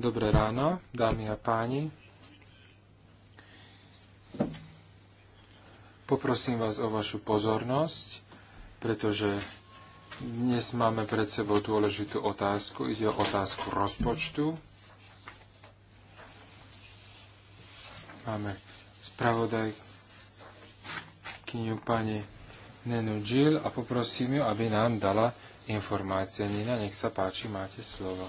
Dobré ráno, dámy a páni. Poprosím vás o vašu pozornosť, pretože dnes máme pred sebou dôležitú otázku. Ide o otázku rozpočtu. Máme spravodajkyňu pani Nenu Jill a poprosím ju, aby nám dala informácia. Nina, nech sa páči, máte slovo.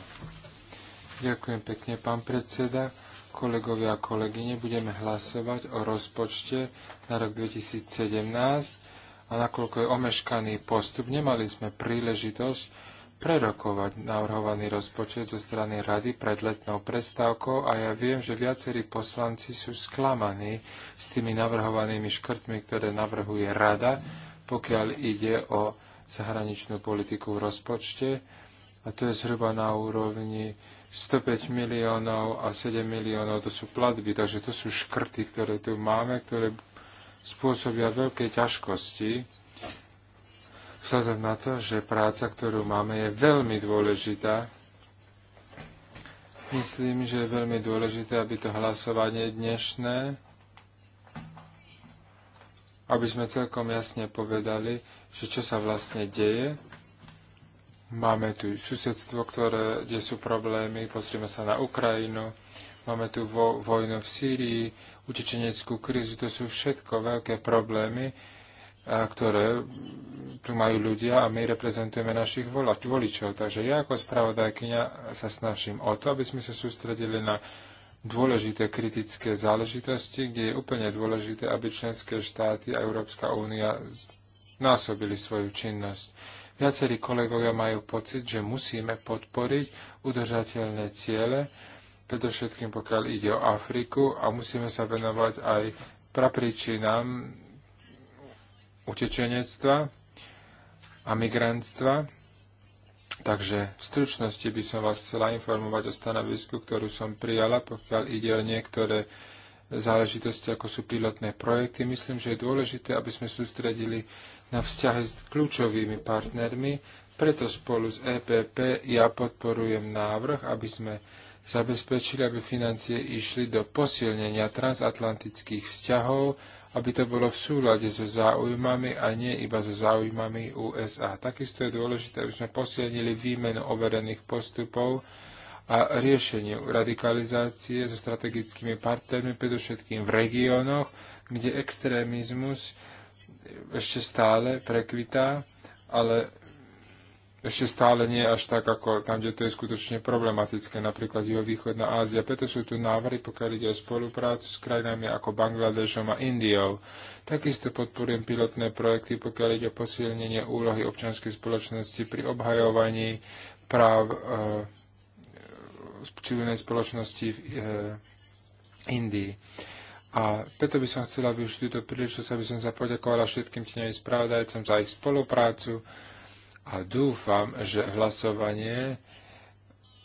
Ďakujem pekne, pán predseda. Kolegovia a kolegyne, budeme hlasovať o rozpočte na rok 2017 a nakoľko je omeškaný postup, nemali sme príležitosť prerokovať navrhovaný rozpočet zo strany rady pred letnou prestávkou a ja viem, že viacerí poslanci sú sklamaní s tými navrhovanými škrtmi, ktoré navrhuje rada, pokiaľ ide o zahraničnú politiku v rozpočte a to je zhruba na úrovni 105 miliónov a 7 miliónov to sú platby, takže to sú škrty, ktoré tu máme, ktoré spôsobia veľké ťažkosti vzhľadom na to, že práca, ktorú máme, je veľmi dôležitá. Myslím, že je veľmi dôležité, aby to hlasovanie dnešné, aby sme celkom jasne povedali, že čo sa vlastne deje. Máme tu susedstvo, ktoré, kde sú problémy, pozrieme sa na Ukrajinu, máme tu vo, vojnu v Sýrii, utečeneckú krízu, to sú všetko veľké problémy, a ktoré tu majú ľudia a my reprezentujeme našich voličov. Takže ja ako spravodajkyňa sa snažím o to, aby sme sa sústredili na dôležité kritické záležitosti, kde je úplne dôležité, aby členské štáty a Európska únia násobili svoju činnosť. Viacerí kolegovia majú pocit, že musíme podporiť udržateľné ciele, predovšetkým pokiaľ ide o Afriku a musíme sa venovať aj prapríčinám utečenectva a migrantstva. Takže v stručnosti by som vás chcela informovať o stanovisku, ktorú som prijala, pokiaľ ide o niektoré záležitosti, ako sú pilotné projekty. Myslím, že je dôležité, aby sme sústredili na vzťahy s kľúčovými partnermi, preto spolu s EPP ja podporujem návrh, aby sme zabezpečili, aby financie išli do posilnenia transatlantických vzťahov, aby to bolo v súlade so záujmami a nie iba so záujmami USA. Takisto je dôležité, aby sme posilnili výmenu overených postupov a riešenie radikalizácie so strategickými partnermi, predovšetkým v regiónoch, kde extrémizmus ešte stále prekvitá, ale ešte stále nie až tak, ako tam, kde to je skutočne problematické, napríklad východná Ázia. Preto sú tu návrhy, pokiaľ ide o spoluprácu s krajinami ako Bangladešom a Indiou. Takisto podporujem pilotné projekty, pokiaľ ide o posilnenie úlohy občianskej spoločnosti pri obhajovaní práv e, eh, civilnej spoločnosti v e, Indii. A preto by som chcela využiť túto príležitosť, aby som sa poďakovala všetkým tieňovým spravodajcom za ich spoluprácu a dúfam, že hlasovanie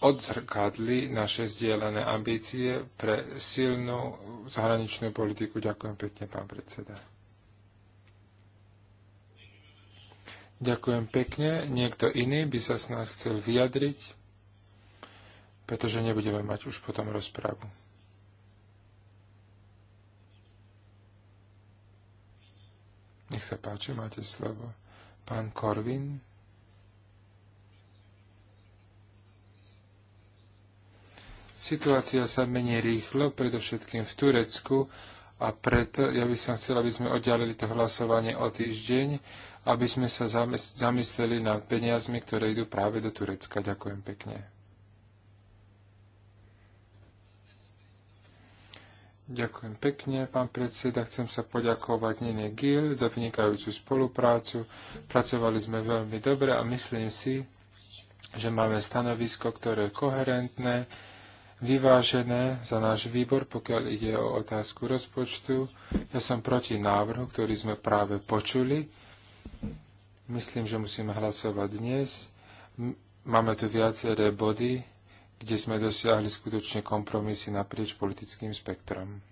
odzrkadli naše zdieľané ambície pre silnú zahraničnú politiku. Ďakujem pekne, pán predseda. Ďakujem pekne. Niekto iný by sa snáď chcel vyjadriť, pretože nebudeme mať už potom rozprávu. Nech sa páči, máte slovo. Pán Korvin. Situácia sa mení rýchlo, predovšetkým v Turecku, a preto ja by som chcel, aby sme oddialili to hlasovanie o týždeň, aby sme sa zamysleli nad peniazmi, ktoré idú práve do Turecka. Ďakujem pekne. Ďakujem pekne, pán predseda. Chcem sa poďakovať Nine Gil za vynikajúcu spoluprácu. Pracovali sme veľmi dobre a myslím si, že máme stanovisko, ktoré je koherentné, vyvážené za náš výbor, pokiaľ ide o otázku rozpočtu. Ja som proti návrhu, ktorý sme práve počuli. Myslím, že musíme hlasovať dnes. Máme tu viaceré body, kde sme dosiahli skutočne kompromisy naprieč politickým spektrom.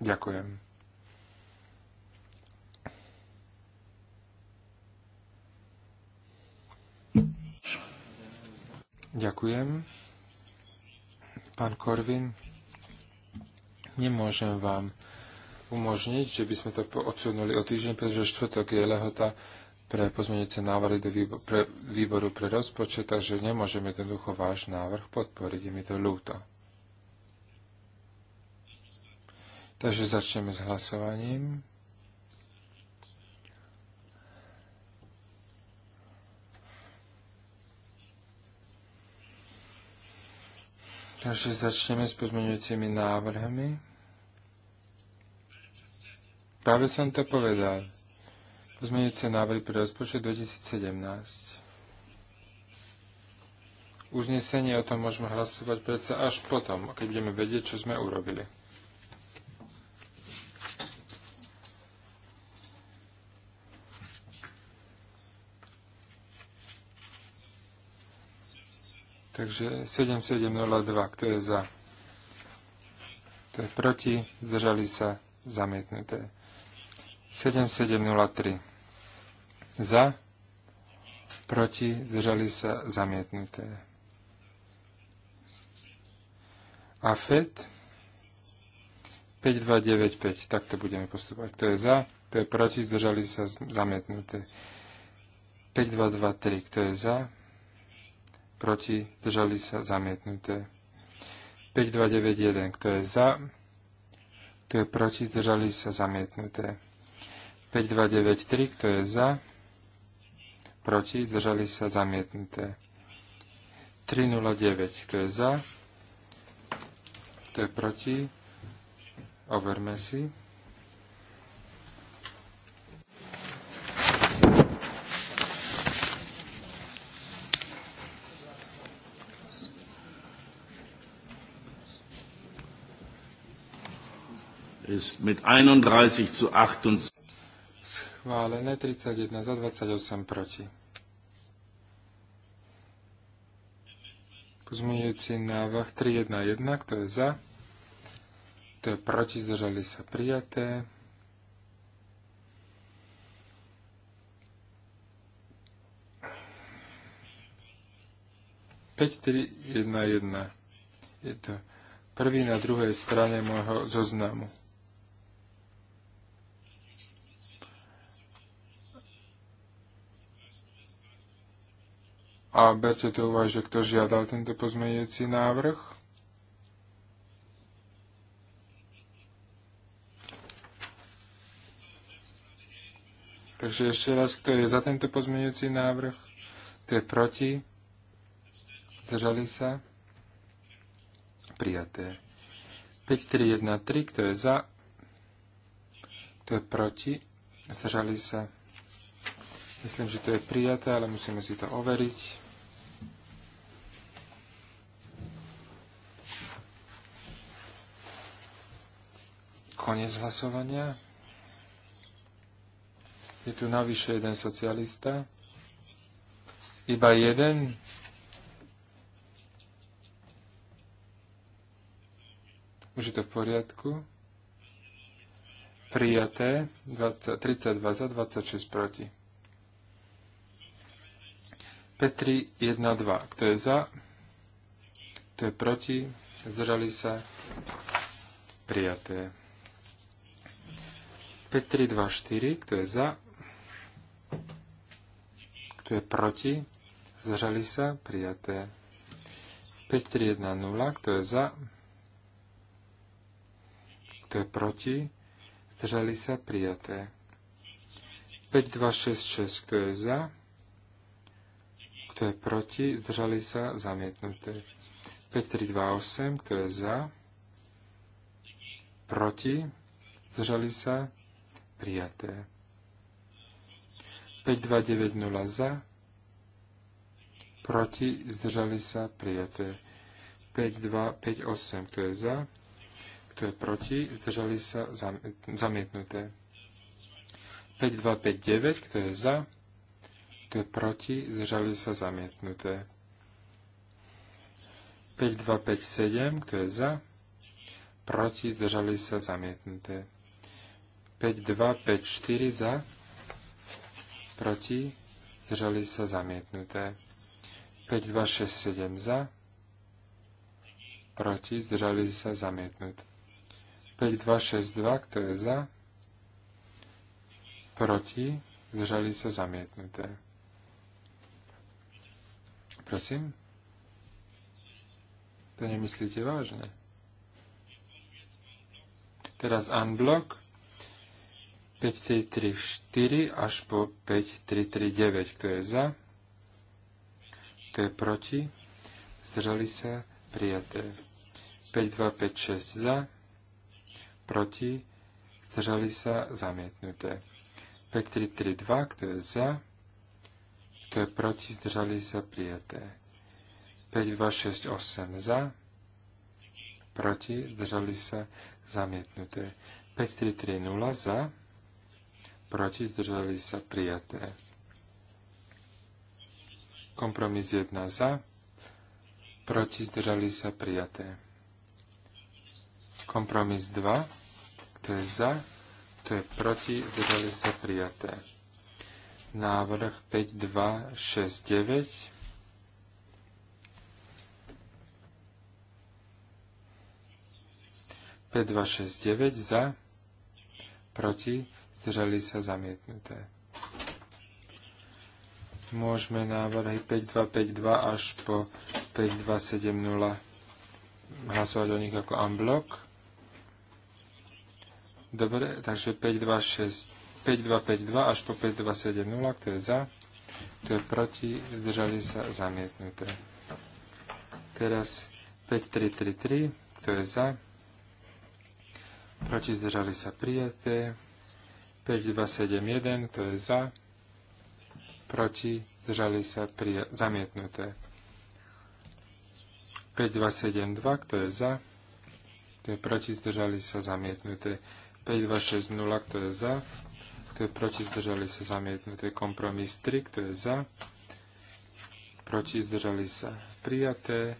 Ďakujem. Ďakujem. Pán Korvin, nemôžem vám umožniť, že by sme to odsunuli o týždeň, pretože štvrtok je lehota pre pozmeňujúce návrhy do výbo- pre výboru pre rozpočet, takže nemôžeme jednoducho váš návrh podporiť. Je mi to ľúto. Takže začneme s hlasovaním. Takže začneme s pozmeňujúcimi návrhmi. Práve som to povedal. Pozmeňujúce návrhy pre rozpočet 2017. Uznesenie o tom môžeme hlasovať predsa až potom, keď budeme vedieť, čo sme urobili. Takže 7702, kto je za? Kto je proti? Zdržali sa zamietnuté. 7703 za, proti, zdržali sa zamietnuté. A FED tak takto budeme postupovať. To je za, to je proti, zdržali sa zamietnuté. 5223, kto je za, proti, zdržali sa zamietnuté. 5291, kto je za, kto je proti, zdržali sa zamietnuté. 5293, kto je za, proti, zdržali sa zamietnuté. 309, kto je za, kto je proti, overme si. ist mit 31 zu 28 schválené 31 za 28 proti. Pozmeňujúci návrh 311, kto je za, kto je proti, zdržali sa prijaté. Päť, tri, jedna, jedna. Je to prvý na druhej strane môjho zoznamu. a berte to uvaž, že kto žiadal tento pozmeňujúci návrh. Takže ešte raz, kto je za tento pozmeňujúci návrh, kto je proti, zdržali sa, prijaté. 5313, kto je za, kto je proti, zdržali sa. Myslím, že to je prijaté, ale musíme si to overiť. Konec hlasovania. Je tu navyše jeden socialista. Iba jeden. Už je to v poriadku. Prijaté 20, 32 za 26 proti. Petri 1, 2. Kto je za? Kto je proti? Zdržali sa? Prijaté. 5324, kto je za, kto je proti, zdržali sa, prijaté. 5310, kto je za, kto je proti, zdržali sa, prijaté. 5266, kto je za, kto je proti, zdržali sa, zamietnuté. 5328, kto je za, proti, zdržali sa, prijaté. 5290 za, proti, zdržali sa, prijaté. 5258, kto je za, kto je proti, zdržali sa, zamietnuté. 5259, kto je za, kto je proti, zdržali sa, zamietnuté. 5257, kto je za, proti, zdržali sa, zamietnuté. 5254 za, proti, zdržali sa zamietnuté. 5267 za, proti, zdržali sa zamietnuté. 5262, kto je za, proti, zdržali sa zamietnuté. Prosím? To nemyslíte vážne? Teraz unblock 5334 až po 5339. Kto je za? Kto je proti? Zdržali sa? Prijaté. 5256 za? Proti? Zdržali sa? Zamietnuté. 5332. Kto je za? Kto je proti? Zdržali sa? Prijaté. 5268 za? Proti? Zdržali sa? Zamietnuté. 5330 za? proti, zdržali sa prijaté. Kompromis 1 za, proti, zdržali sa prijaté. Kompromis 2, kto je za, to je proti, zdržali sa prijaté. Návrh 5, 9. 2, P269 za, proti, zdržali sa zamietnuté. Môžeme návrhy 5252 až po 5270 hlasovať o nich ako unblock. Dobre, takže 5252 až po 5270, kto je za, kto je proti, zdržali sa zamietnuté. Teraz 5333, kto je za, proti zdržali sa prijaté, 5271, kto je za, proti, zdržali sa prija- zamietnuté. 5272, kto je za, kto je proti, zdržali sa zamietnuté. 5260, kto je za, kto je proti, zdržali sa zamietnuté. Kompromis 3, kto je za, proti, zdržali sa prijaté.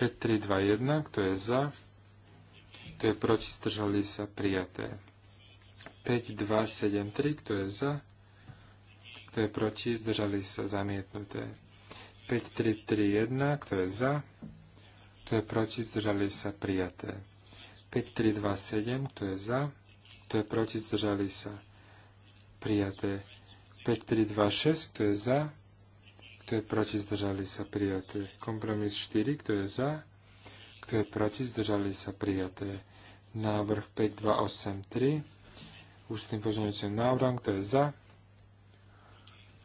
5321, kto je za, kto je proti, zdržali sa, prijaté. 5, 2, 7, 3, kto je za, kto je proti, zdržali sa, zamietnuté. 5, 3, 3, 1, kto je za, kto je proti, zdržali sa, prijaté. 5, 3, 2, 7, kto je za, kto je proti, zdržali sa, prijaté. 5, 3, 2, 6, kto je za, kto je proti, zdržali sa, prijaté. Kompromis 4, kto je za, kto je kto je proti? Zdržali sa prijaté. Návrh 5283. Ústnym pozorňujúcim návrhom. Kto je za?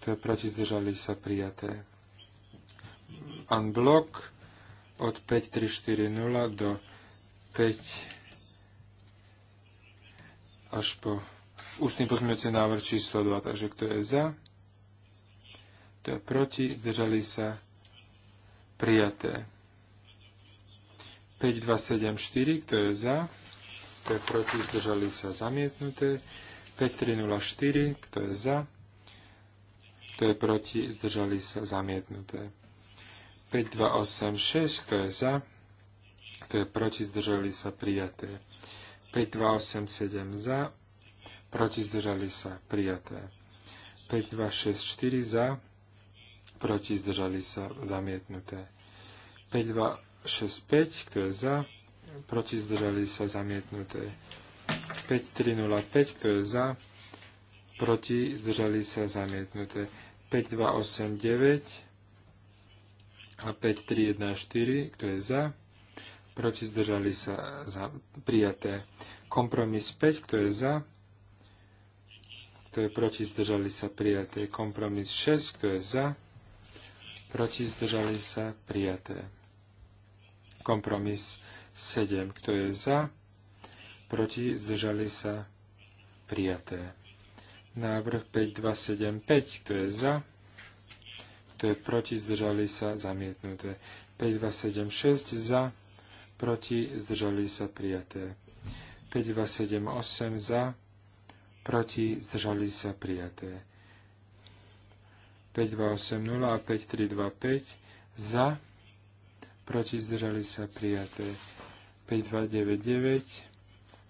Kto je proti? Zdržali sa prijaté. Unblock od 5340 do 5 až po ústny pozmeňujúci návrh číslo 2. Takže kto je za? Kto je proti? Zdržali sa prijaté. 4, kto je za, kto je proti, zdržali sa zamietnuté. 5304, kto je za, kto je proti, zdržali sa zamietnuté. 5286, kto je za, kto je proti, zdržali sa prijaté. 5287 za, proti, zdržali sa prijaté. 4 za, proti, zdržali sa zamietnuté. 52 6.5, kto je za, proti zdržali sa zamietnuté. 5.3.05, kto je za, proti zdržali sa zamietnuté. 5.2.8.9 a 5.3.1.4, kto je za, proti zdržali sa za, prijaté. Kompromis 5, kto je za, kto je proti zdržali sa prijaté. Kompromis 6, kto je za, proti zdržali sa prijaté. Kompromis 7. Kto je za? Proti? Zdržali sa? Prijaté. Návrh 5275. Kto je za? Kto je proti? Zdržali sa? Zamietnuté. 5276. Za? Proti? Zdržali sa? Prijaté. 5278. Za? Proti? Zdržali sa? Prijaté. 5280 a 5325. Za? proti, zdržali sa prijaté 5299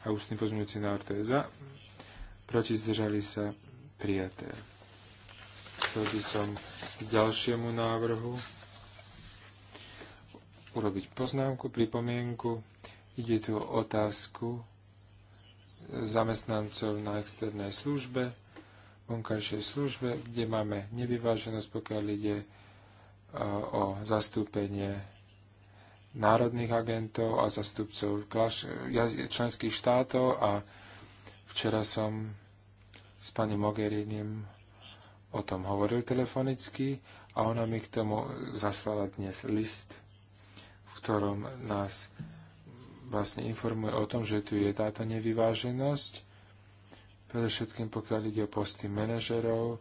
a ústny pozmeňujúci návrh to je za, proti, zdržali sa prijaté. Chcel by som k ďalšiemu návrhu urobiť poznámku, pripomienku. Ide tu o otázku zamestnancov na externej službe, vonkajšej službe, kde máme nevyváženosť, pokiaľ ide e, o zastúpenie národných agentov a zastupcov členských štátov a včera som s pani Mogherinim o tom hovoril telefonicky a ona mi k tomu zaslala dnes list, v ktorom nás vlastne informuje o tom, že tu je táto nevyváženosť, predovšetkým pokiaľ ide o posty manažerov,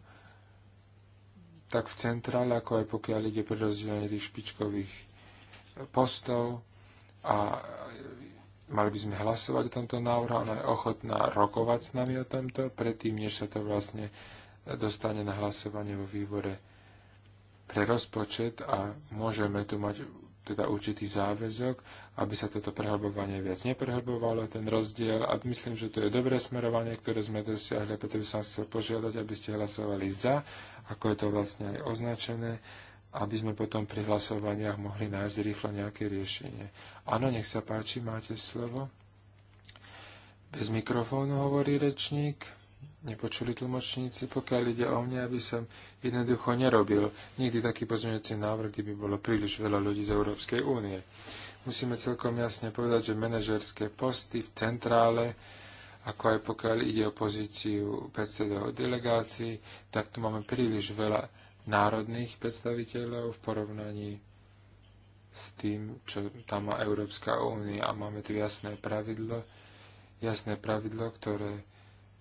tak v centrále, ako aj pokiaľ ide pri rozdielne tých špičkových postov a mali by sme hlasovať o tomto návrhu. Ona je ochotná rokovať s nami o tomto, predtým, než sa to vlastne dostane na hlasovanie vo výbore pre rozpočet a môžeme tu mať teda určitý záväzok, aby sa toto prehlbovanie viac neprehlbovalo, ten rozdiel. A myslím, že to je dobré smerovanie, ktoré sme dosiahli, preto by som chcel požiadať, aby ste hlasovali za, ako je to vlastne aj označené aby sme potom pri hlasovaniach mohli nájsť rýchlo nejaké riešenie. Áno, nech sa páči, máte slovo. Bez mikrofónu hovorí rečník. Nepočuli tlmočníci, pokiaľ ide o mňa, aby som jednoducho nerobil nikdy taký pozmeňujúci návrh, kde by bolo príliš veľa ľudí z Európskej únie. Musíme celkom jasne povedať, že manažerské posty v centrále, ako aj pokiaľ ide o pozíciu predsedov delegácií, tak tu máme príliš veľa národných predstaviteľov v porovnaní s tým, čo tam má Európska únia a máme tu jasné pravidlo, jasné pravidlo, ktoré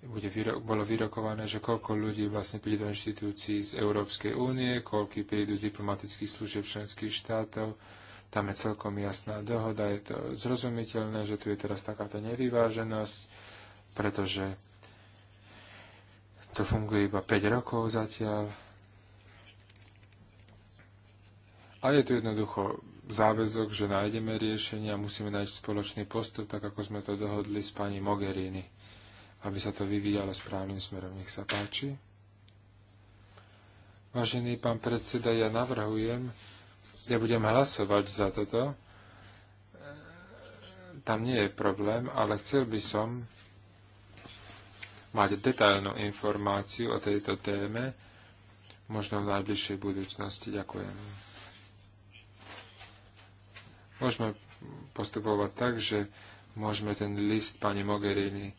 bude vyro- bolo vyrokované, že koľko ľudí vlastne príde do inštitúcií z Európskej únie, koľko prídu z diplomatických služieb členských štátov. Tam je celkom jasná dohoda, je to zrozumiteľné, že tu je teraz takáto nevyváženosť, pretože to funguje iba 5 rokov zatiaľ A je tu jednoducho záväzok, že nájdeme riešenie a musíme nájsť spoločný postup, tak ako sme to dohodli s pani Mogherini, aby sa to vyvíjalo správnym smerom. Nech sa páči. Vážený pán predseda, ja navrhujem, ja budem hlasovať za toto. Tam nie je problém, ale chcel by som mať detailnú informáciu o tejto téme, možno v najbližšej budúcnosti. Ďakujem. Môžeme postupovať tak, že môžeme ten list pani Mogherini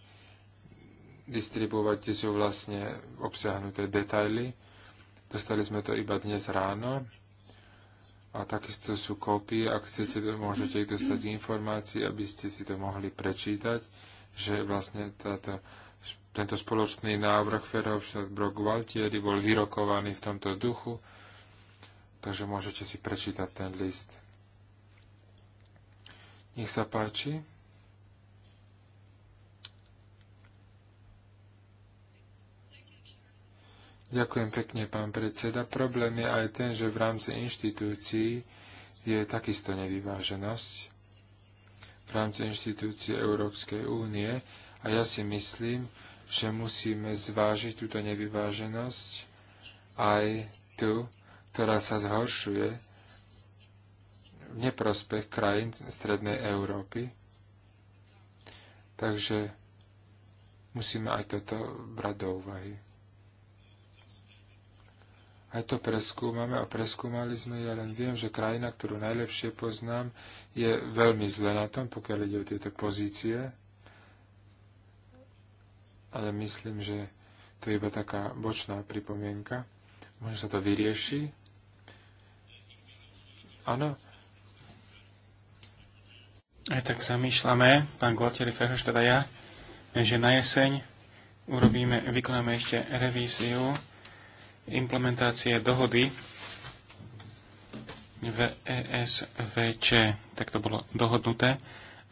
distribuovať, kde sú vlastne obsiahnuté detaily. Dostali sme to iba dnes ráno a takisto sú kópie, ak chcete, môžete ich dostať informácií, aby ste si to mohli prečítať, že vlastne táto, tento spoločný návrh Ferovšat Brock Valtieri bol vyrokovaný v tomto duchu, takže môžete si prečítať ten list. Nech sa páči. Ďakujem pekne, pán predseda. Problém je aj ten, že v rámci inštitúcií je takisto nevyváženosť v rámci inštitúcií Európskej únie a ja si myslím, že musíme zvážiť túto nevyváženosť aj tu, ktorá sa zhoršuje neprospech krajín Strednej Európy. Takže musíme aj toto brať do úvahy. Aj to preskúmame a preskúmali sme, ja len viem, že krajina, ktorú najlepšie poznám, je veľmi zle na tom, pokiaľ ide o tieto pozície. Ale myslím, že to je iba taká bočná pripomienka. Možno sa to vyrieši. Áno, aj tak zamýšľame, pán Gualtieri Ferhoš, teda ja, že na jeseň urobíme, vykonáme ešte revíziu implementácie dohody v ESVČ. Tak to bolo dohodnuté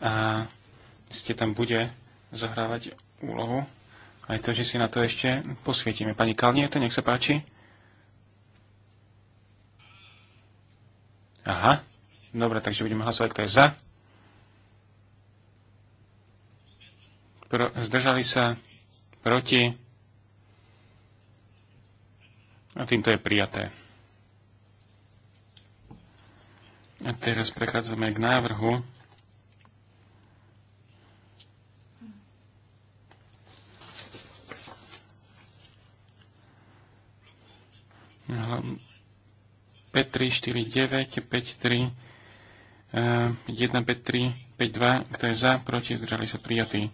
a ste tam bude zohrávať úlohu. Aj to, že si na to ešte posvietime. Pani Kalniete, nech sa páči. Aha, dobre, takže budeme hlasovať, kto je za. Pro, zdržali sa? Proti? A týmto je prijaté. A teraz prechádzame k návrhu. p 5, 3, 1, 5, 3, 5, 2, kto je za, proti, zdržali sa prijatí.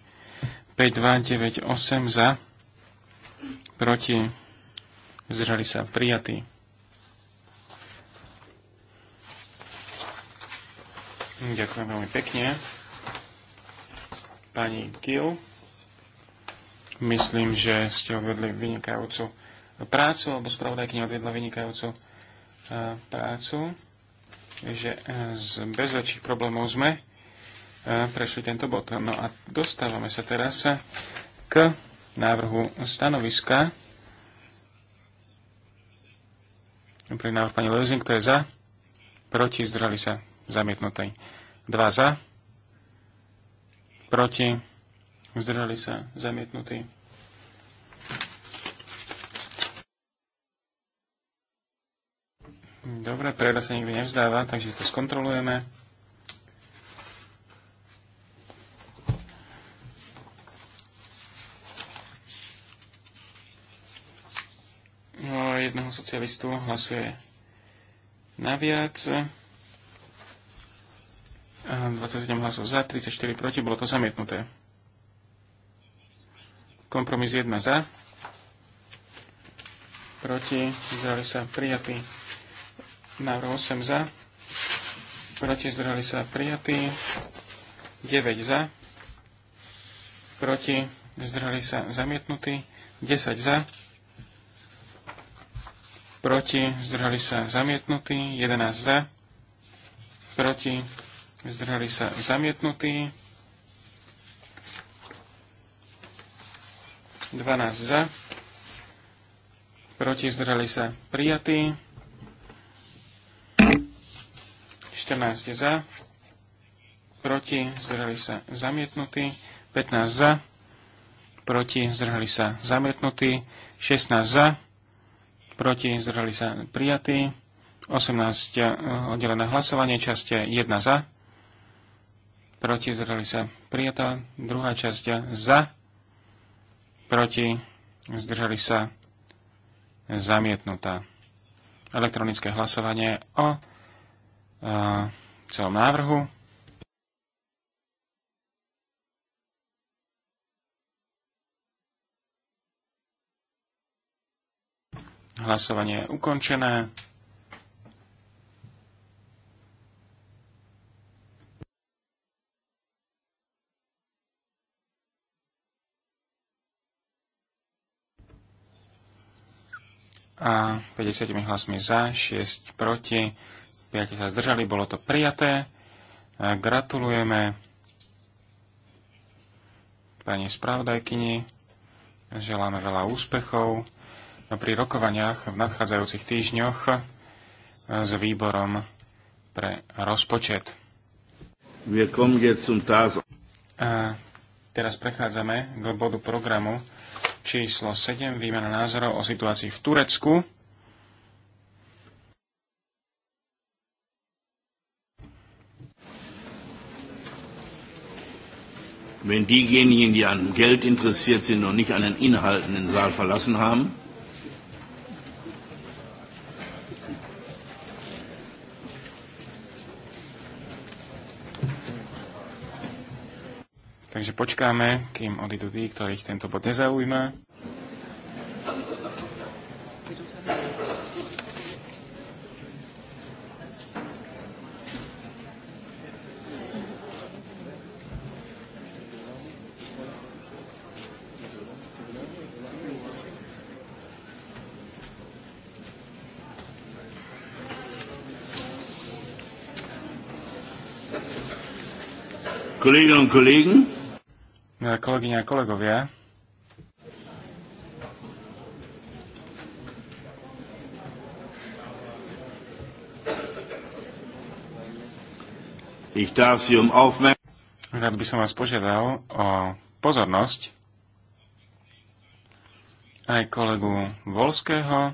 5298 za, proti, zdržali sa prijatí. Ďakujem veľmi pekne. Pani Gil, myslím, že ste odvedli vynikajúcu prácu, alebo spravodajkyňa odvedla vynikajúcu eh, prácu, že eh, bez väčších problémov sme prešli tento bod. No a dostávame sa teraz k návrhu stanoviska. Pre návrh pani Lezing, kto je za? Proti, zdrali sa zamietnutej. Dva za, proti, zdrali sa zamietnutí. Dobre, preda sa nikdy nevzdáva, takže to skontrolujeme. jedného socialistu hlasuje naviac. 27 hlasov za, 34 proti, bolo to zamietnuté. Kompromis 1 za, proti, zdržali sa prijatí. Návrh 8 za, proti, zdržali sa prijatí. 9 za, proti, zdržali sa zamietnutí. 10 za, proti, zdrhali sa zamietnutí, 11 za, proti, zdrhali sa zamietnutí, 12 za, proti, zdržali sa prijatí, 14 za, proti, zdržali sa zamietnutí, 15 za, proti, zdržali sa zamietnutí, 16 za, proti, zdržali sa prijatí. 18 eh, oddelené hlasovanie, časť 1 za, proti, zdržali sa prijatá. Druhá časť za, proti, zdržali sa zamietnutá. Elektronické hlasovanie o eh, celom návrhu. Hlasovanie je ukončené. a 50 hlasmi za, 6 proti, 5 sa zdržali, bolo to prijaté. Gratulujeme pani spravodajkyni, želáme veľa úspechov pri rokovaniach v nadchádzajúcich týždňoch e, s výborom pre rozpočet. A teraz prechádzame k bodu programu číslo 7, výmena názorov o situácii v Turecku. Wenn diejenigen, die an Geld interessiert sind und nicht an den Inhalten den Saal verlassen haben, Takže počkáme, kým odídu tí, ktorých tento bod nezaujíma. Kolleginnen und Kollegen, milé e, kolegyne a kolegovia, Ich darf Sie um aufmerk- Rád by som vás požiadal o pozornosť aj kolegu Volského,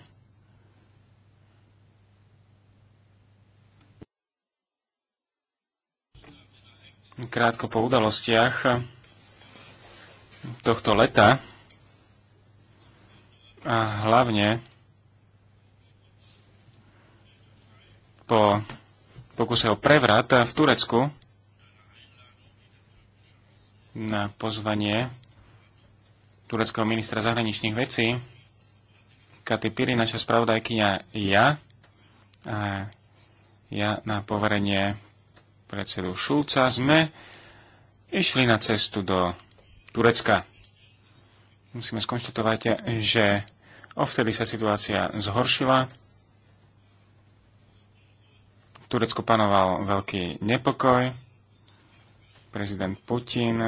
krátko po udalostiach tohto leta a hlavne po pokuse o prevrat v Turecku na pozvanie tureckého ministra zahraničných vecí Katy Piri, naša spravodajkynia ja a ja na poverenie predsedu Šulca sme išli na cestu do Turecka. Musíme skonštatovať, že ovtedy sa situácia zhoršila. V Turecku panoval veľký nepokoj. Prezident Putin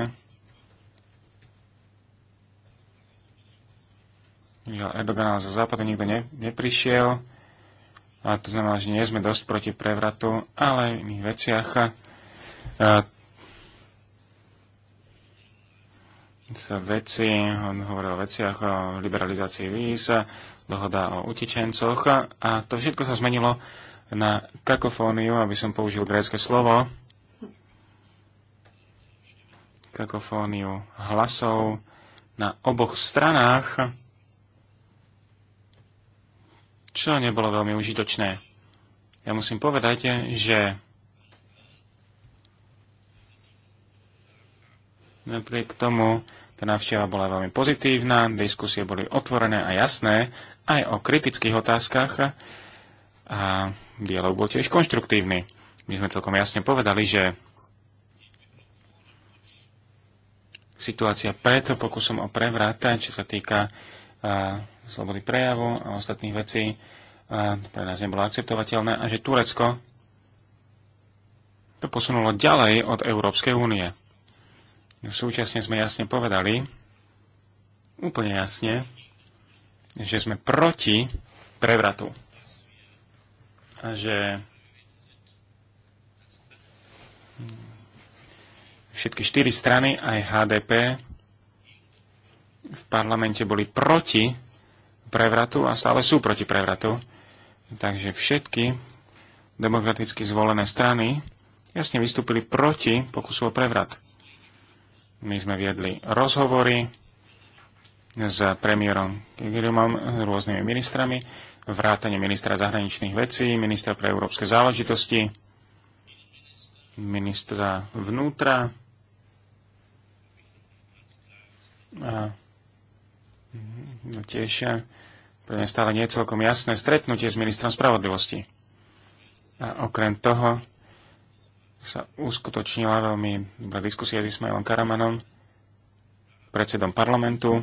Erdogan zo západu nikto ne, neprišiel. A to znamená, že nie sme dosť proti prevratu, ale v iných veciach. A sa veci, on hovoril o veciach, o liberalizácii víz, dohoda o utečencoch a to všetko sa zmenilo na kakofóniu, aby som použil grécké slovo, kakofóniu hlasov na oboch stranách, čo nebolo veľmi užitočné. Ja musím povedať, že napriek tomu tá návšteva bola veľmi pozitívna, diskusie boli otvorené a jasné, aj o kritických otázkach a dialog bol tiež konštruktívny. My sme celkom jasne povedali, že situácia pred pokusom o prevrat, čo sa týka uh, slobody prejavu a ostatných vecí, uh, pre nás nebolo akceptovateľné a že Turecko to posunulo ďalej od Európskej únie. Súčasne sme jasne povedali, úplne jasne, že sme proti prevratu. A že všetky štyri strany, aj HDP, v parlamente boli proti prevratu a stále sú proti prevratu. Takže všetky demokraticky zvolené strany jasne vystúpili proti pokusu o prevrat. My sme viedli rozhovory s premiérom Kigirimom, rôznymi ministrami, vrátane ministra zahraničných vecí, ministra pre európske záležitosti, ministra vnútra a tiež pre mňa stále nie je celkom jasné stretnutie s ministrom spravodlivosti. A okrem toho sa uskutočnila veľmi dobrá diskusia s Ismailom Karamanom, predsedom parlamentu,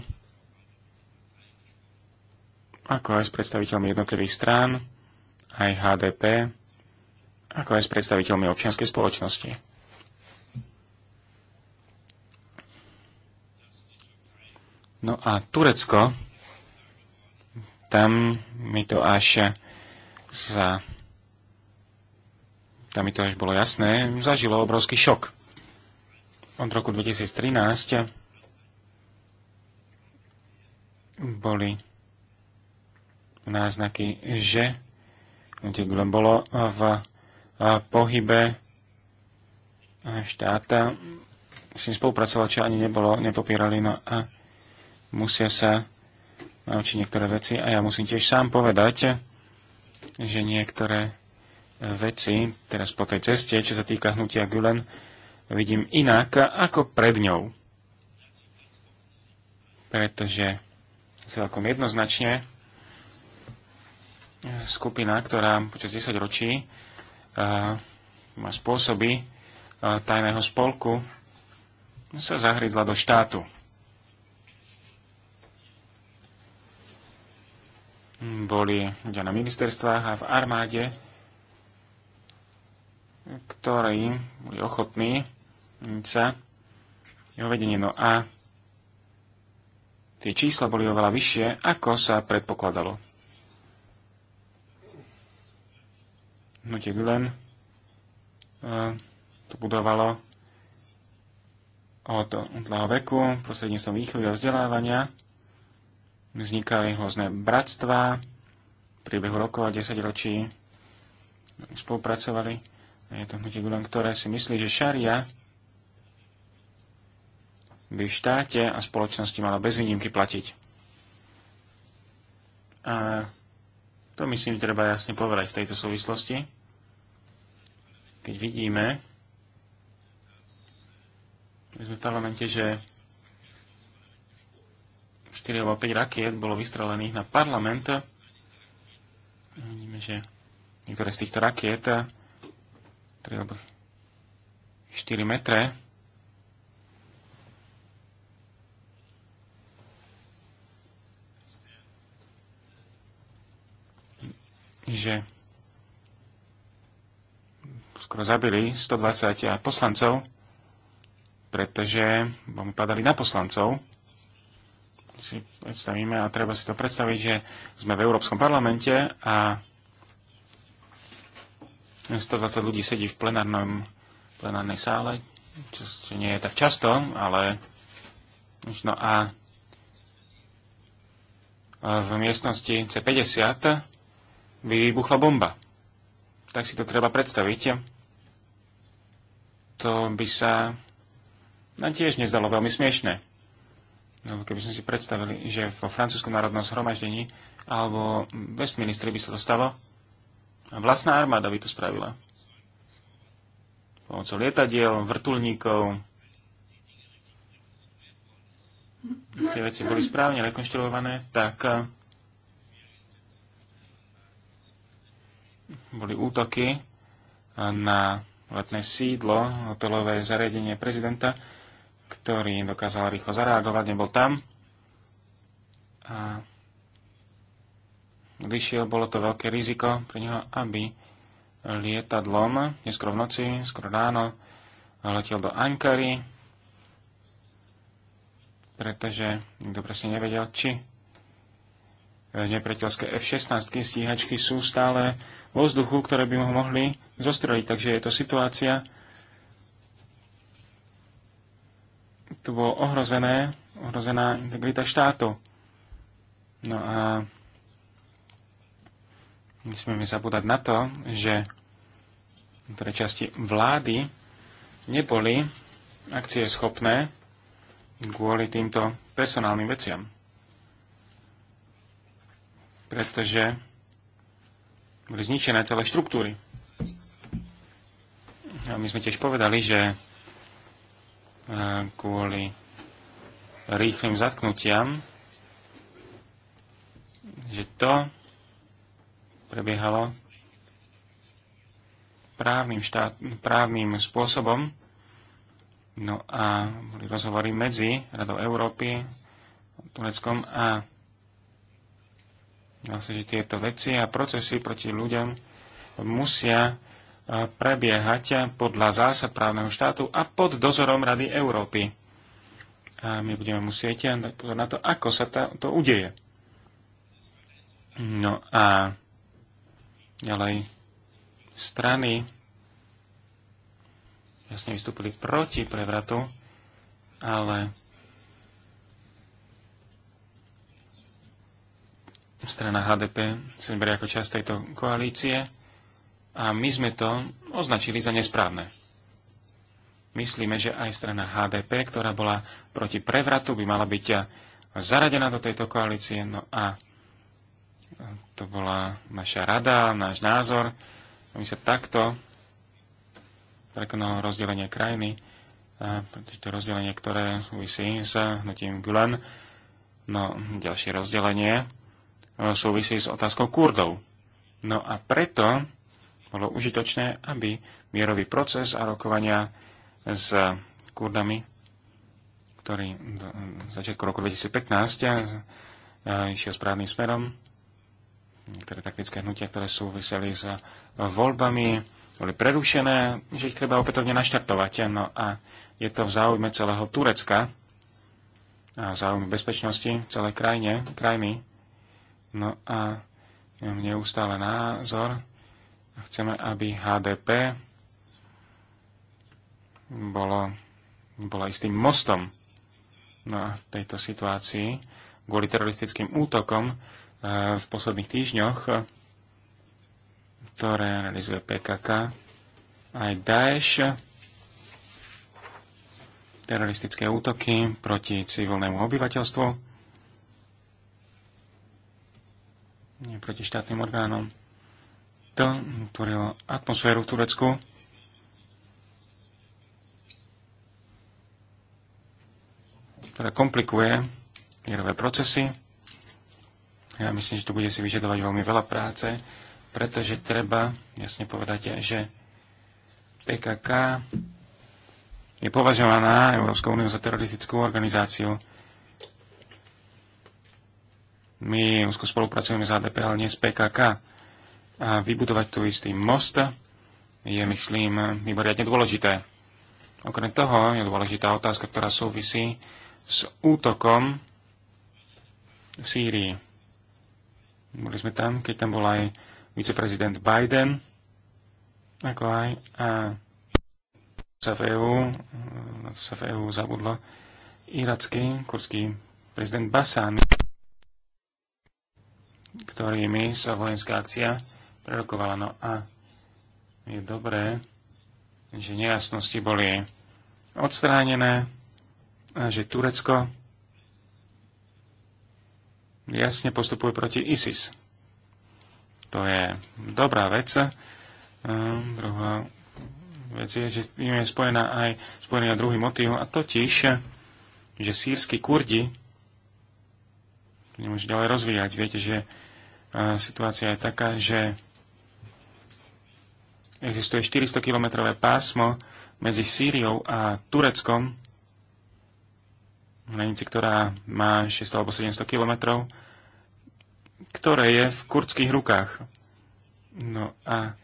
ako aj s predstaviteľmi jednotlivých strán, aj HDP, ako aj s predstaviteľmi občianskej spoločnosti. No a Turecko, tam mi to až za keď mi to až bolo jasné, zažilo obrovský šok. Od roku 2013 boli náznaky, že bolo v pohybe štáta s tým spolupracovať, čo ani nebolo, nepopírali, no a musia sa naučiť niektoré veci a ja musím tiež sám povedať, že niektoré veci teraz po tej ceste, čo sa týka hnutia Gulen vidím inak ako pred ňou. Pretože celkom jednoznačne skupina, ktorá počas 10 ročí uh, eh, má spôsoby uh, tajného spolku, sa zahryzla do štátu. Boli ľudia na ministerstvách a v armáde, ktorí boli ochotní sa jeho vedenie. No a tie čísla boli oveľa vyššie, ako sa predpokladalo. Hnutie Gülen e, to budovalo od dlhého veku, prostredníctvom výchovy a vzdelávania. Vznikali hlozné bratstva, v priebehu rokov a desaťročí spolupracovali je to hnutie Gulen, ktoré si myslí, že šaria by v štáte a spoločnosti mala bez výnimky platiť. A to myslím, treba jasne povedať v tejto súvislosti. Keď vidíme, my sme v parlamente, že 4 alebo 5 rakiet bolo vystrelených na parlament. Vidíme, že niektoré z týchto rakiet 3 alebo 4 metre. že skoro zabili 120 poslancov, pretože bomby padali na poslancov. Si predstavíme a treba si to predstaviť, že sme v Európskom parlamente a 120 ľudí sedí v plenárnom, plenárnej sále, čo, čo nie je tak často, ale no a v miestnosti C50 by vybuchla bomba. Tak si to treba predstaviť. To by sa nám tiež nezdalo veľmi smiešne. No, keby sme si predstavili, že vo francúzskom národnom zhromaždení alebo Westministri by sa to stalo, Vlastná armáda by to spravila. Pomocou lietadiel, vrtulníkov. Tie veci boli správne rekonštruované, tak eh, boli útoky na letné sídlo, hotelové zariadenie prezidenta, ktorý dokázal rýchlo zareagovať, nebol tam. A vyšiel, bolo to veľké riziko pre neho, aby lietadlom, neskoro v noci, skoro ráno, letel do Ankary, pretože nikto presne nevedel, či nepriateľské F-16 stíhačky sú stále vo vzduchu, ktoré by ho mohli zostreliť. Takže je to situácia, tu bolo ohrozené, ohrozená integrita štátu. No a nesmieme zabúdať na to, že ktoré časti vlády neboli akcie schopné kvôli týmto personálnym veciam. Pretože boli zničené celé štruktúry. A my sme tiež povedali, že e, kvôli rýchlym zatknutiam, že to prebiehalo právnym, štát, právnym spôsobom. No a boli rozhovory medzi Radou Európy, Tureckom a vlastne, že tieto veci a procesy proti ľuďom musia e, prebiehať podľa zásad právneho štátu a pod dozorom Rady Európy. A my budeme musieť dať pozor na to, ako sa to udeje. No a ďalej strany jasne vystúpili proti prevratu, ale strana HDP sa berie ako časť tejto koalície a my sme to označili za nesprávne. Myslíme, že aj strana HDP, ktorá bola proti prevratu, by mala byť zaradená do tejto koalície. No a to bola naša rada, náš názor, aby sa takto prekonalo rozdelenie krajiny, to rozdelenie, ktoré súvisí s hnutím Gulen, no ďalšie rozdelenie e, súvisí s otázkou Kurdov. No a preto bolo užitočné, aby mierový proces a rokovania s Kurdami, ktorý do začiatku roku 2015 e, išiel správnym smerom, niektoré taktické hnutia, ktoré súviseli s e, voľbami, boli prerušené, že ich treba opätovne naštartovať. No a je to v záujme celého Turecka a v záujme bezpečnosti celej krajine, krajiny. No a neustále názor. Chceme, aby HDP bolo, bolo istým mostom. No a v tejto situácii kvôli teroristickým útokom E, v posledných týždňoch, e, ktoré realizuje PKK, aj Daesh, teroristické útoky proti civilnému obyvateľstvu, proti štátnym orgánom. To tvorilo atmosféru v Turecku, ktorá komplikuje mierové procesy. Ja myslím, že to bude si vyžadovať veľmi veľa práce, pretože treba jasne povedať, že PKK je považovaná Európskou úniou za teroristickú organizáciu. My úzko spolupracujeme s ADP, ale nie s PKK. A vybudovať tu istý most je, myslím, mimoriadne dôležité. Okrem toho je dôležitá otázka, ktorá súvisí s útokom v Sýrii boli sme tam, keď tam bol aj viceprezident Biden, ako aj a sa v EU, sa v EU zabudlo, iracký, kurský prezident Basány, ktorými sa vojenská akcia prerokovala. No a je dobré, že nejasnosti boli odstránené a že Turecko jasne postupuje proti ISIS. To je dobrá vec. Ehm, druhá vec je, že im je spojená aj spojený na druhý motív, a totiž, že sírsky kurdi nemôžu ďalej rozvíjať. Viete, že situácia je taká, že existuje 400-kilometrové pásmo medzi Sýriou a Tureckom, hranici, ktorá má 600 alebo 700 kilometrov, ktoré je v kurdských rukách. No a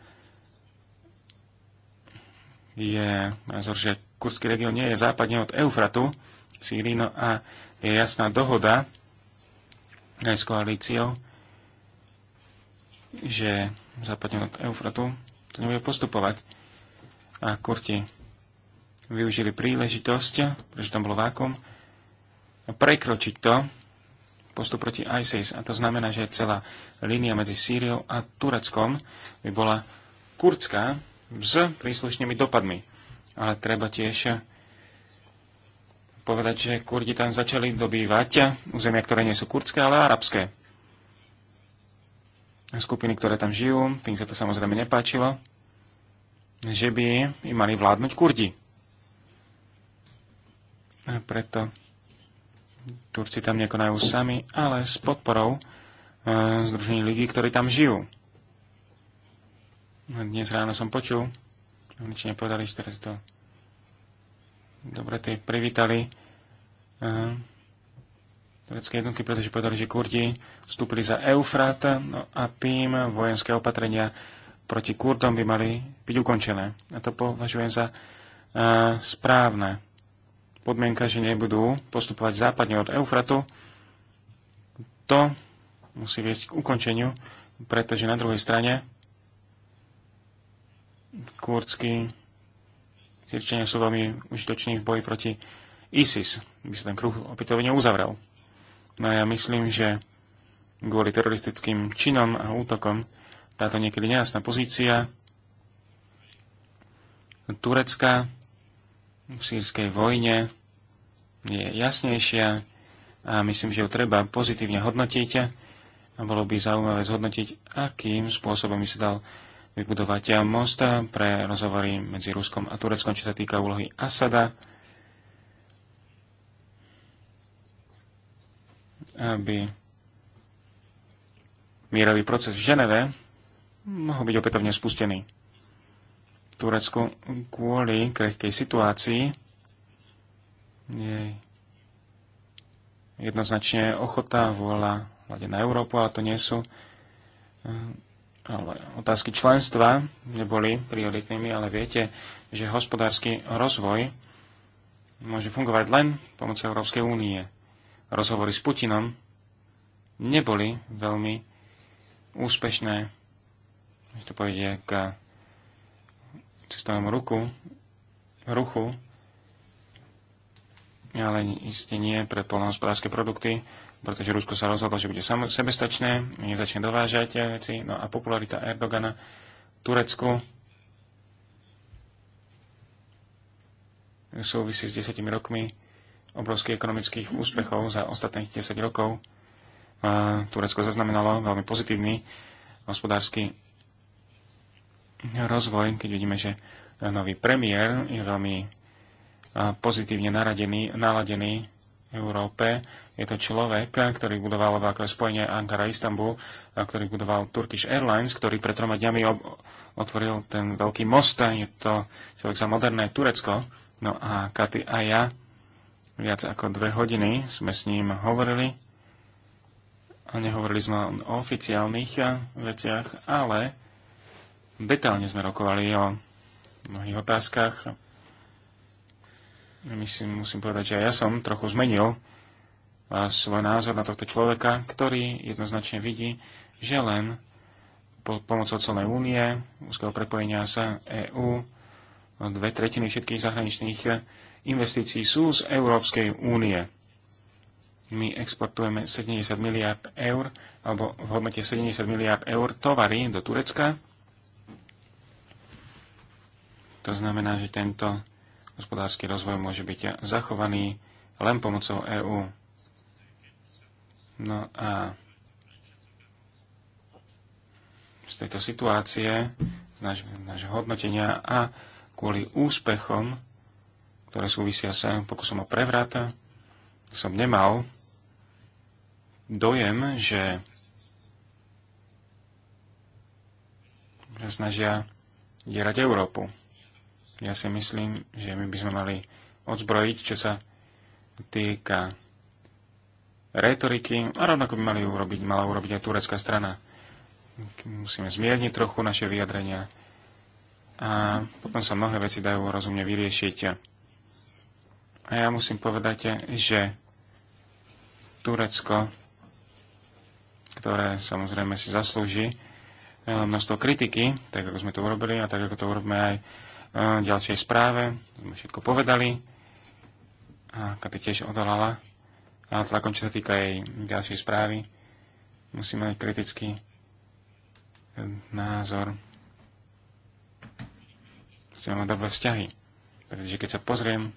je názor, že kurdský región nie je západne od Eufratu, Sýrii, no a je jasná dohoda aj s koalíciou, že západne od Eufratu to nebude postupovať. A Kurti využili príležitosť, pretože tam bol vákum, prekročiť to, postup proti ISIS. A to znamená, že celá línia medzi Sýriou a Tureckom by bola kurdská s príslušnými dopadmi. Ale treba tiež povedať, že Kurdi tam začali dobývať územia, ktoré nie sú kurdské, ale arabské. Skupiny, ktoré tam žijú, tým sa to samozrejme nepáčilo, že by im mali vládnuť Kurdi. A preto Turci tam nekonajú sami, ale s podporou e, združení ľudí, ktorí tam žijú. No, dnes ráno som počul, či nepovedali, že teraz to dobre tej privítali e, turecké jednotky, pretože povedali, že Kurdi vstúpili za Eufrat no a tým vojenské opatrenia proti Kurdom by mali byť ukončené. A to považujem za e, správne podmienka, že nebudú postupovať západne od Eufratu, to musí viesť k ukončeniu, pretože na druhej strane kurdskí Sirčania sú veľmi užitoční v boji proti ISIS, by sa ten kruh opätovne uzavrel. No a ja myslím, že kvôli teroristickým činom a útokom táto niekedy nejasná pozícia Turecka v sírskej vojne je jasnejšia a myslím, že ju treba pozitívne hodnotiť a bolo by zaujímavé zhodnotiť, akým spôsobom by sa dal vybudovať most pre rozhovory medzi Ruskom a Tureckom, čo sa týka úlohy Asada, aby mierový proces v Ženeve mohol byť opätovne spustený. Turecku kvôli krehkej situácii je jednoznačne ochota, vôľa hľade na Európu, ale to nie sú eh, ale otázky členstva neboli prioritnými, ale viete, že hospodársky rozvoj môže fungovať len pomocou Európskej únie. Rozhovory s Putinom neboli veľmi úspešné, to povedie k cestovnom ruku, ruchu, ale isté nie pre polnohospodárske produkty, pretože Rusko sa rozhodlo, že bude sebestačné, nezačne dovážať eh, veci, no a popularita Erdogana v Turecku súvisí s desetimi rokmi obrovských ekonomických úspechov za ostatných 10 rokov. Turecko zaznamenalo veľmi pozitívny hospodársky rozvoj, keď vidíme, že nový premiér je veľmi pozitívne naradený, naladený Európe. Je to človek, ktorý budoval ako spojenie Ankara-Istanbul, ktorý budoval Turkish Airlines, ktorý pred troma dňami otvoril ten veľký most. Je to človek za moderné Turecko. No a Katy a ja viac ako dve hodiny sme s ním hovorili. A nehovorili sme o oficiálnych veciach, ale Detálne sme rokovali o mnohých otázkach. Myslím, musím povedať, že aj ja som trochu zmenil svoj názor na tohto človeka, ktorý jednoznačne vidí, že len po, pomocou celnej únie, úzkeho prepojenia sa EÚ, dve tretiny všetkých zahraničných investícií sú z Európskej únie. My exportujeme 70 miliard eur, alebo v hodnote 70 miliard eur tovary do Turecka to znamená, že tento hospodársky rozvoj môže byť zachovaný len pomocou EÚ. No a z tejto situácie, z nášho hodnotenia a kvôli úspechom, ktoré súvisia sa pokusom o prevrat, som nemal dojem, že sa snažia dierať Európu. Ja si myslím, že my by sme mali odzbrojiť, čo sa týka retoriky a rovnako by mali urobiť, mala urobiť aj turecká strana. Musíme zmierniť trochu naše vyjadrenia a potom sa mnohé veci dajú rozumne vyriešiť. A ja musím povedať, že Turecko, ktoré samozrejme si zaslúži eh, množstvo kritiky, tak ako sme to urobili a tak ako to urobíme aj ďalšej správe, sme všetko povedali a Katy tiež odolala a tlakom, čo sa týka jej ďalšej správy, musíme mať kritický eh, názor. Chceme mať dobré vzťahy, pretože keď sa pozriem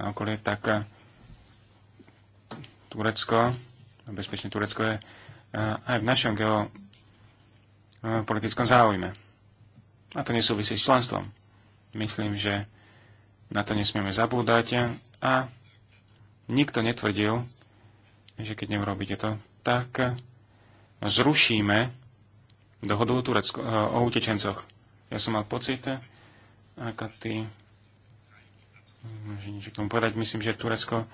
na okolie, tak eh, Turecko, bezpečne Turecko je eh, aj v našom geopolitickom záujme. A to nesúvisí s členstvom. Myslím, že na to nesmieme zabúdať a nikto netvrdil, že keď neurobíte to, tak zrušíme dohodu o, Turecko, e, o utečencoch. Ja som mal pocit, ako ty, Môžem niečo k tomu povedať, myslím, že Turecko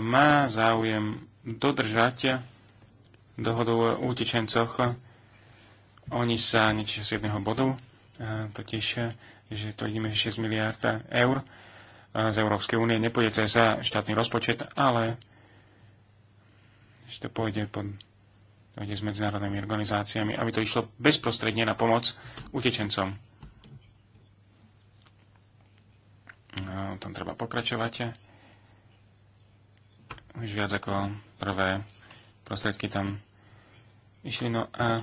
má záujem dodržať dohodu o utečencoch. Oni sa niečo z jedného bodu, totiž že to vidíme, že 6 miliárd eur eh, z Európskej únie nepôjde cez eh, štátny rozpočet, ale že to pôjde pod pôjde s medzinárodnými organizáciami, aby to išlo bezprostredne na pomoc utečencom. No, tam treba pokračovať. Už viac ako prvé prostriedky tam išli. No a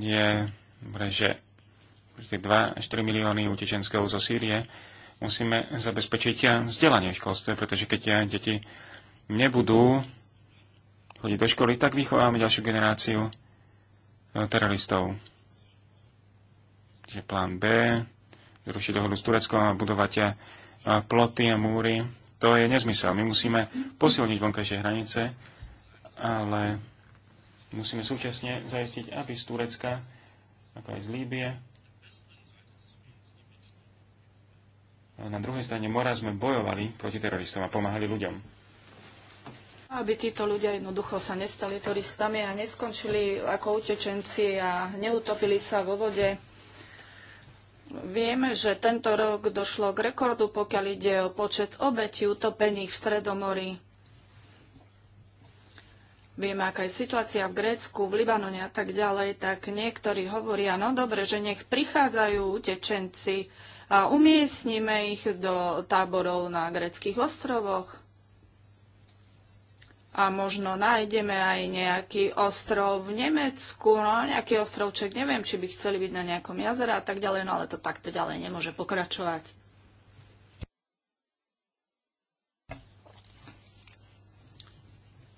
je, že 2 až 3 milióny utečenského zo Sýrie musíme zabezpečiť vzdelanie v školstve, pretože keď deti nebudú chodiť do školy, tak vychováme ďalšiu generáciu e, teroristov. Čiže plán B, zrušiť dohodu s Tureckom a budovať e, ploty a múry, to je nezmysel. My musíme posilniť vonkajšie hranice, ale Musíme súčasne zaistiť, aby z Turecka, ako aj z Líbie, na druhej strane mora sme bojovali proti teroristom a pomáhali ľuďom. Aby títo ľudia jednoducho sa nestali turistami a neskončili ako utečenci a neutopili sa vo vode. Vieme, že tento rok došlo k rekordu, pokiaľ ide o počet obetí utopených v Stredomorí vieme, aká je situácia v Grécku, v Libanone a tak ďalej, tak niektorí hovoria, no dobre, že nech prichádzajú utečenci a umiestnime ich do táborov na greckých ostrovoch. A možno nájdeme aj nejaký ostrov v Nemecku, no nejaký ostrovček, neviem, či by chceli byť na nejakom jazere a tak ďalej, no ale to takto ďalej nemôže pokračovať.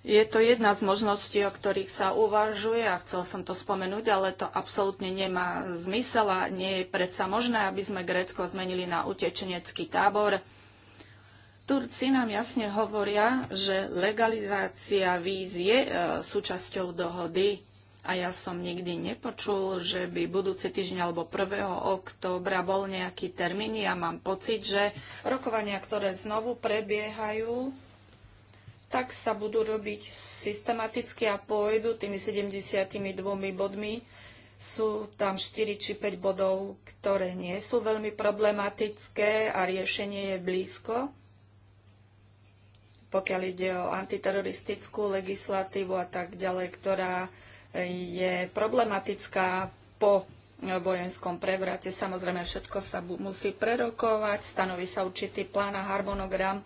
Je to jedna z možností, o ktorých sa uvažuje a chcel som to spomenúť, ale to absolútne nemá zmysel a nie je predsa možné, aby sme Grécko zmenili na utečenecký tábor. Turci nám jasne hovoria, že legalizácia víz je e, súčasťou dohody a ja som nikdy nepočul, že by budúci týždeň alebo 1. októbra bol nejaký termín. Ja mám pocit, že rokovania, ktoré znovu prebiehajú, tak sa budú robiť systematicky a pôjdu tými 72 bodmi. Sú tam 4 či 5 bodov, ktoré nie sú veľmi problematické a riešenie je blízko. Pokiaľ ide o antiteroristickú legislatívu a tak ďalej, ktorá je problematická po vojenskom prevrate. Samozrejme, všetko sa musí prerokovať, stanoví sa určitý plán a harmonogram,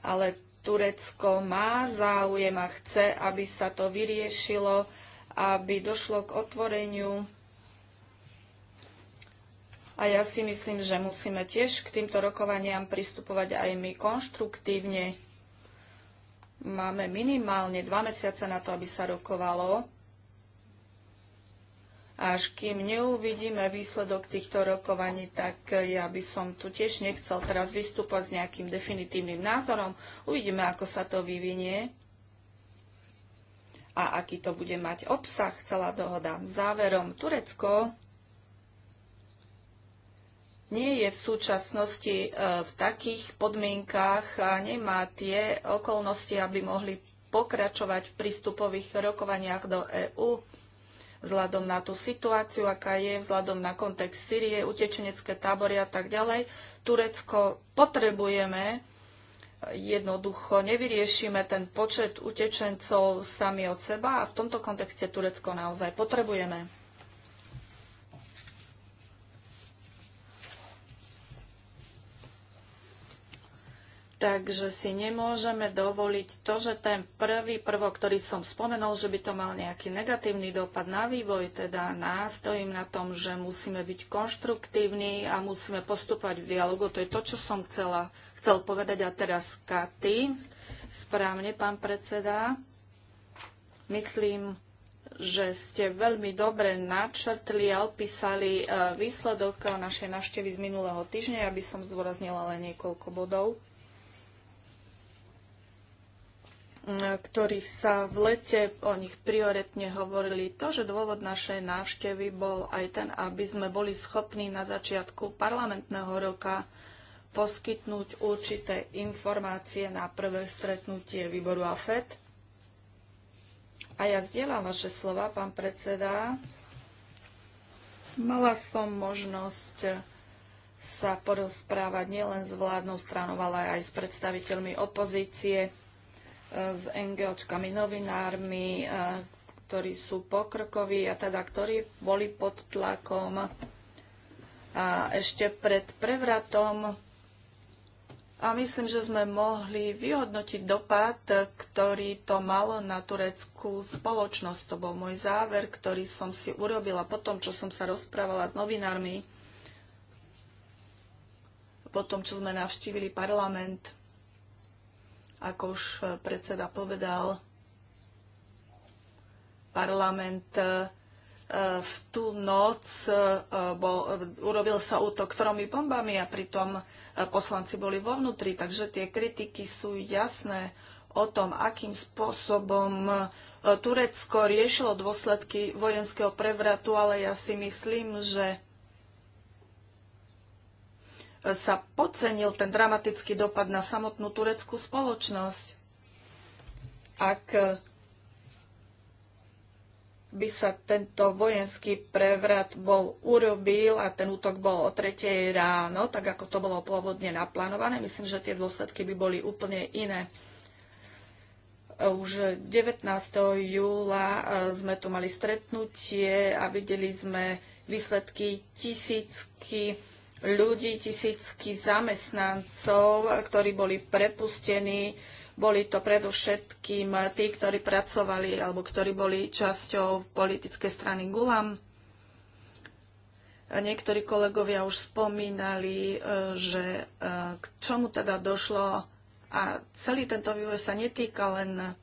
ale Turecko má záujem a chce, aby sa to vyriešilo, aby došlo k otvoreniu. A ja si myslím, že musíme tiež k týmto rokovaniam pristupovať aj my konštruktívne. Máme minimálne dva mesiace na to, aby sa rokovalo až kým neuvidíme výsledok týchto rokovaní, tak ja by som tu tiež nechcel teraz vystúpať s nejakým definitívnym názorom. Uvidíme, ako sa to vyvinie a aký to bude mať obsah celá dohoda. Záverom, Turecko nie je v súčasnosti e, v takých podmienkách a nemá tie okolnosti, aby mohli pokračovať v prístupových rokovaniach do EÚ vzhľadom na tú situáciu, aká je, vzhľadom na kontext Syrie, utečenecké tábory a tak ďalej. Turecko potrebujeme, e, jednoducho nevyriešime ten počet utečencov sami od seba a v tomto kontexte Turecko naozaj potrebujeme. Takže si nemôžeme dovoliť to, že ten prvý prvok, ktorý som spomenul, že by to mal nejaký negatívny dopad na vývoj, teda nástojím na tom, že musíme byť konštruktívni a musíme postupovať v dialogu. To je to, čo som chcela, chcel povedať. A teraz Katy, správne, pán predseda. Myslím, že ste veľmi dobre načrtli a opísali e, výsledok našej návštevy z minulého týždňa. Ja by som zdôraznila len niekoľko bodov. ktorých sa v lete o nich prioritne hovorili. To, že dôvod našej návštevy bol aj ten, aby sme boli schopní na začiatku parlamentného roka poskytnúť určité informácie na prvé stretnutie výboru AFED. A ja zdieľam vaše slova, pán predseda. Mala som možnosť sa porozprávať nielen s vládnou stranou, ale aj s predstaviteľmi opozície s NGOčkami, novinármi, e, ktorí sú pokrokoví a teda ktorí boli pod tlakom a ešte pred prevratom a myslím, že sme mohli vyhodnotiť dopad, ktorý to malo na tureckú spoločnosť. To bol môj záver, ktorý som si urobila po tom, čo som sa rozprávala s novinármi, po tom, čo sme navštívili parlament. Ako už e, predseda povedal, parlament e, v tú noc e, bol, urobil sa útok tromi bombami a pritom poslanci boli vo vnútri, takže tie kritiky sú jasné o tom, akým spôsobom Turecko riešilo dôsledky vojenského prevratu, ale ja si myslím, že sa podcenil ten dramatický dopad na samotnú tureckú spoločnosť. Ak e, by sa tento vojenský prevrat bol urobil a ten útok bol o 3. ráno, tak ako to bolo pôvodne naplánované. Myslím, že tie dôsledky by boli úplne iné. E, už 19. júla e, sme tu mali stretnutie a videli sme výsledky tisícky ľudí, tisícky zamestnancov, ktorí boli prepustení. Boli to predovšetkým tí, ktorí pracovali alebo ktorí boli časťou politickej strany Gulam. Niektorí kolegovia už spomínali, e, že e, k čomu teda došlo a celý tento vývoj sa netýka len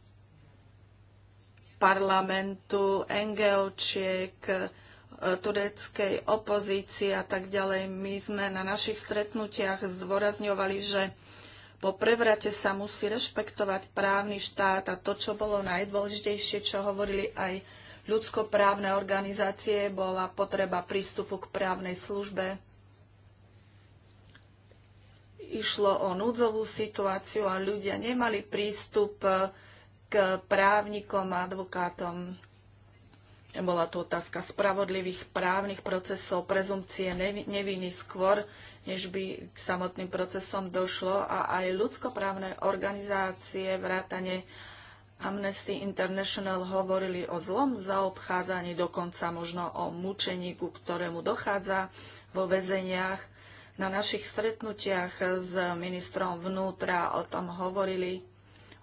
parlamentu, NGOčiek, čiek E, tureckej opozície a tak ďalej. My sme na našich stretnutiach zdôrazňovali, že po prevrate sa musí rešpektovať právny štát a to, čo bolo najdôležitejšie, čo hovorili aj ľudskoprávne organizácie, bola potreba prístupu k právnej službe. Išlo o núdzovú situáciu a ľudia nemali prístup e, k právnikom a advokátom. Bola to otázka spravodlivých právnych procesov, prezumcie neviny skôr, než by k samotným procesom došlo a aj ľudskoprávne organizácie vrátane Amnesty International hovorili o zlom zaobchádzaní, dokonca možno o mučení, ku ktorému dochádza vo väzeniach. Na našich stretnutiach s ministrom vnútra o tom hovorili.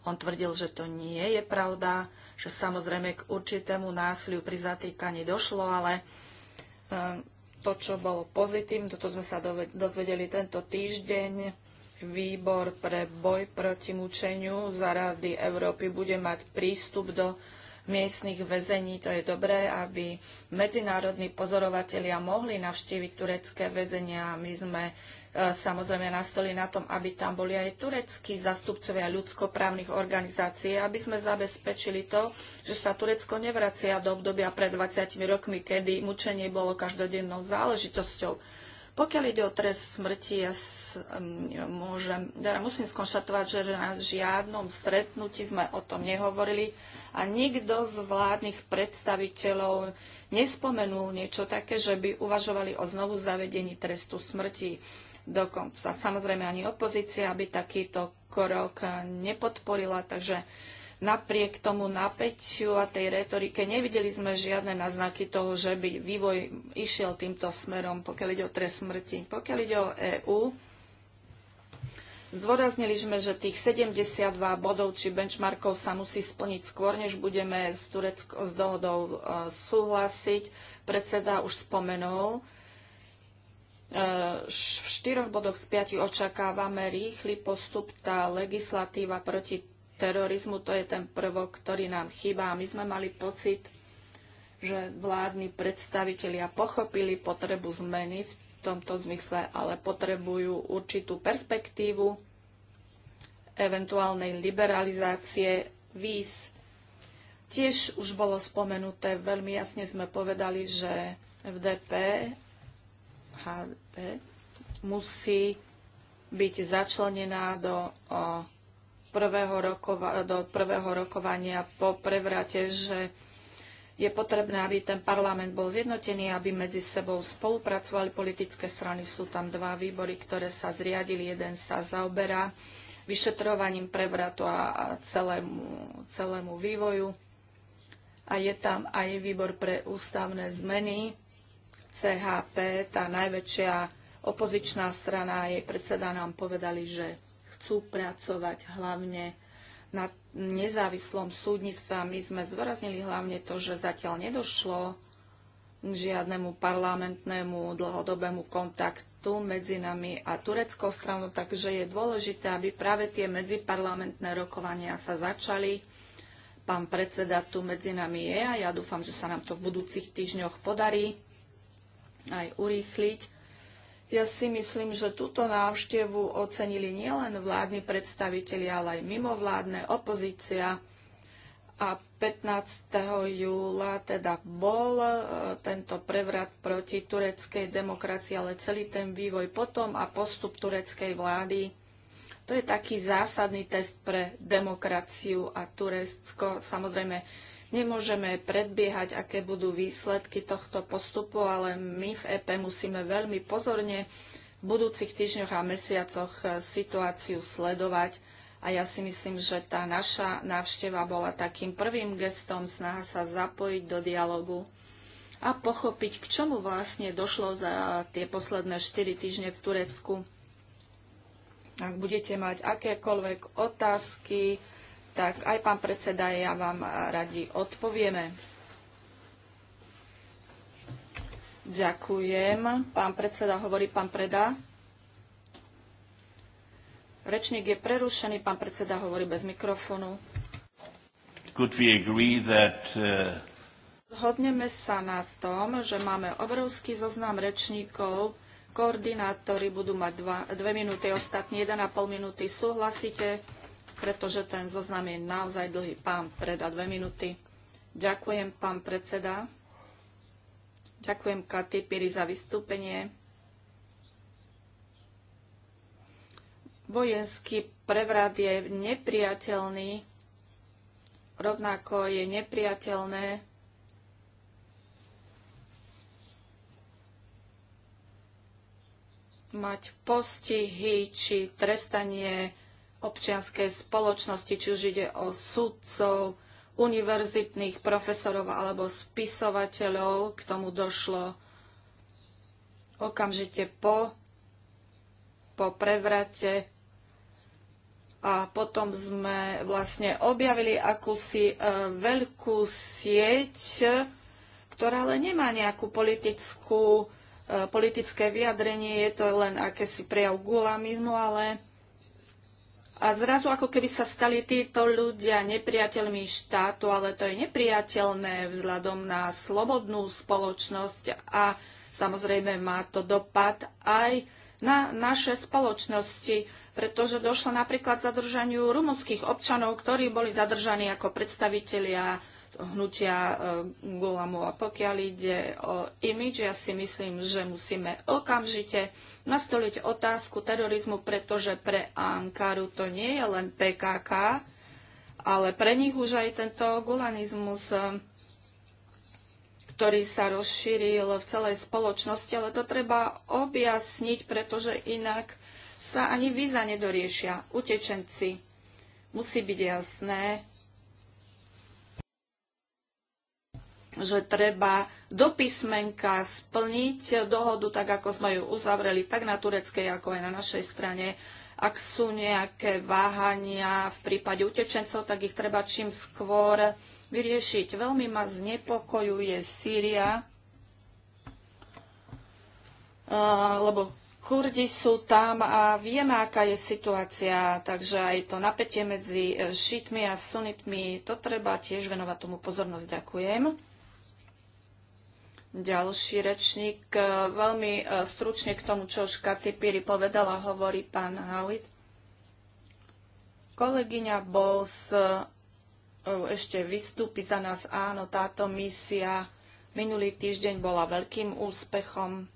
On tvrdil, že to nie je pravda, že samozrejme k určitému násiliu pri zatýkaní došlo, ale e, to, čo bolo pozitívne, toto sme sa dozvedeli tento týždeň, výbor pre boj proti mučeniu za Rady Európy bude mať prístup do miestnych väzení. To je dobré, aby medzinárodní pozorovatelia mohli navštíviť turecké väzenia. My sme samozrejme nastoli na tom, aby tam boli aj tureckí zastupcovia ľudskoprávnych organizácií, aby sme zabezpečili to, že sa Turecko nevracia do obdobia pred 20 rokmi, kedy mučenie bolo každodennou záležitosťou. Pokiaľ ide o trest smrti, ja môžem, teda musím skonštatovať, že na žiadnom stretnutí sme o tom nehovorili a nikto z vládnych predstaviteľov nespomenul niečo také, že by uvažovali o znovu zavedení trestu smrti dokonca samozrejme ani opozícia, aby takýto krok nepodporila, takže napriek tomu napätiu a tej retorike nevideli sme žiadne náznaky toho, že by vývoj išiel týmto smerom, pokiaľ ide o trest smrti. Pokiaľ ide o EÚ, zdôraznili sme, že tých 72 bodov či benchmarkov sa musí splniť skôr, než budeme s, Turecko, s dohodou e, súhlasiť. Predseda už spomenul, v štyroch bodoch z piatich očakávame rýchly postup, tá legislatíva proti terorizmu, to je ten prvok, ktorý nám chýba. A my sme mali pocit, že vládni predstavitelia pochopili potrebu zmeny v tomto zmysle, ale potrebujú určitú perspektívu eventuálnej liberalizácie víz. Tiež už bolo spomenuté, veľmi jasne sme povedali, že FDP HB musí byť začlenená do o, prvého, rokova, do prvého rokovania po prevrate, že je potrebné, aby ten parlament bol zjednotený, aby medzi sebou spolupracovali politické strany. Sú tam dva výbory, ktoré sa zriadili. Jeden sa zaoberá vyšetrovaním prevratu a celému, celému vývoju. A je tam aj výbor pre ústavné zmeny. CHP, tá najväčšia opozičná strana a jej predseda nám povedali, že chcú pracovať hlavne na nezávislom súdnictve. My sme zdôraznili hlavne to, že zatiaľ nedošlo žiadnemu parlamentnému dlhodobému kontaktu medzi nami a tureckou stranou, takže je dôležité, aby práve tie medziparlamentné rokovania sa začali. Pán predseda tu medzi nami je a ja dúfam, že sa nám to v budúcich týždňoch podarí aj urýchliť. Ja si myslím, že túto návštevu ocenili nielen vládni predstaviteľi, ale aj mimovládne opozícia. A 15. júla teda bol e, tento prevrat proti tureckej demokracii, ale celý ten vývoj potom a postup tureckej vlády. To je taký zásadný test pre demokraciu a Turecko. Samozrejme, Nemôžeme predbiehať, aké budú výsledky tohto postupu, ale my v EP musíme veľmi pozorne v budúcich týždňoch a mesiacoch e, situáciu sledovať. A ja si myslím, že tá naša návšteva bola takým prvým gestom snaha sa zapojiť do dialogu a pochopiť, k čomu vlastne došlo za tie posledné 4 týždne v Turecku. Ak budete mať akékoľvek otázky, tak aj pán predseda, ja vám radi odpovieme. Ďakujem. Pán predseda, hovorí pán Preda. Rečník je prerušený, pán predseda hovorí bez mikrofónu. Uh, Zhodneme sa na tom, že máme obrovský zoznam rečníkov, koordinátori budú mať dve minúty, ostatní 1,5 minúty. Súhlasíte pretože ten zoznam je naozaj dlhý. Pán Preda, dve minúty. Ďakujem, pán predseda. Ďakujem Katy Piri za vystúpenie. Vojenský prevrat je nepriateľný, rovnako je nepriateľné mať postihy či trestanie občianskej spoločnosti, či už ide o sudcov, univerzitných profesorov alebo spisovateľov. K tomu došlo okamžite po, po prevrate a potom sme vlastne objavili akúsi e, veľkú sieť, ktorá ale nemá nejakú politickú, e, politické vyjadrenie, je to len akési prejav gulamizmu, ale a zrazu ako keby sa stali títo ľudia nepriateľmi štátu, ale to je nepriateľné vzhľadom na slobodnú spoločnosť a samozrejme má to dopad aj na naše spoločnosti, pretože došlo napríklad k zadržaniu rumunských občanov, ktorí boli zadržaní ako predstavitelia hnutia e, Gulamova. Pokiaľ ide o imidž, ja si myslím, že musíme okamžite nastoliť otázku terorizmu, pretože pre Ankaru to nie je len PKK, ale pre nich už aj tento gulanizmus, e, ktorý sa rozšíril v celej spoločnosti, ale to treba objasniť, pretože inak sa ani víza nedoriešia. Utečenci musí byť jasné, že treba do písmenka splniť dohodu, tak ako sme ju uzavreli, tak na tureckej, ako aj na našej strane. Ak sú nejaké váhania v prípade utečencov, tak ich treba čím skôr vyriešiť. Veľmi ma znepokojuje Sýria, lebo Kurdi sú tam a vieme, aká je situácia, takže aj to napätie medzi šitmi a sunitmi, to treba tiež venovať tomu pozornosť. Ďakujem. Ďalší rečník e, veľmi e, stručne k tomu, čo už Katy Piri povedala, hovorí pán Hawit. Kolegyňa Bowles e, ešte vystúpi za nás. Áno, táto misia minulý týždeň bola veľkým úspechom.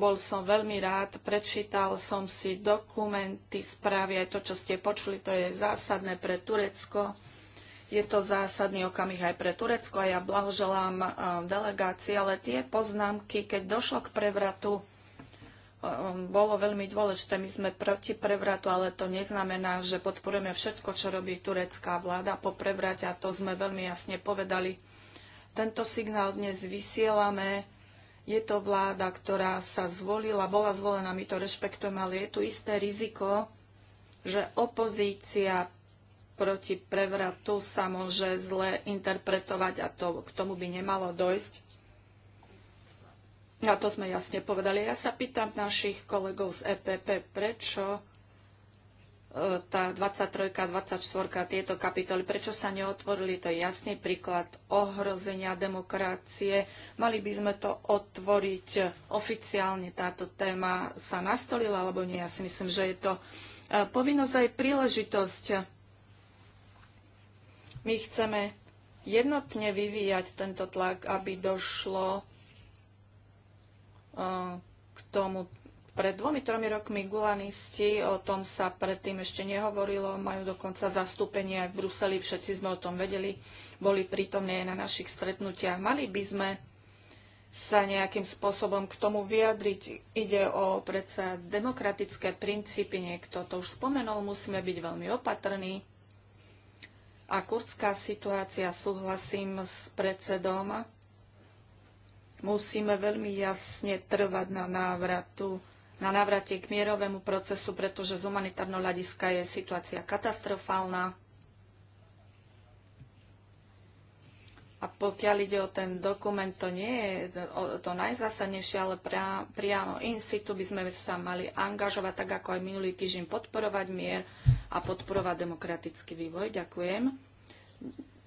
Bol som veľmi rád, prečítal som si dokumenty, správy, aj to, čo ste počuli, to je zásadné pre Turecko je to zásadný okamih aj pre Turecko a ja blahoželám eh, delegácii, ale tie poznámky, keď došlo k prevratu, eh, bolo veľmi dôležité. My sme proti prevratu, ale to neznamená, že podporujeme všetko, čo robí turecká vláda po prevrate a to sme veľmi jasne povedali. Tento signál dnes vysielame. Je to vláda, ktorá sa zvolila, bola zvolená, my to rešpektujeme, ale je tu isté riziko, že opozícia proti prevratu sa môže zle interpretovať a to, k tomu by nemalo dojsť. Na to sme jasne povedali. Ja sa pýtam našich kolegov z EPP, prečo e, tá 23, 24, tieto kapitoly, prečo sa neotvorili, to je jasný príklad ohrozenia demokracie. Mali by sme to otvoriť oficiálne, táto téma sa nastolila, alebo nie, ja si myslím, že je to e, povinnosť aj príležitosť my chceme jednotne vyvíjať tento tlak, aby došlo eh, k tomu. Pred dvomi, tromi rokmi gulanisti, o tom sa predtým ešte nehovorilo, majú dokonca zastúpenie aj v Bruseli, všetci sme o tom vedeli, boli prítomní aj na našich stretnutiach. Mali by sme sa nejakým spôsobom k tomu vyjadriť. Ide o predsa demokratické princípy, niekto to už spomenul, musíme byť veľmi opatrní a kurdská situácia, súhlasím s predsedom, musíme veľmi jasne trvať na návratu na návrate k mierovému procesu, pretože z humanitárneho hľadiska je situácia katastrofálna. A pokiaľ ide o ten dokument, to nie je to najzásadnejšie, ale pra, priamo in situ by sme sa mali angažovať, tak ako aj minulý týždeň, podporovať mier a podporovať demokratický vývoj. Ďakujem.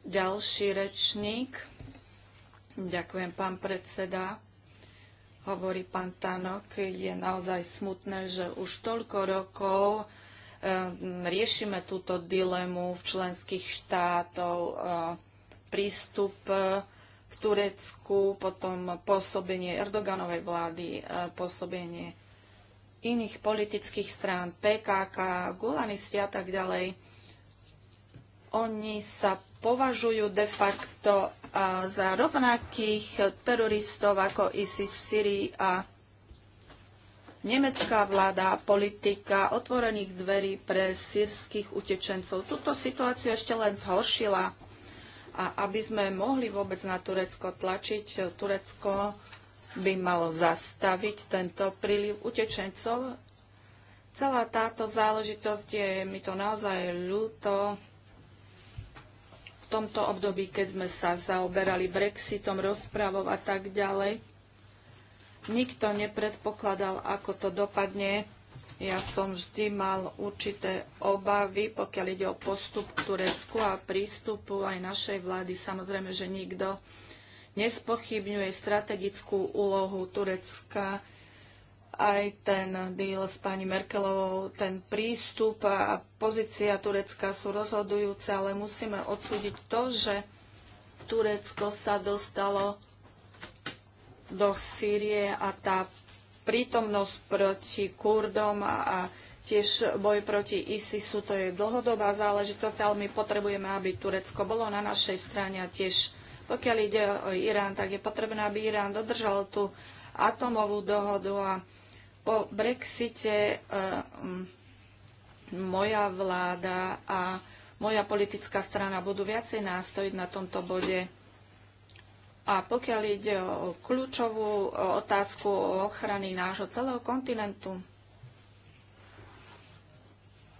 Ďalší rečník. Ďakujem, pán predseda. Hovorí pán Tanok, je naozaj smutné, že už toľko rokov eh, riešime túto dilemu v členských štátov eh, prístup e, k Turecku, potom pôsobenie Erdoganovej vlády, e, pôsobenie iných politických strán, PKK, gulanisti a tak ďalej. Oni sa považujú de facto e, za rovnakých teroristov ako ISIS v Syrii a nemecká vláda politika otvorených dverí pre sírskych utečencov. Tuto situáciu ešte len zhoršila a aby sme mohli vôbec na Turecko tlačiť, Turecko by malo zastaviť tento príliv utečencov. Celá táto záležitosť je mi to naozaj ľúto. V tomto období, keď sme sa zaoberali Brexitom, rozprávou a tak ďalej, nikto nepredpokladal, ako to dopadne ja som vždy mal určité obavy, pokiaľ ide o postup k Turecku a prístupu aj našej vlády. Samozrejme, že nikto nespochybňuje strategickú úlohu Turecka, aj ten deal s pani Merkelovou, ten prístup a pozícia Turecka sú rozhodujúce, ale musíme odsúdiť to, že Turecko sa dostalo do Sýrie a tá prítomnosť proti Kurdom a tiež boj proti ISISu, to je dlhodobá záležitosť, ale my potrebujeme, aby Turecko bolo na našej strane a tiež pokiaľ ide o Irán, tak je potrebné, aby Irán dodržal tú atomovú dohodu a po Brexite e, moja vláda a moja politická strana budú viacej nástojiť na tomto bode. A pokiaľ ide o kľúčovú otázku ochrany nášho celého kontinentu,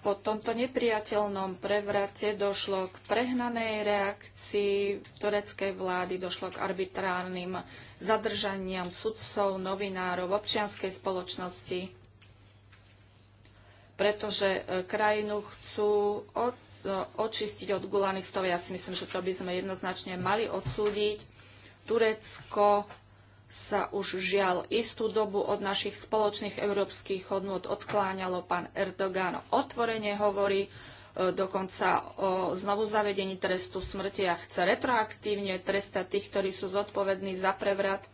po tomto nepriateľnom prevrate došlo k prehnanej reakcii tureckej vlády, došlo k arbitrárnym zadržaniam sudcov, novinárov, občianskej spoločnosti, pretože e, krajinu chcú od, e, očistiť od gulanistov. Ja si myslím, že to by sme jednoznačne mali odsúdiť Turecko sa už žiaľ istú dobu od našich spoločných európskych hodnot odkláňalo. Pán Erdogan otvorene hovorí e, dokonca o znovu zavedení trestu smrti a chce retroaktívne trestať tých, ktorí sú zodpovední za prevrat.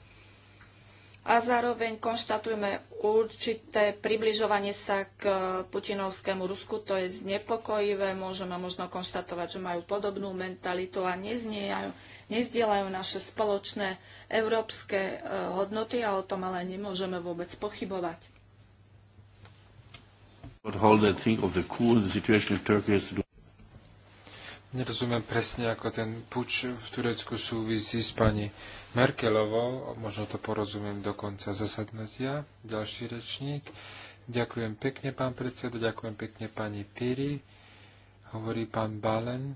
A zároveň konštatujeme určité približovanie sa k e, putinovskému Rusku. To je znepokojivé. Môžeme možno konštatovať, že majú podobnú mentalitu a neznie nezdielajú naše spoločné európske e, hodnoty a o tom ale nemôžeme vôbec pochybovať. Nerozumiem presne, ako ten puč v Turecku súvisí s pani Merkelovou. Možno to porozumiem do konca zasadnutia. Ďalší rečník. Ďakujem pekne, pán predseda, ďakujem pekne, pani Piri. Hovorí pán Balen.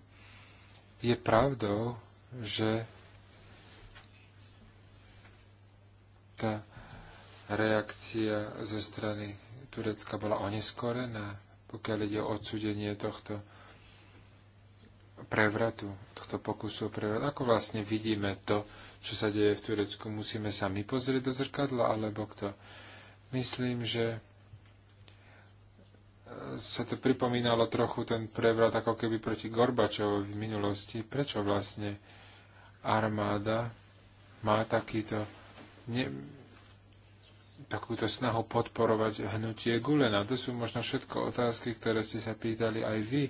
Je pravdou, že tá reakcia zo strany Turecka bola oneskorená, pokiaľ ide o odsudenie tohto prevratu, tohto pokusu o prevrat. Ako vlastne vidíme to, čo sa deje v Turecku? Musíme sa my pozrieť do zrkadla, alebo kto? Myslím, že sa to pripomínalo trochu ten prevrat ako keby proti Gorbačovovi v minulosti. Prečo vlastne armáda má takýto ne, takúto snahu podporovať hnutie Gulena? To sú možno všetko otázky, ktoré ste sa pýtali aj vy.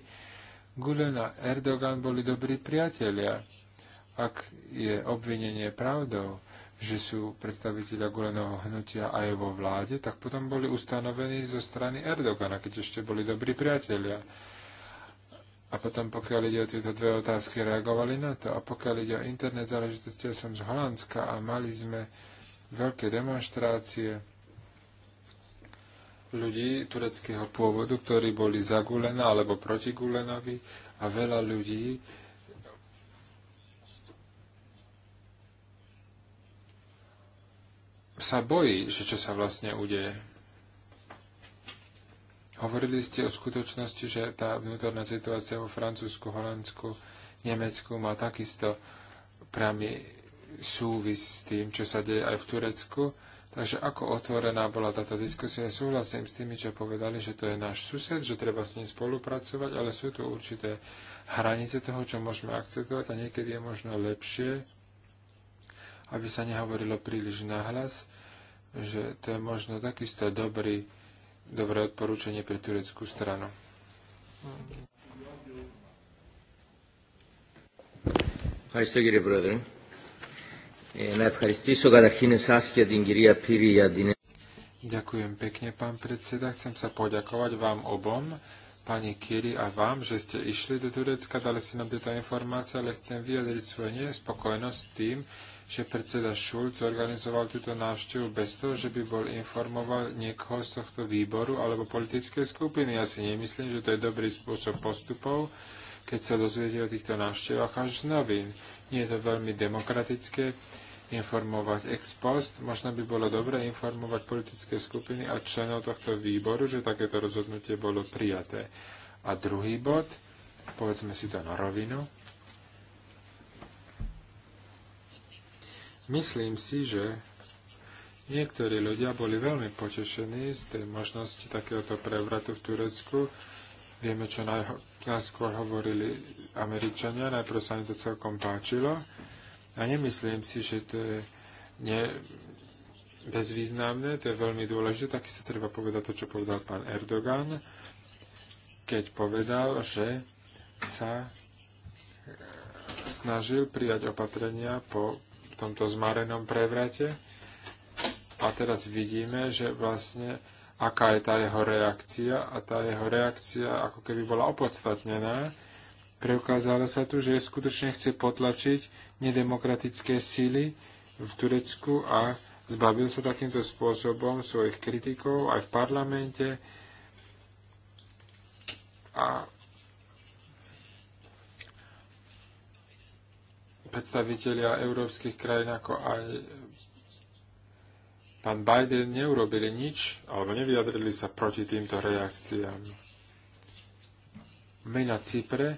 Gulena a Erdogan boli dobrí priatelia. Ak je obvinenie pravdou, že sú predstaviteľa Guleného hnutia aj vo vláde, tak potom boli ustanovení zo strany Erdogana, keď ešte boli dobrí priatelia. A potom, pokiaľ ide o tieto dve otázky, reagovali na to. A pokiaľ ide o internet záležitosti, ja som z Holandska a mali sme veľké demonstrácie ľudí tureckého pôvodu, ktorí boli za Gulena alebo proti Gulenovi a veľa ľudí sa bojí, že čo sa vlastne udeje. Hovorili ste o skutočnosti, že tá vnútorná situácia vo Francúzsku, Holandsku, Nemecku má takisto priamy súvis s tým, čo sa deje aj v Turecku. Takže ako otvorená bola táto diskusia, súhlasím s tými, čo povedali, že to je náš sused, že treba s ním spolupracovať, ale sú tu určité hranice toho, čo môžeme akceptovať a niekedy je možno lepšie aby sa nehovorilo príliš nahlas, že to je možno takisto dobrý, dobré odporúčanie pre tureckú stranu. Ďakujem pekne, pán predseda. Chcem sa poďakovať vám obom, pani Kiri a vám, že ste išli do Turecka, dali ste nám tieto informácie, ale chcem vyjadriť svoju nespokojnosť tým, že predseda Šulc organizoval túto návštevu bez toho, že by bol informoval niekoho z tohto výboru alebo politické skupiny. Ja si nemyslím, že to je dobrý spôsob postupov, keď sa dozviete o týchto návštevách až z novín. Nie je to veľmi demokratické informovať ex post. Možno by bolo dobré informovať politické skupiny a členov tohto výboru, že takéto rozhodnutie bolo prijaté. A druhý bod, povedzme si to na rovinu, Myslím si, že niektorí ľudia boli veľmi potešení z tej možnosti takéhoto prevratu v Turecku. Vieme, čo najskôr hovorili Američania, najprv sa im to celkom páčilo. A nemyslím si, že to je ne, bezvýznamné, to je veľmi dôležité. Takisto treba povedať to, čo povedal pán Erdogan, keď povedal, že sa snažil prijať opatrenia po tomto zmarenom prevrate. A teraz vidíme, že vlastne aká je tá jeho reakcia a tá jeho reakcia ako keby bola opodstatnená. Preukázalo sa tu, že skutočne chce potlačiť nedemokratické síly v Turecku a zbavil sa takýmto spôsobom svojich kritikov aj v parlamente a predstavitelia európskych krajín ako aj pán Biden neurobili nič alebo nevyjadrili sa proti týmto reakciám. My na Cypre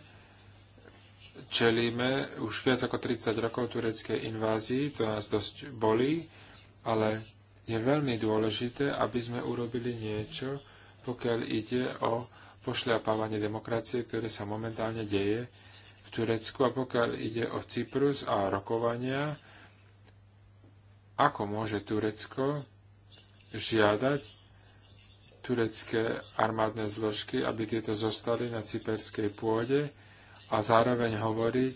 čelíme už viac ako 30 rokov tureckej invázii, to nás dosť bolí, ale je veľmi dôležité, aby sme urobili niečo, pokiaľ ide o pošľapávanie demokracie, ktoré sa momentálne deje Turecku. A pokiaľ ide o Cyprus a rokovania, ako môže Turecko žiadať turecké armádne zložky, aby tieto zostali na cyperskej pôde a zároveň hovoriť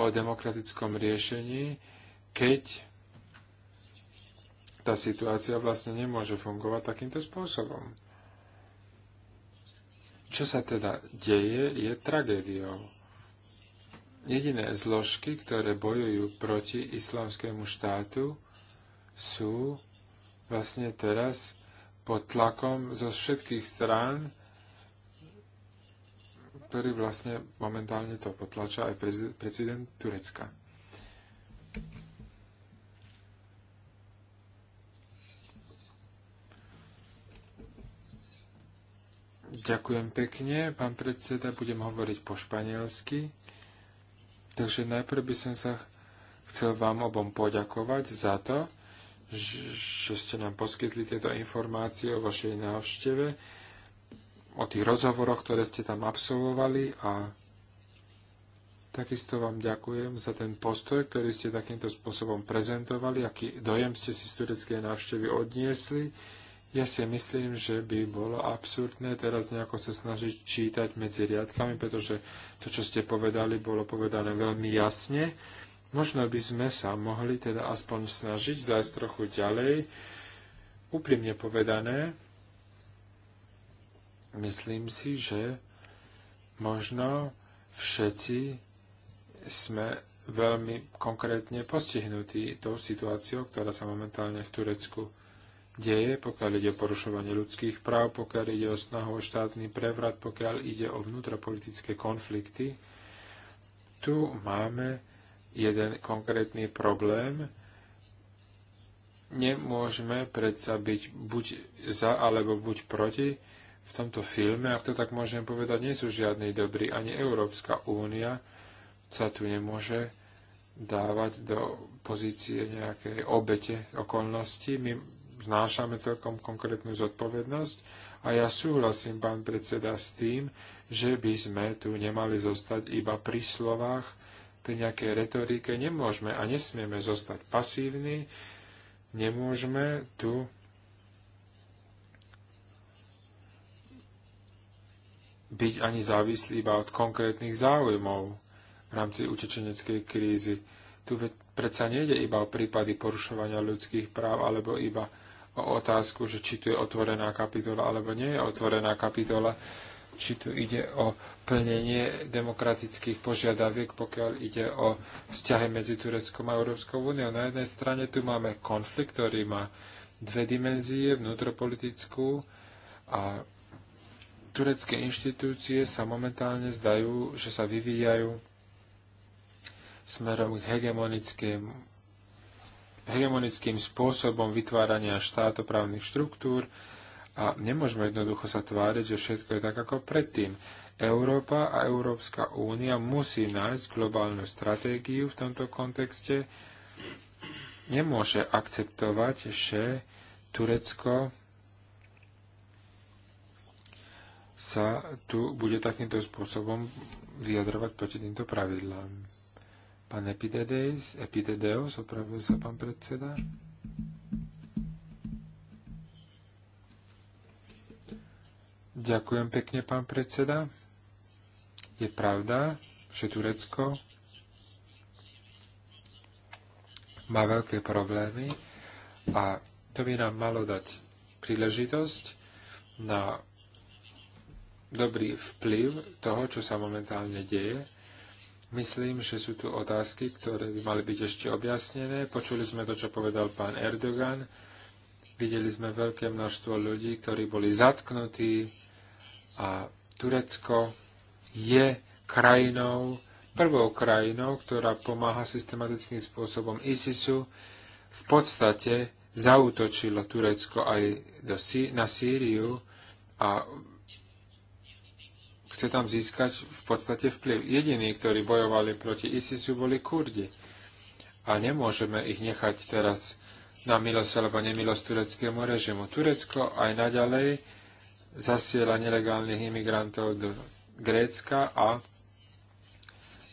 o demokratickom riešení, keď tá situácia vlastne nemôže fungovať takýmto spôsobom. Čo sa teda deje, je tragédiou. Jediné zložky, ktoré bojujú proti islamskému štátu, sú vlastne teraz pod tlakom zo všetkých strán, ktorý vlastne momentálne to potlača aj prezident Turecka. Ďakujem pekne, pán predseda, budem hovoriť po španielsky. Takže najprv by som sa chcel vám obom poďakovať za to, že ste nám poskytli tieto informácie o vašej návšteve, o tých rozhovoroch, ktoré ste tam absolvovali a takisto vám ďakujem za ten postoj, ktorý ste takýmto spôsobom prezentovali, aký dojem ste si z tureckej návštevy odniesli ja si myslím, že by bolo absurdné teraz nejako sa snažiť čítať medzi riadkami, pretože to, čo ste povedali, bolo povedané veľmi jasne. Možno by sme sa mohli teda aspoň snažiť zájsť trochu ďalej. Úprimne povedané, myslím si, že možno všetci sme veľmi konkrétne postihnutí tou situáciou, ktorá sa momentálne v Turecku deje, pokiaľ ide o porušovanie ľudských práv, pokiaľ ide o snahu o štátny prevrat, pokiaľ ide o vnútropolitické konflikty. Tu máme jeden konkrétny problém. Nemôžeme predsa byť buď za alebo buď proti. V tomto filme, ak to tak môžem povedať, nie sú žiadny dobrý. Ani Európska únia sa tu nemôže dávať do pozície nejakej obete okolnosti. My znášame celkom konkrétnu zodpovednosť a ja súhlasím, pán predseda, s tým, že by sme tu nemali zostať iba pri slovách, pri nejakej retorike. Nemôžeme a nesmieme zostať pasívni, nemôžeme tu byť ani závislí iba od konkrétnych záujmov v rámci utečeneckej krízy. Tu predsa nejde iba o prípady porušovania ľudských práv alebo iba o otázku, že či tu je otvorená kapitola alebo nie je otvorená kapitola, či tu ide o plnenie demokratických požiadaviek, pokiaľ ide o vzťahy medzi Tureckom a Európskou úniou. Na jednej strane tu máme konflikt, ktorý má dve dimenzie, vnútropolitickú a turecké inštitúcie sa momentálne zdajú, že sa vyvíjajú smerom k hegemonickému hegemonickým spôsobom vytvárania štátoprávnych štruktúr a nemôžeme jednoducho sa tváriť, že všetko je tak ako predtým. Európa a Európska únia musí nájsť globálnu stratégiu v tomto kontexte. Nemôže akceptovať, že Turecko sa tu bude takýmto spôsobom vyjadrovať proti týmto pravidlám. Pán Epidedeus, Epidedeus, opravil sa pán predseda. Ďakujem pekne, pán predseda. Je pravda, že Turecko má veľké problémy a to by nám malo dať príležitosť na dobrý vplyv toho, čo sa momentálne deje Myslím, že sú tu otázky, ktoré by mali byť ešte objasnené. Počuli sme to, čo povedal pán Erdogan. Videli sme veľké množstvo ľudí, ktorí boli zatknutí a Turecko je krajinou, prvou krajinou, ktorá pomáha systematickým spôsobom ISISu. V podstate zautočilo Turecko aj do, na Sýriu a chce tam získať v podstate vplyv. Jediní, ktorí bojovali proti ISISu, boli Kurdi. A nemôžeme ich nechať teraz na milosť alebo nemilosť tureckému režimu. Turecko aj naďalej zasiela nelegálnych imigrantov do Grécka a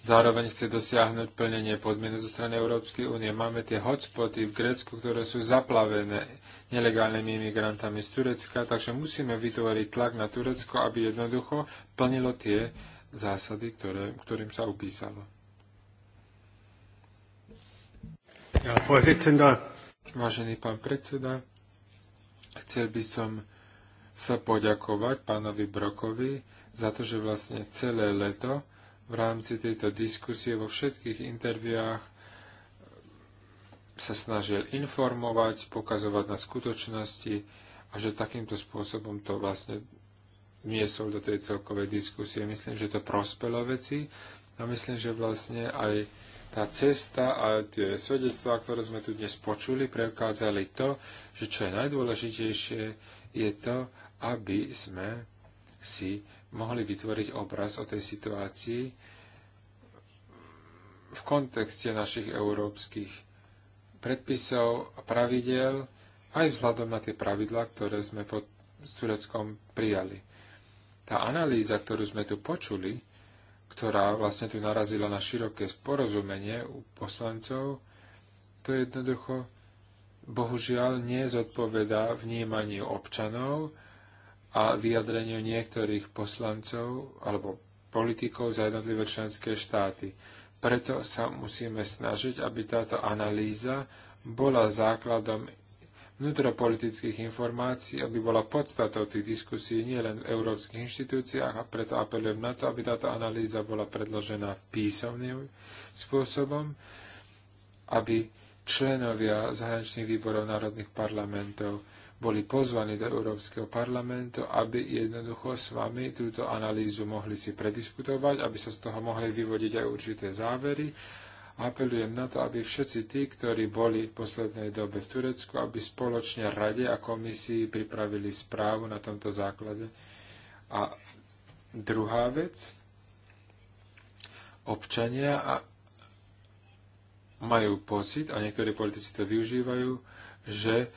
Zároveň chce dosiahnuť plnenie podmienok zo strany Európskej únie. Máme tie hotspoty v Grécku, ktoré sú zaplavené nelegálnymi imigrantami z Turecka, takže musíme vytvoriť tlak na Turecko, aby jednoducho plnilo tie zásady, ktoré, ktorým sa upísalo. Ja, Vážený pán predseda, chcel by som sa poďakovať pánovi Brokovi za to, že vlastne celé leto v rámci tejto diskusie vo všetkých interviách sa snažil informovať, pokazovať na skutočnosti a že takýmto spôsobom to vlastne miesol do tej celkovej diskusie. Myslím, že to prospelo veci a myslím, že vlastne aj tá cesta a tie svedectvá, ktoré sme tu dnes počuli, preukázali to, že čo je najdôležitejšie, je to, aby sme si mohli vytvoriť obraz o tej situácii v kontexte našich európskych predpisov a pravidel, aj vzhľadom na tie pravidlá, ktoré sme pod Tureckom prijali. Tá analýza, ktorú sme tu počuli, ktorá vlastne tu narazila na široké porozumenie u poslancov, to jednoducho bohužiaľ nezodpovedá vnímaniu občanov a vyjadreniu niektorých poslancov alebo politikov za jednotlivé členské štáty. Preto sa musíme snažiť, aby táto analýza bola základom vnútropolitických informácií, aby bola podstatou tých diskusí nielen v európskych inštitúciách a preto apelujem na to, aby táto analýza bola predložená písomným spôsobom, aby členovia zahraničných výborov národných parlamentov boli pozvaní do Európskeho parlamentu, aby jednoducho s vami túto analýzu mohli si prediskutovať, aby sa z toho mohli vyvodiť aj určité závery. Apelujem na to, aby všetci tí, ktorí boli v poslednej dobe v Turecku, aby spoločne Rade a komisii pripravili správu na tomto základe. A druhá vec, občania a majú pocit, a niektorí politici to využívajú, že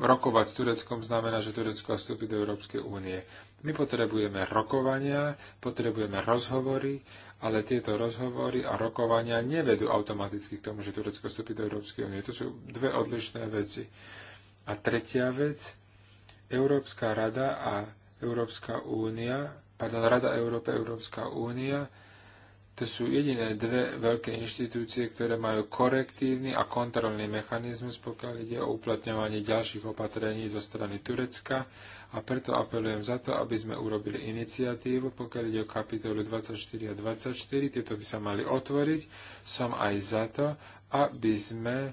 rokovať s Tureckom znamená, že Turecko vstúpi do Európskej únie. My potrebujeme rokovania, potrebujeme rozhovory, ale tieto rozhovory a rokovania nevedú automaticky k tomu, že Turecko vstúpi do Európskej únie. To sú dve odlišné veci. A tretia vec, Európska rada a Európska únia, pardon, Rada Európe, Európska únia to sú jediné dve veľké inštitúcie, ktoré majú korektívny a kontrolný mechanizmus, pokiaľ ide o uplatňovanie ďalších opatrení zo strany Turecka a preto apelujem za to, aby sme urobili iniciatívu, pokiaľ ide o kapitolu 24 a 24, tieto by sa mali otvoriť. Som aj za to, aby sme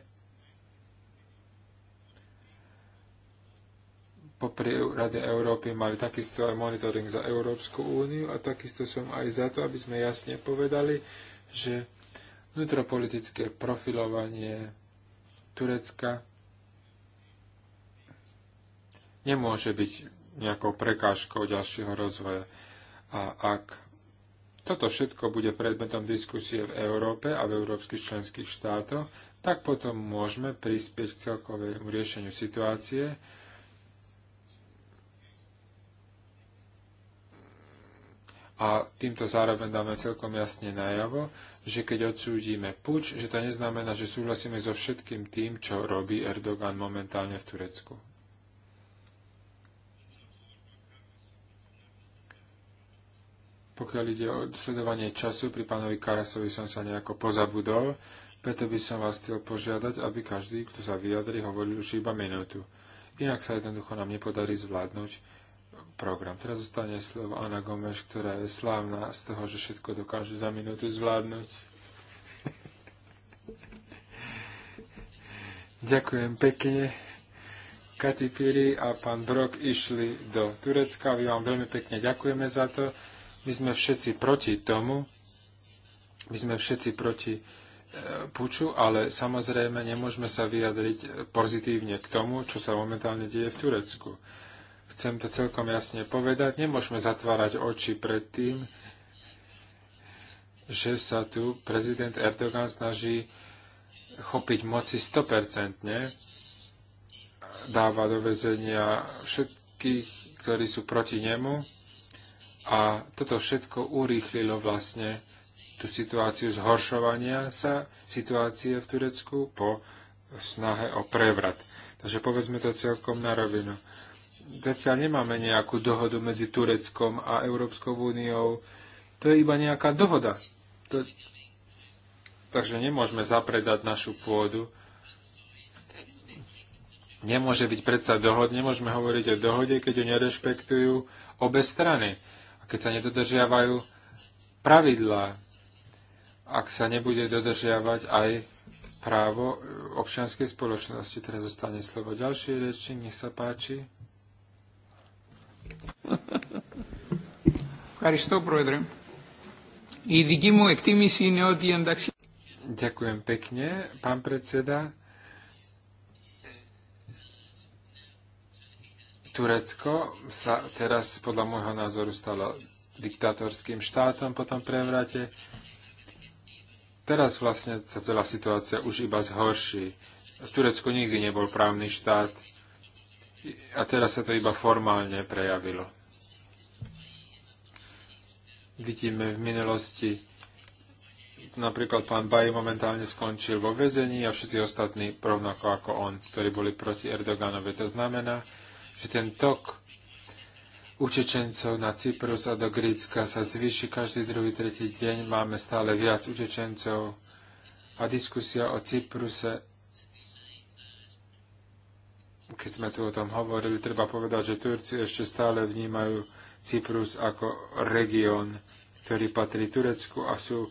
popri Rade Európy mali takisto aj monitoring za Európsku úniu a takisto som aj za to, aby sme jasne povedali, že vnútropolitické profilovanie Turecka nemôže byť nejakou prekážkou ďalšieho rozvoja. A ak toto všetko bude predmetom diskusie v Európe a v európskych členských štátoch, tak potom môžeme prispieť k celkovému riešeniu situácie, a týmto zároveň dáme celkom jasne najavo, že keď odsúdime puč, že to neznamená, že súhlasíme so všetkým tým, čo robí Erdogan momentálne v Turecku. Pokiaľ ide o sledovanie času, pri pánovi Karasovi som sa nejako pozabudol, preto by som vás chcel požiadať, aby každý, kto sa vyjadri, hovoril už iba minútu. Inak sa jednoducho nám nepodarí zvládnuť program. Teraz zostane slovo Ana Gomeš, ktorá je slávna z toho, že všetko dokáže za minútu zvládnuť. Ďakujem pekne. Katy Piri a pán Brok išli do Turecka. My vám veľmi pekne ďakujeme za to. My sme všetci proti tomu. My sme všetci proti e, puču, ale samozrejme nemôžeme sa vyjadriť pozitívne k tomu, čo sa momentálne deje v Turecku. Chcem to celkom jasne povedať. Nemôžeme zatvárať oči pred tým, že sa tu prezident Erdogan snaží chopiť moci 100%. Dáva do väzenia všetkých, ktorí sú proti nemu. A toto všetko urýchlilo vlastne tú situáciu zhoršovania sa situácie v Turecku po snahe o prevrat. Takže povedzme to celkom na rovinu zatiaľ nemáme nejakú dohodu medzi Tureckom a Európskou úniou. To je iba nejaká dohoda. To... Takže nemôžeme zapredať našu pôdu. Nemôže byť predsa dohod, nemôžeme hovoriť o dohode, keď ju nerešpektujú obe strany. A keď sa nedodržiavajú pravidlá, ak sa nebude dodržiavať aj právo občianskej spoločnosti. Teraz zostane slovo Ďalšie reči, nech sa páči. Ďakujem pekne, pán predseda. Turecko sa teraz podľa môjho názoru stalo diktátorským štátom po tom prevrate. Teraz vlastne sa celá situácia už iba zhorší. V Turecku nikdy nebol právny štát a teraz sa to iba formálne prejavilo. Vidíme v minulosti, napríklad pán Baj momentálne skončil vo vezení a všetci ostatní rovnako ako on, ktorí boli proti Erdoganovi. To znamená, že ten tok utečencov na Cyprus a do Grícka sa zvýši každý druhý, tretí deň. Máme stále viac utečencov a diskusia o Cypruse keď sme tu o tom hovorili, treba povedať, že Turci ešte stále vnímajú Cyprus ako región, ktorý patrí Turecku a sú,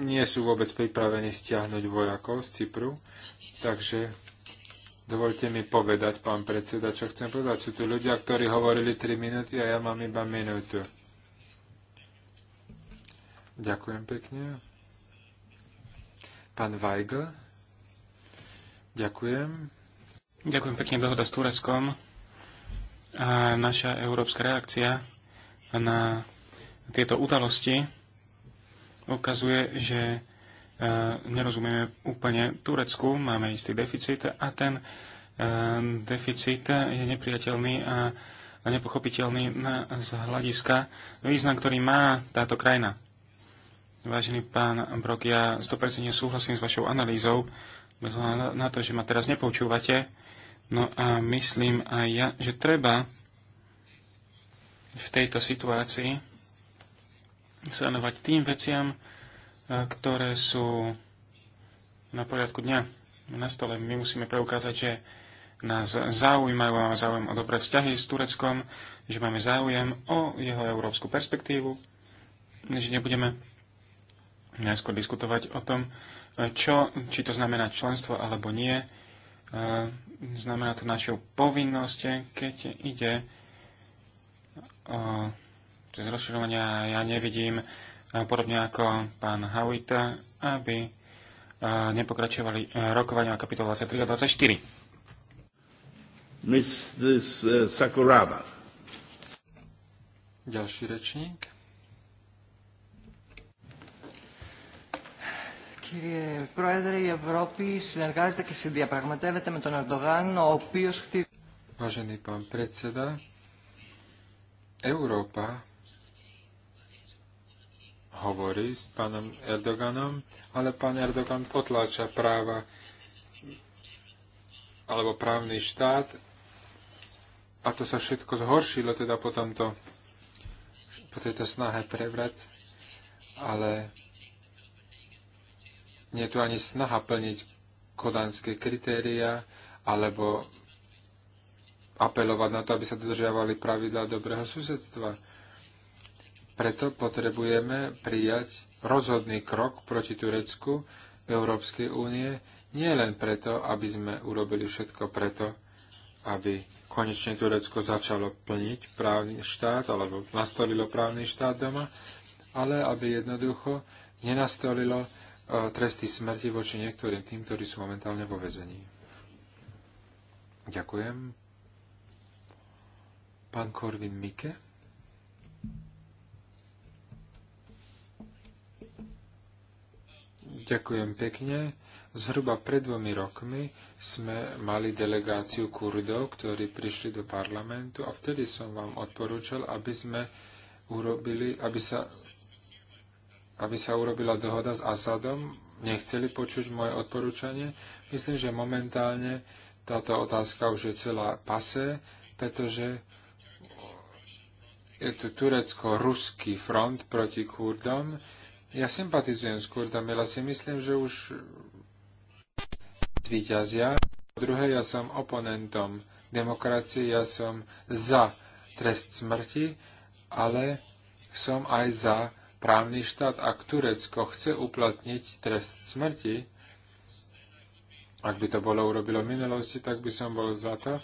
nie sú vôbec pripravení stiahnuť vojakov z Cypru. Takže dovolte mi povedať, pán predseda, čo chcem povedať. Sú tu ľudia, ktorí hovorili 3 minúty a ja mám iba minútu. Ďakujem pekne. Pán Weigl. Ďakujem. Ďakujem pekne dohoda s Tureckom a naša európska reakcia na tieto udalosti ukazuje, že e, nerozumieme úplne Turecku, máme istý deficit a ten e, deficit je nepriateľný a nepochopiteľný z hľadiska význam, ktorý má táto krajina. Vážený pán Brok, ja 100% súhlasím s vašou analýzou, bez na to, že ma teraz nepoučúvate No a myslím aj ja, že treba v tejto situácii sanovať tým veciam, eh, ktoré sú na poriadku dňa na stole. My musíme preukázať, že nás zaujímajú, máme záujem o dobré vzťahy s Tureckom, že máme záujem o jeho európsku perspektívu, že nebudeme najskôr diskutovať o tom, eh, čo, či to znamená členstvo alebo nie, znamená to našou povinnosť, keď ide o cez rozširovania ja nevidím, podobne ako pán Hawita, aby nepokračovali e, rokovania o kapitolu 23 a 24. Mrs. Uh, Sakuraba. Ďalší rečník. Κύριε Πρόεδρε, η Ευρώπη συνεργάζεται και συνδιαπραγματεύεται με τον Ερντογάν, ο χτίζει... Vážený pán predseda, Európa hovorí s pánom Erdoganom, ale pán Erdogan potláča práva alebo právny štát a to sa všetko zhoršilo teda po, tomto, po tejto snahe prevrať, ale nie je tu ani snaha plniť kodanské kritéria alebo apelovať na to, aby sa dodržiavali pravidlá dobrého susedstva. Preto potrebujeme prijať rozhodný krok proti Turecku v Európskej únie, nie len preto, aby sme urobili všetko preto, aby konečne Turecko začalo plniť právny štát alebo nastolilo právny štát doma, ale aby jednoducho nenastolilo tresty smrti voči niektorým tým, ktorí sú momentálne vo vezení. Ďakujem. Pán Korvin Mike. Ďakujem pekne. Zhruba pred dvomi rokmi sme mali delegáciu Kurdov, ktorí prišli do parlamentu a vtedy som vám odporúčal, aby sme urobili, aby sa aby sa urobila dohoda s Asadom, nechceli počuť moje odporúčanie. Myslím, že momentálne táto otázka už je celá pase, pretože je tu turecko-ruský front proti Kurdom. Ja sympatizujem s Kurdami, ale si myslím, že už zvíťazia. Druhé, ja som oponentom demokracie, ja som za trest smrti, ale som aj za právny štát, ak Turecko chce uplatniť trest smrti, ak by to bolo urobilo v minulosti, tak by som bol za to,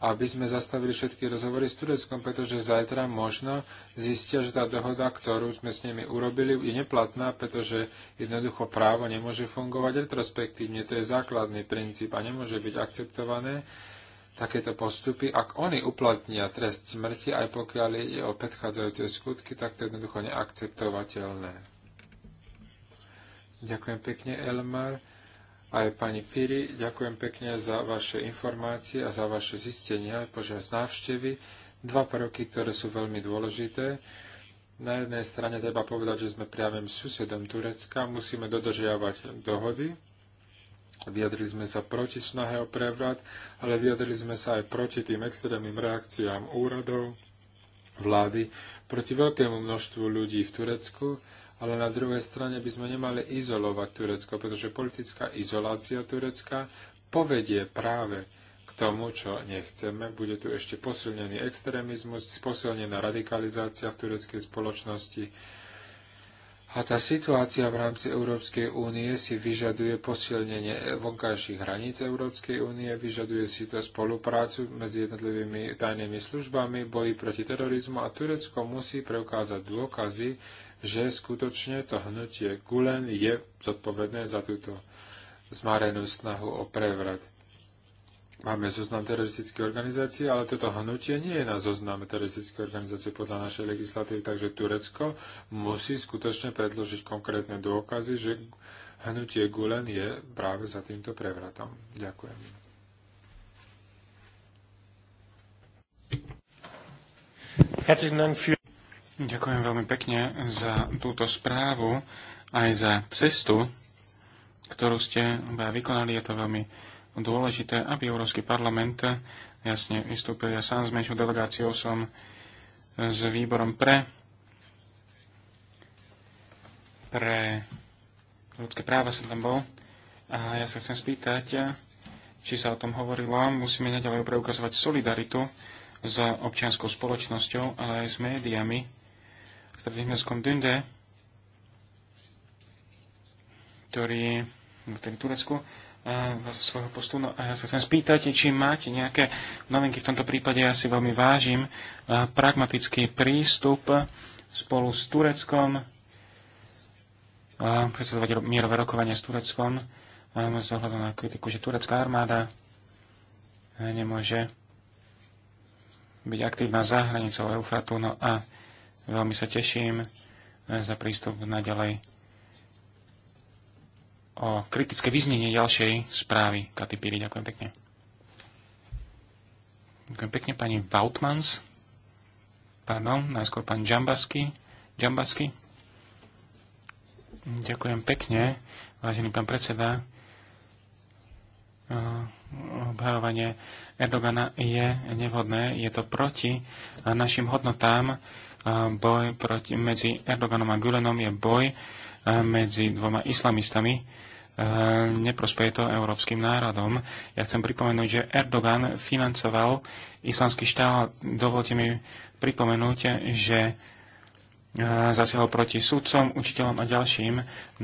aby sme zastavili všetky rozhovory s Tureckom, pretože zajtra možno zistia, že tá dohoda, ktorú sme s nimi urobili, je neplatná, pretože jednoducho právo nemôže fungovať retrospektívne. To je základný princíp a nemôže byť akceptované, takéto postupy, ak oni uplatnia trest smrti, aj pokiaľ ide o predchádzajúce skutky, tak to je jednoducho neakceptovateľné. Ďakujem pekne, Elmar. Aj pani Piri, ďakujem pekne za vaše informácie a za vaše zistenia počas návštevy. Dva prvky, ktoré sú veľmi dôležité. Na jednej strane treba povedať, že sme priamým susedom Turecka, musíme dodržiavať dohody, Vyjadrili sme sa proti snahe o prevrat, ale vyjadrili sme sa aj proti tým extrémnym reakciám úradov, vlády, proti veľkému množstvu ľudí v Turecku, ale na druhej strane by sme nemali izolovať Turecko, pretože politická izolácia Turecka povedie práve k tomu, čo nechceme. Bude tu ešte posilnený extrémizmus, posilnená radikalizácia v tureckej spoločnosti a tá situácia v rámci Európskej únie si vyžaduje posilnenie vonkajších hraníc Európskej únie, vyžaduje si to spoluprácu medzi jednotlivými tajnými službami, boji proti terorizmu a Turecko musí preukázať dôkazy, že skutočne to hnutie Gulen je zodpovedné za túto zmarenú snahu o prevrat. Máme zoznam teroristických organizácií, ale toto hnutie nie je na zozname teroristických organizácií podľa našej legislatívy, takže Turecko musí skutočne predložiť konkrétne dôkazy, že hnutie Gulen je práve za týmto prevratom. Ďakujem. Ďakujem veľmi pekne za túto správu, aj za cestu, ktorú ste vykonali. Je to veľmi dôležité, aby Európsky parlament jasne vystúpil. Ja sám s menšou delegáciou som s výborom pre pre ľudské práva som tam bol. A ja sa chcem spýtať, či sa o tom hovorilo. Musíme naďalej preukazovať solidaritu s občianskou spoločnosťou, ale aj s médiami. V stredihmestskom Dünde, ktorý v Turecku, E, svojho postu. No a ja sa chcem spýtať, či máte nejaké novinky v tomto prípade. Ja si veľmi vážim e, pragmatický prístup spolu s Tureckom, e, predsedovať mierové rokovanie s Tureckom, sa ohľadom na kritiku, že turecká armáda nemôže byť aktívna za hranicou Eufratu. No a veľmi sa teším za prístup naďalej o kritické vyznenie ďalšej správy. Katy Píri, ďakujem pekne. Ďakujem pekne pani Vautmans. Pardon, najskôr pán Džambasky. Džambasky. Ďakujem pekne, vážený pán predseda. Obhajovanie Erdogana je nevhodné, je to proti našim hodnotám. Boj proti, medzi Erdoganom a Gulenom je boj medzi dvoma islamistami E, neprospeje to európskym národom. Ja chcem pripomenúť, že Erdogan financoval islamský štát. Dovolte mi pripomenúť, že e, zasiahol proti sudcom, učiteľom a ďalším.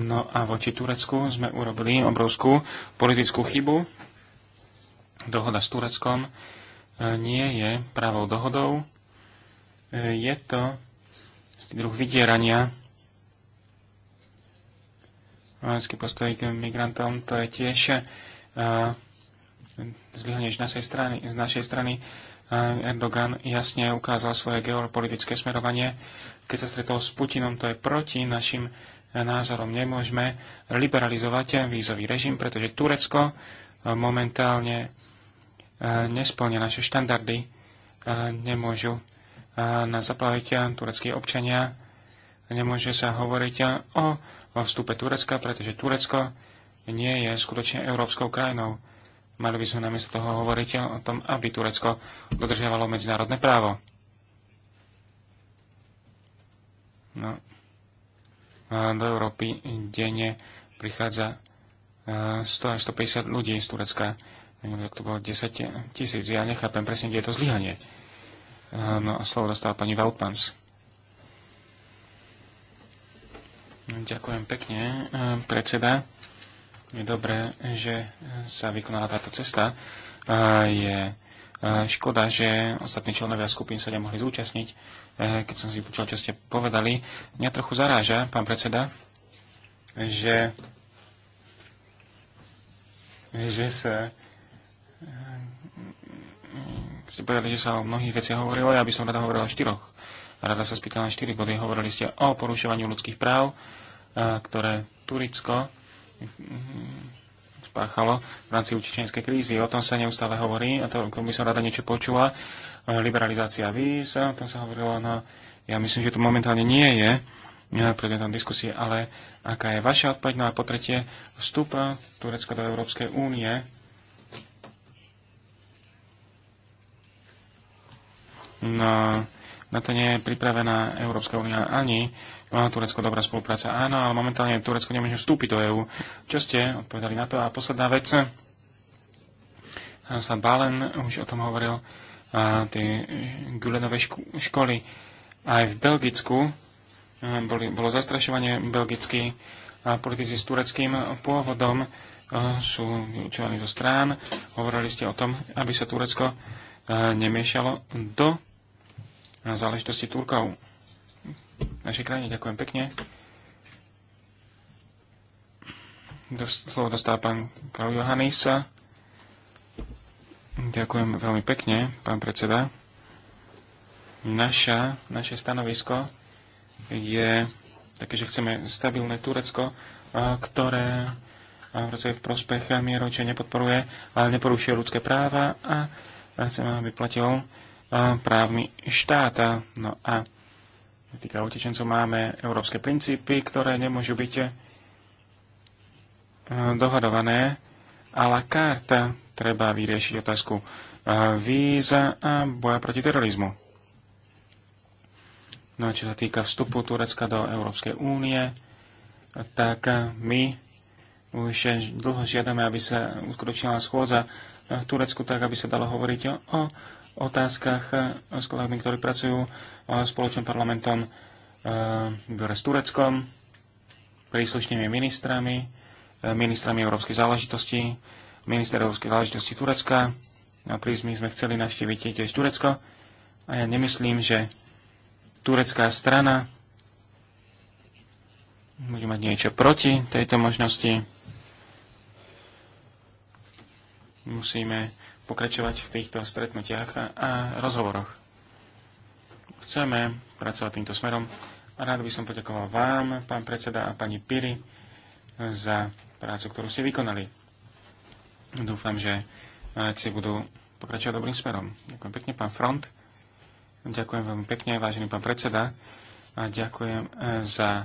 No a voči Turecku sme urobili obrovskú politickú chybu. Dohoda s Tureckom e, nie je pravou dohodou. Je to druh vydierania vojenský postoj k migrantom, to je tiež uh, eh, zlyhanie z našej strany. Z našej strany uh, Erdogan jasne ukázal svoje geopolitické smerovanie. Keď sa stretol s Putinom, to je proti našim eh, názorom. Nemôžeme liberalizovať vízový režim, pretože Turecko uh, momentálne uh, nesplňa naše štandardy. Uh, nemôžu na zaplaviť tureckí občania. Nemôže sa hovoriť o vo vstupe Turecka, pretože Turecko nie je skutočne európskou krajinou. Mali by sme namiesto toho hovoriť o tom, aby Turecko dodržiavalo medzinárodné právo. No. A do Európy denne prichádza 100 e, až 150 ľudí z Turecka. Neviem, to bolo 10 tisíc. Ja nechápem presne, kde je to zlyhanie. E, no a slovo dostala pani Vautmans. Ďakujem pekne, e, predseda. Je dobré, že sa vykonala táto cesta. E, je e, škoda, že ostatní členovia skupín sa nemohli zúčastniť. Keď som si počul, čo ste povedali, mňa trochu zaráža, pán predseda, že, že sa ste povedali, že sa o mnohých veciach hovorilo, ja by som rada hovorila o štyroch. Rada sa spýtala na štyri body. Hovorili ste o porušovaní ľudských práv, ktoré Turicko hm, hm, spáchalo v rámci utečenskej krízy. O tom sa neustále hovorí a to, by som rada niečo počula. E, liberalizácia víz, o tom sa hovorilo, no ja myslím, že to momentálne nie je e, predmetom diskusie, ale aká je vaša odpoveď? No a po tretie, vstup Turecka do Európskej únie. No, na to nie je pripravená Európska únia ani Turecko dobrá spolupráca, áno, ale momentálne Turecko nemôže vstúpiť do EÚ. Čo ste odpovedali na to? A posledná vec, Hans van Balen už o tom hovoril, a tie Gulenové ško- školy aj v Belgicku boli, bolo zastrašovanie belgickí politici s tureckým pôvodom sú vyučovaní zo strán. Hovorili ste o tom, aby sa Turecko nemiešalo do záležitosti Turkov našej krajine. Ďakujem pekne. Slovo dostáva pán Karol Johannisa. Ďakujem veľmi pekne, pán predseda. Naša, naše stanovisko je také, že chceme stabilné Turecko, ktoré pracuje v prospech mieru, čo nepodporuje, ale neporušuje ľudské práva a chceme, aby platil právny štát. No a sa týka utečencov, máme európske princípy, ktoré nemôžu byť e, dohadované a la Treba vyriešiť otázku e, víza a boja proti terorizmu. No a čo sa týka vstupu Turecka do Európskej únie, tak my už dlho žiadame, aby sa uskutočnila schôdza v Turecku tak, aby sa dalo hovoriť o otázkach s kolegami, ktorí pracujú e, spoločným parlamentom e, v s Tureckom, príslušnými ministrami, e, ministrami Európskej záležitosti, minister Európskej záležitosti Turecka. Na prízmy sme chceli navštíviť tiež Turecko. A ja nemyslím, že turecká strana bude mať niečo proti tejto možnosti. Musíme pokračovať v týchto stretnutiach a rozhovoroch. Chceme pracovať týmto smerom a rád by som poďakoval vám, pán predseda a pani Piri, za prácu, ktorú ste vykonali. Dúfam, že si budú pokračovať dobrým smerom. Ďakujem pekne, pán Front. Ďakujem veľmi pekne, vážený pán predseda. A ďakujem eh, za eh,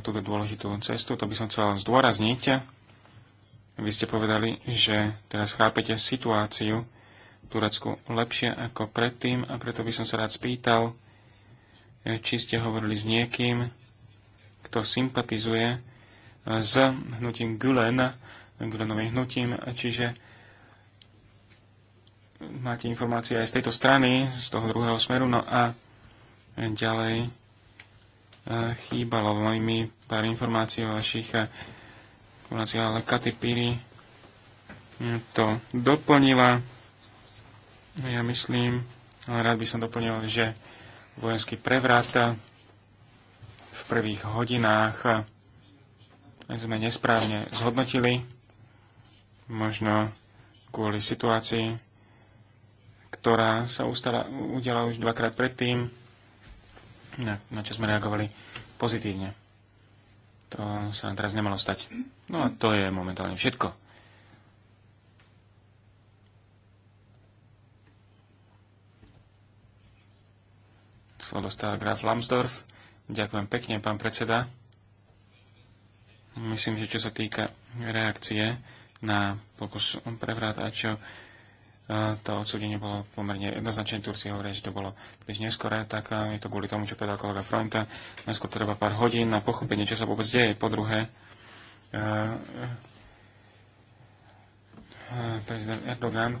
túto dôležitú cestu. To by som chcel zdôrazniť vy ste povedali, že teraz chápete situáciu v Turecku lepšie ako predtým a preto by som sa rád spýtal, e, či ste hovorili s niekým, kto sympatizuje e, s hnutím Gülen, Gulenovým hnutím, čiže máte informácie aj z tejto strany, z toho druhého smeru, no a ďalej e, chýbalo mi pár informácií o vašich informácia, ale Katy Piri to doplnila. Ja myslím, ale rád by som doplnil, že vojenský prevrat v prvých hodinách sme nesprávne zhodnotili, možno kvôli situácii, ktorá sa ustala, udiala už dvakrát predtým, na, na čo sme reagovali pozitívne. To sa teraz nemalo stať. No a to je momentálne všetko. Slovo dostal graf Lambsdorff. Ďakujem pekne, pán predseda. Myslím, že čo sa týka reakcie na pokus prevrat a čo to odsúdenie bolo pomerne jednoznačné. Turci hovoria, že to bolo príliš neskoré, tak eh, je to kvôli tomu, čo povedal kolega Fronta. Najskôr treba pár hodín na pochopenie, čo sa vôbec deje. Po druhé, eh, eh, prezident Erdogan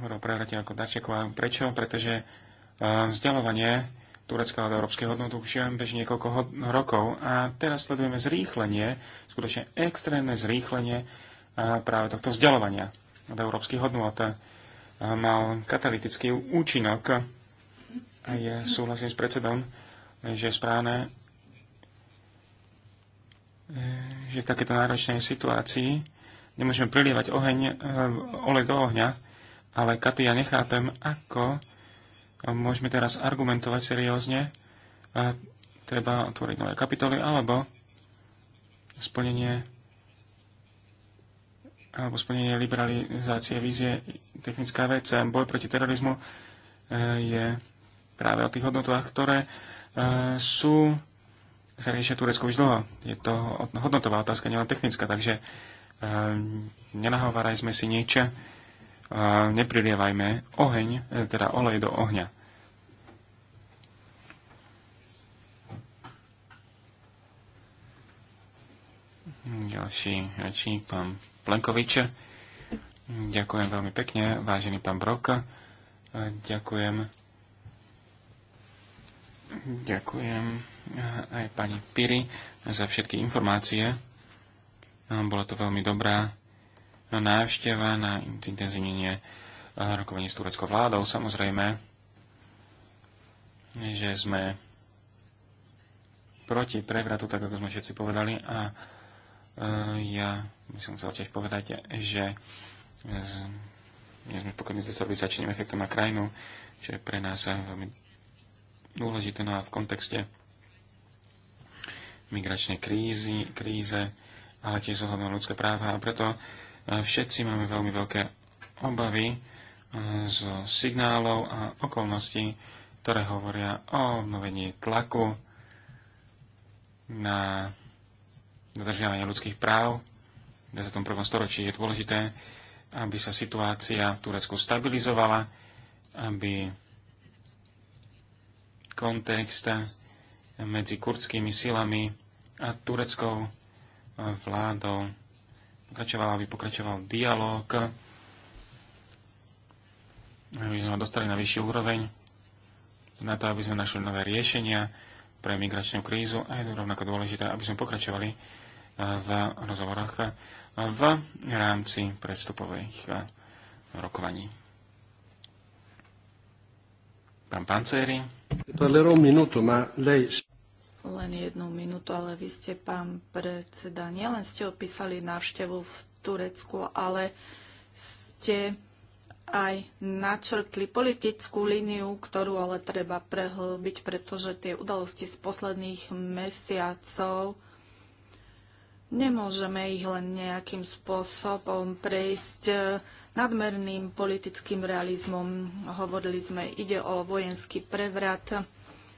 hovoril prehrate ako Dačeková. Prečo? Pretože vzdelávanie Turecka od európskej hodnoty už bežne niekoľko rokov a teraz sledujeme zrýchlenie, skutočne extrémne zrýchlenie práve tohto vzdialovania od európskych hodnot eh, Mal katalytický účinok a je, súhlasím s predsedom, že je správne, eh, že v takéto náročnej situácii nemôžeme prilievať oheň, eh, olej do ohňa, ale Katy, ja nechápem, ako môžeme teraz argumentovať seriózne, treba otvoriť nové kapitoly, alebo splnenie alebo splnenie liberalizácie vízie technická vec. Boj proti terorizmu eh, je práve o tých hodnotách, ktoré eh, sú, sa riešia Turecko už dlho. Je to hodnotová otázka, nielen technická, takže eh, nenahovárajme si niečo, neprilievajme oheň, teda olej do ohňa. Ďalší rečník, pán Plenkovič. Ďakujem veľmi pekne, vážený pán Brok. Ďakujem. Ďakujem aj pani Piri za všetky informácie. Bola to veľmi dobrá návšteva na intenzívnenie rokovaní s tureckou vládou. Samozrejme, že sme proti prevratu, tak ako sme všetci povedali, a Eh, ja by som chcel tiež povedať, že nie sme pokojní s destabilizačným efektom na krajinu, čo je pre nás veľmi dôležité no a v kontexte migračnej krízy, kríze, ale tiež zohľadom ľudské práva a preto eh, všetci máme veľmi veľké obavy eh, zo signálov a okolností, ktoré hovoria o obnovení tlaku na dodržiavania ľudských práv v 21. storočí. Je dôležité, aby sa situácia v Turecku stabilizovala, aby kontext medzi kurdskými silami a tureckou vládou pokračoval, aby pokračoval dialog, aby sme ho dostali na vyššiu úroveň, na to, aby sme našli nové riešenia pre migračnú krízu a je to rovnako dôležité, aby sme pokračovali v rozhovoroch v rámci predstupových rokovaní. Pán Pancéry. Len jednu minútu, ale vy ste, pán predseda, nielen ste opísali návštevu v Turecku, ale ste aj načrtli politickú líniu, ktorú ale treba prehlbiť, pretože tie udalosti z posledných mesiacov Nemôžeme ich len nejakým spôsobom prejsť eh, nadmerným politickým realizmom. Hovorili sme, ide o vojenský prevrat.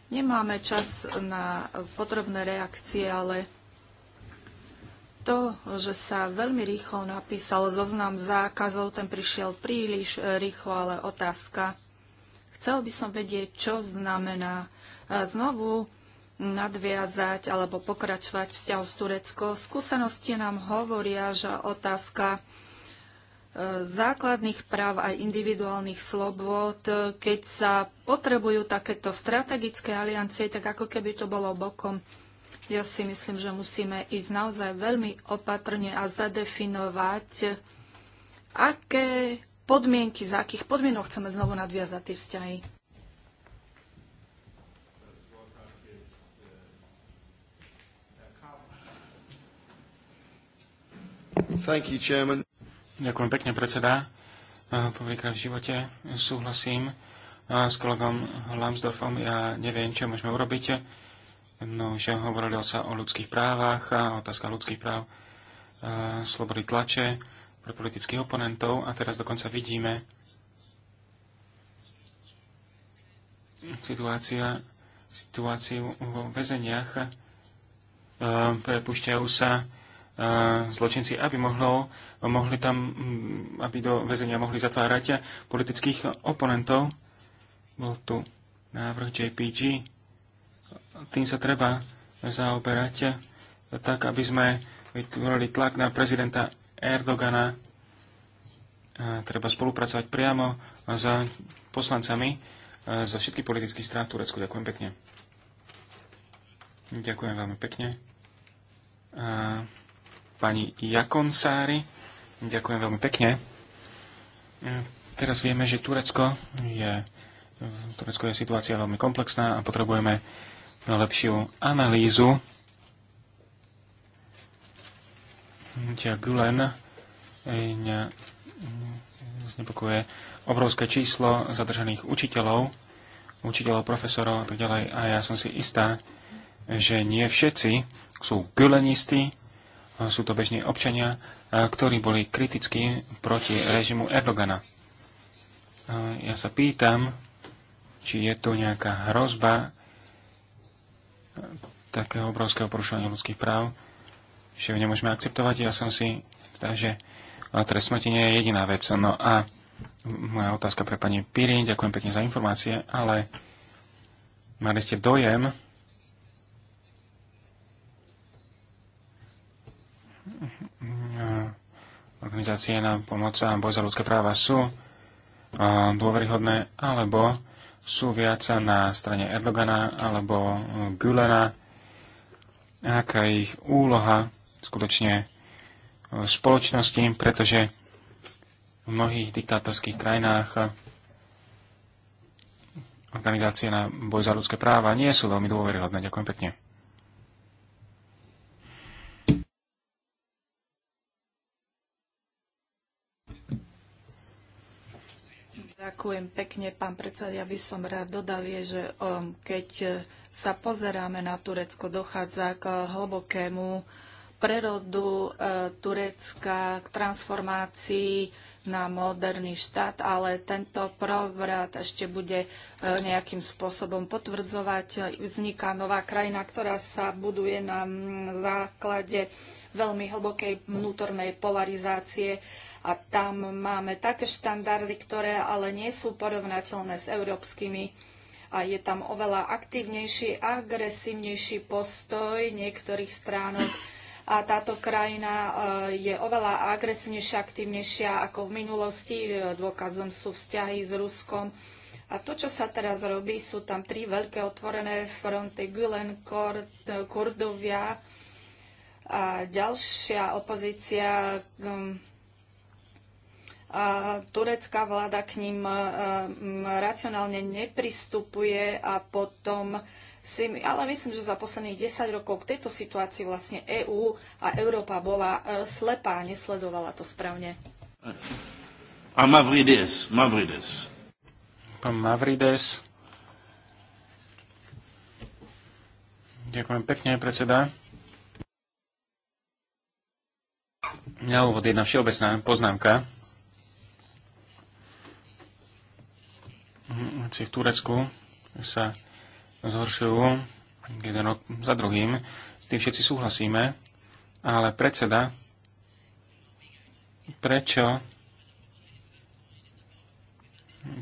Nemáme čas na podrobné reakcie, ale to, že sa veľmi rýchlo napísal zoznam zákazov, ten prišiel príliš eh, rýchlo, ale otázka. Chcel by som vedieť, čo znamená eh, znovu nadviazať alebo pokračovať vzťahu s Turecko. Skúsenosti nám hovoria, že otázka e, základných práv aj individuálnych slobod, e, keď sa potrebujú takéto strategické aliancie, tak ako keby to bolo bokom. Ja si myslím, že musíme ísť naozaj veľmi opatrne a zadefinovať, e, aké podmienky, za akých podmienok chceme znovu nadviazať tie vzťahy. Ďakujem pekne, predseda. Poprvýkrát v živote súhlasím s kolegom Lamsdorfom Ja neviem, čo môžeme urobiť. No, že hovorilo sa o ľudských právach a otázka ľudských práv, slobody tlače pre politických oponentov a teraz dokonca vidíme situácia, situáciu vo väzeniach. Prepušťajú sa zločinci, aby mohlo, mohli tam, mm, aby do väzenia mohli zatvárať politických oponentov. Bol tu návrh JPG. Tým sa treba zaoberať tak, aby sme vytvorili tlak na prezidenta Erdogana. Treba spolupracovať priamo s poslancami e, zo všetkých politických strán v Turecku. Ďakujem pekne. Ďakujem veľmi pekne. A pani Jakonsári. Ďakujem veľmi pekne. E, teraz vieme, že Turecko je, v Turecku je situácia veľmi komplexná a potrebujeme lepšiu analýzu. Tia Gulen e, e, znepokuje obrovské číslo zadržaných učiteľov, učiteľov, profesorov a tak ďalej. A ja som si istá, že nie všetci sú gulenisti, sú to bežní občania, e, ktorí boli kritickí proti režimu Erdogana. E, ja sa pýtam, či je tu nejaká hrozba e, takého obrovského porušovania ľudských práv, že ju nemôžeme akceptovať. Ja som si zdá, že trest smrti nie je jediná vec. No a moja otázka pre pani Pirin, ďakujem pekne za informácie, ale mali ste dojem, organizácie na pomoc a boj za ľudské práva sú dôveryhodné, alebo sú viac na strane Erdogana alebo e, Gülena, aká je ich úloha skutočne e, v spoločnosti, pretože v mnohých diktátorských krajinách e, organizácie na boj za ľudské práva nie sú veľmi dôveryhodné. Ďakujem pekne. Ďakujem pekne, pán predseda. Ja by som rád dodal, je, že um, keď e, sa pozeráme na Turecko, dochádza k hlbokému prerodu e, Turecka, k transformácii na moderný štát, ale tento provrat ešte bude e, nejakým spôsobom potvrdzovať. Vzniká nová krajina, ktorá sa buduje na základe veľmi hlbokej vnútornej polarizácie a tam máme také štandardy, ktoré ale nie sú porovnateľné s európskymi a je tam oveľa aktívnejší, agresívnejší postoj niektorých stránok a táto krajina e, je oveľa agresívnejšia, aktívnejšia ako v minulosti. E, dôkazom sú vzťahy s Ruskom. A to, čo sa teraz robí, sú tam tri veľké otvorené fronty, Gülen, e, Kurdovia a ďalšia opozícia, turecká vláda k ním e, racionálne nepristupuje a potom si, ale myslím, že za posledných 10 rokov k tejto situácii vlastne EÚ a Európa bola e, slepá, nesledovala to správne. A Mavrides, Mavrides. Pán Mavrides. Ďakujem pekne, predseda. Na úvod jedna všeobecná poznámka. si v Turecku sa zhoršujú jeden rok za druhým. S tým všetci súhlasíme, ale predseda, prečo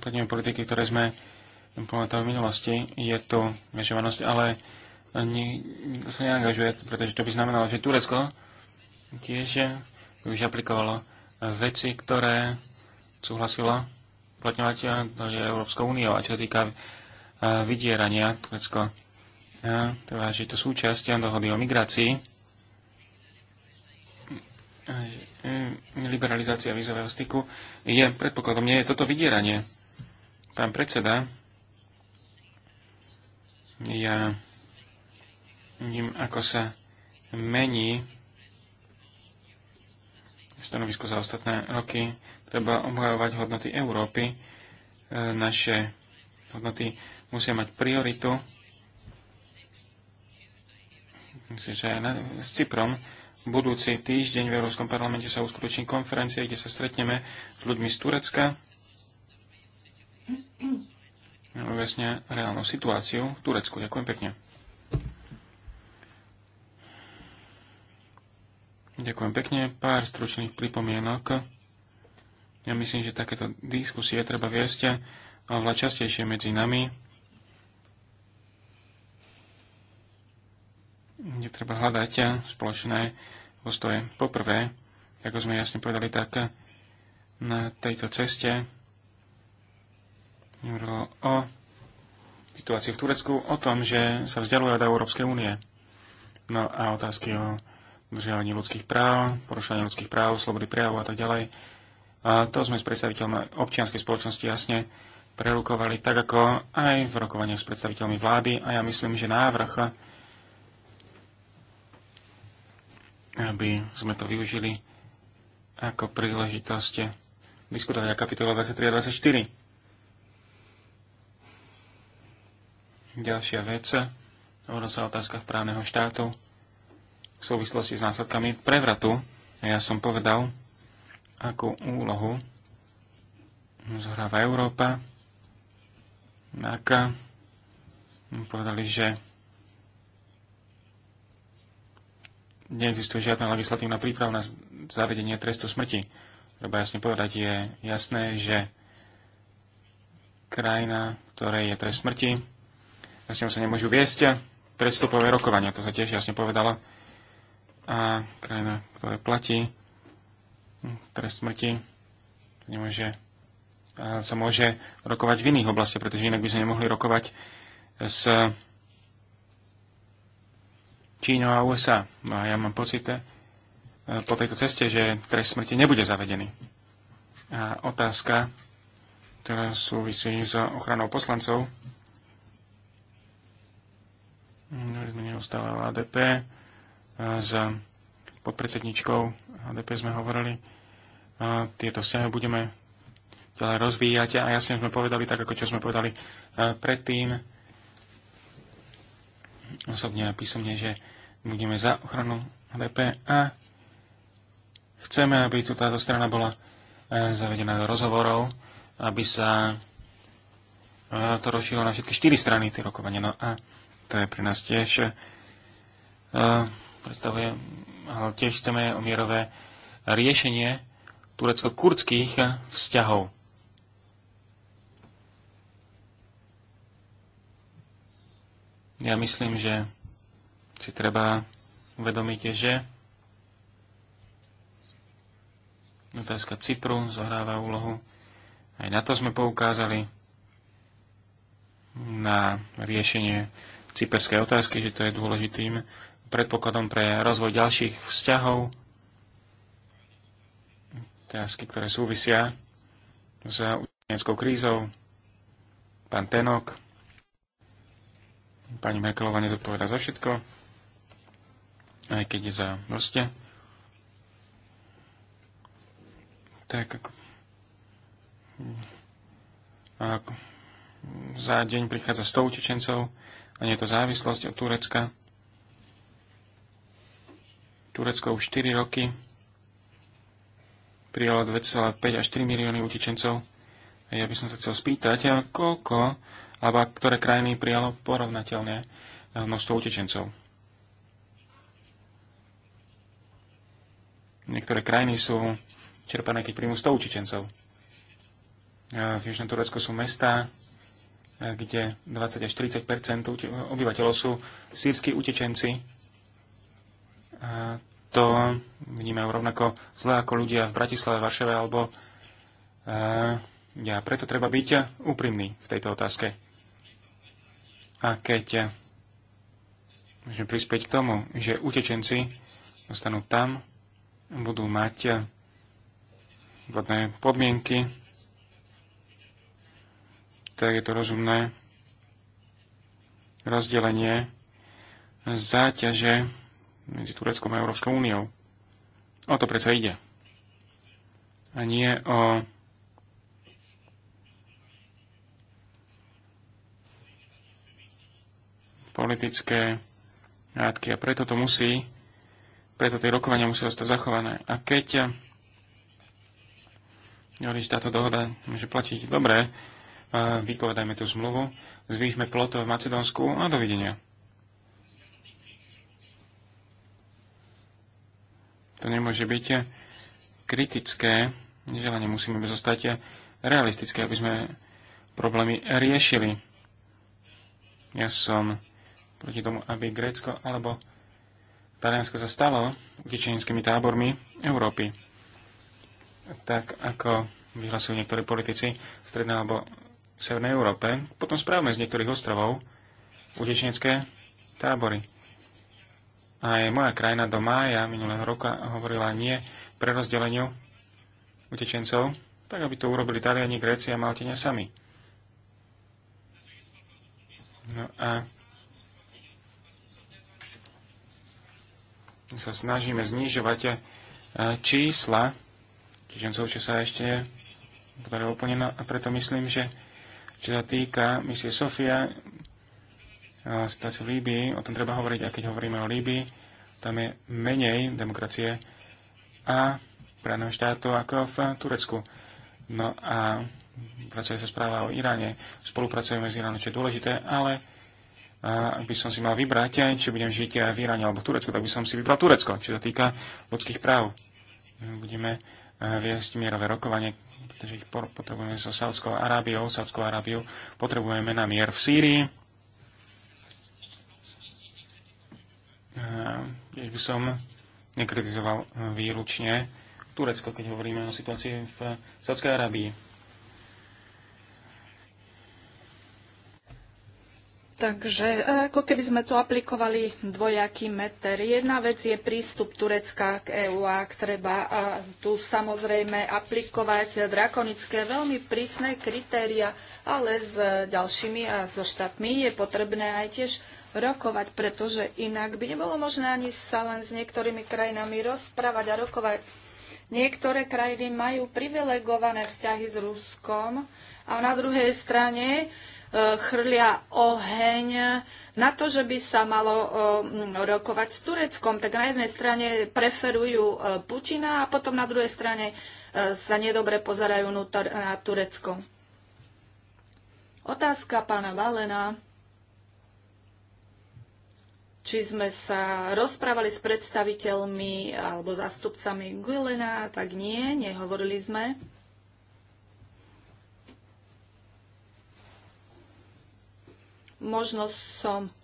podľa politiky, ktoré sme implementovali v minulosti, je tu vežovanosť, ale nikto sa neangažuje, pretože to by znamenalo, že Turecko tiež už aplikovalo veci, ktoré súhlasilo uplatňovať eh, to je Európska únia, A čo sa týka eh, vydierania, Turecko eh, trvá, že je to súčasť dohody o migrácii. Liberalizácia vízového styku je predpokladom, nie je toto vydieranie. Pán predseda, ja vidím, ako sa mení stanovisko za ostatné roky treba obhajovať hodnoty Európy. E, naše hodnoty musia mať prioritu. Myslím, že na, s Cyprom budúci týždeň v Európskom parlamente sa uskutoční konferencia, kde sa stretneme s ľuďmi z Turecka. Vesne reálnu situáciu v Turecku. Ďakujem pekne. Ďakujem pekne. Pár stručných pripomienok. Ja myslím, že takéto diskusie treba viesť oveľa častejšie medzi nami. Kde treba hľadať spoločné postoje. Poprvé, ako sme jasne povedali, tak na tejto ceste o situácii v Turecku, o tom, že sa vzdialuje od Európskej únie. No a otázky o držiavaní ľudských práv, porušovanie ľudských práv, slobody prejavu a tak ďalej a to sme s predstaviteľmi občianskej spoločnosti jasne prerukovali, tak ako aj v rokovaniach s predstaviteľmi vlády. A ja myslím, že návrh, aby sme to využili ako príležitosť diskutovať o kapitole 23 a 24. Ďalšia vec, hovorí sa o otázkach právneho štátu v súvislosti s následkami prevratu. Ja som povedal, akú úlohu zohráva Európa. Aká povedali, že neexistuje žiadna legislatívna príprava na zavedenie trestu smrti. Treba jasne povedať, je jasné, že krajina, ktorej je trest smrti, s ňou sa nemôžu viesť predstupové rokovania, to sa tiež jasne povedalo. A krajina, ktoré platí trest smrti nemôže, sa môže rokovať v iných oblastiach, pretože inak by sme nemohli rokovať s Čínou a USA. No a ja mám pocit e, po tejto ceste, že trest smrti nebude zavedený. A otázka, ktorá súvisí s ochranou poslancov, sme neustále ADP e, s podpredsedničkou HDP sme hovorili, tieto vzťahy budeme ďalej rozvíjať a jasne sme povedali, tak ako čo sme povedali predtým, osobne a písomne, že budeme za ochranu HDP a chceme, aby tu táto strana bola e, zavedená do rozhovorov, aby sa e, to rozšírilo na všetky štyri strany, tie rokovania. No a to je pre nás tiež e, predstavuje tiež chceme mierové riešenie turecko-kurdských vzťahov. Ja myslím, že si treba uvedomiť, že otázka Cypru zohráva úlohu. Aj na to sme poukázali na riešenie cyperskej otázky, že to je dôležitým predpokladom pre rozvoj ďalších vzťahov, otázky, ktoré súvisia s utečeneckou krízou. Pán Tenok, pani Merkelová nezodpoveda za všetko, aj keď je za proste. Tak ako, ako za deň prichádza 100 utečencov a nie je to závislosť od Turecka. Turecko už 4 roky prijalo 2,5 až 3 milióny utečencov. ja by som sa chcel spýtať, koľko, alebo ktoré krajiny prijalo porovnateľné e, množstvo utečencov. Niektoré krajiny sú čerpané, keď príjmu 100 utečencov. E, v Južnom Turecku sú mesta, e, kde 20 až 30 obyvateľov sú sírsky utečenci to vnímajú rovnako zle ako ľudia v Bratislave, Varšave alebo ja. Preto treba byť úprimný v tejto otázke. A keď môžeme prispieť k tomu, že utečenci zostanú tam, budú mať vodné podmienky, tak je to rozumné rozdelenie záťaže medzi Tureckom a Európskou úniou. O to predsa ide. A nie o politické rádky. a preto to musí, preto tie rokovania musia zostať zachované. A keď hovorí, že táto dohoda môže platiť dobre, vykladajme tú zmluvu, zvýšme ploto v Macedónsku a dovidenia. To nemôže byť kritické, len nemusíme zostať realistické, aby sme problémy riešili. Ja som proti tomu, aby Grécko alebo Taliansko sa stalo utečeneckými tábormi Európy. Tak ako vyhlasujú niektorí politici v strednej alebo v severnej Európe, potom správame z niektorých ostrovov utečenecké tábory. Aj moja krajina do mája minulého roka hovorila nie pre rozdeleniu utečencov, tak aby to urobili Taliani, Grécia a Maltenia sami. No a sa snažíme znižovať eh, čísla utečencov, čo sa ešte ktoré úplne, no a preto myslím, že čo sa týka misie Sofia, situáciu v Líbii, o tom treba hovoriť, a keď hovoríme o Líbii, tam je menej demokracie a právneho štátu ako v Turecku. No a pracuje sa správa o Iráne, spolupracujeme s Iránom, čo je dôležité, ale ak by som si mal vybrať, či budem žiť v Iráne alebo v Turecku, tak by som si vybral Turecko, čo sa týka ľudských práv. Budeme viesť mierové rokovanie, pretože ich potrebujeme so Saudskou Arábiou. Saudskou Arábiou potrebujeme na mier v Sýrii Eh, keď by som nekritizoval eh, výručne Turecko, keď hovoríme o situácii v Sádskej Arábii. Takže eh, ako keby sme tu aplikovali dvojaký meter. Jedna vec je prístup Turecka k EÚ, ak treba a tu samozrejme aplikovať drakonické, veľmi prísne kritéria, ale s ďalšími a so štátmi je potrebné aj tiež rokovať, pretože inak by nebolo možné ani sa len s niektorými krajinami rozprávať a rokovať. Niektoré krajiny majú privilegované vzťahy s Ruskom a na druhej strane e, chrlia oheň na to, že by sa malo e, rokovať s Tureckom. Tak na jednej strane preferujú e, Putina a potom na druhej strane sa nedobre pozerajú na Turecko. Otázka pána Valena či sme sa rozprávali s predstaviteľmi alebo zástupcami Guilena, tak nie, nehovorili sme. Možno som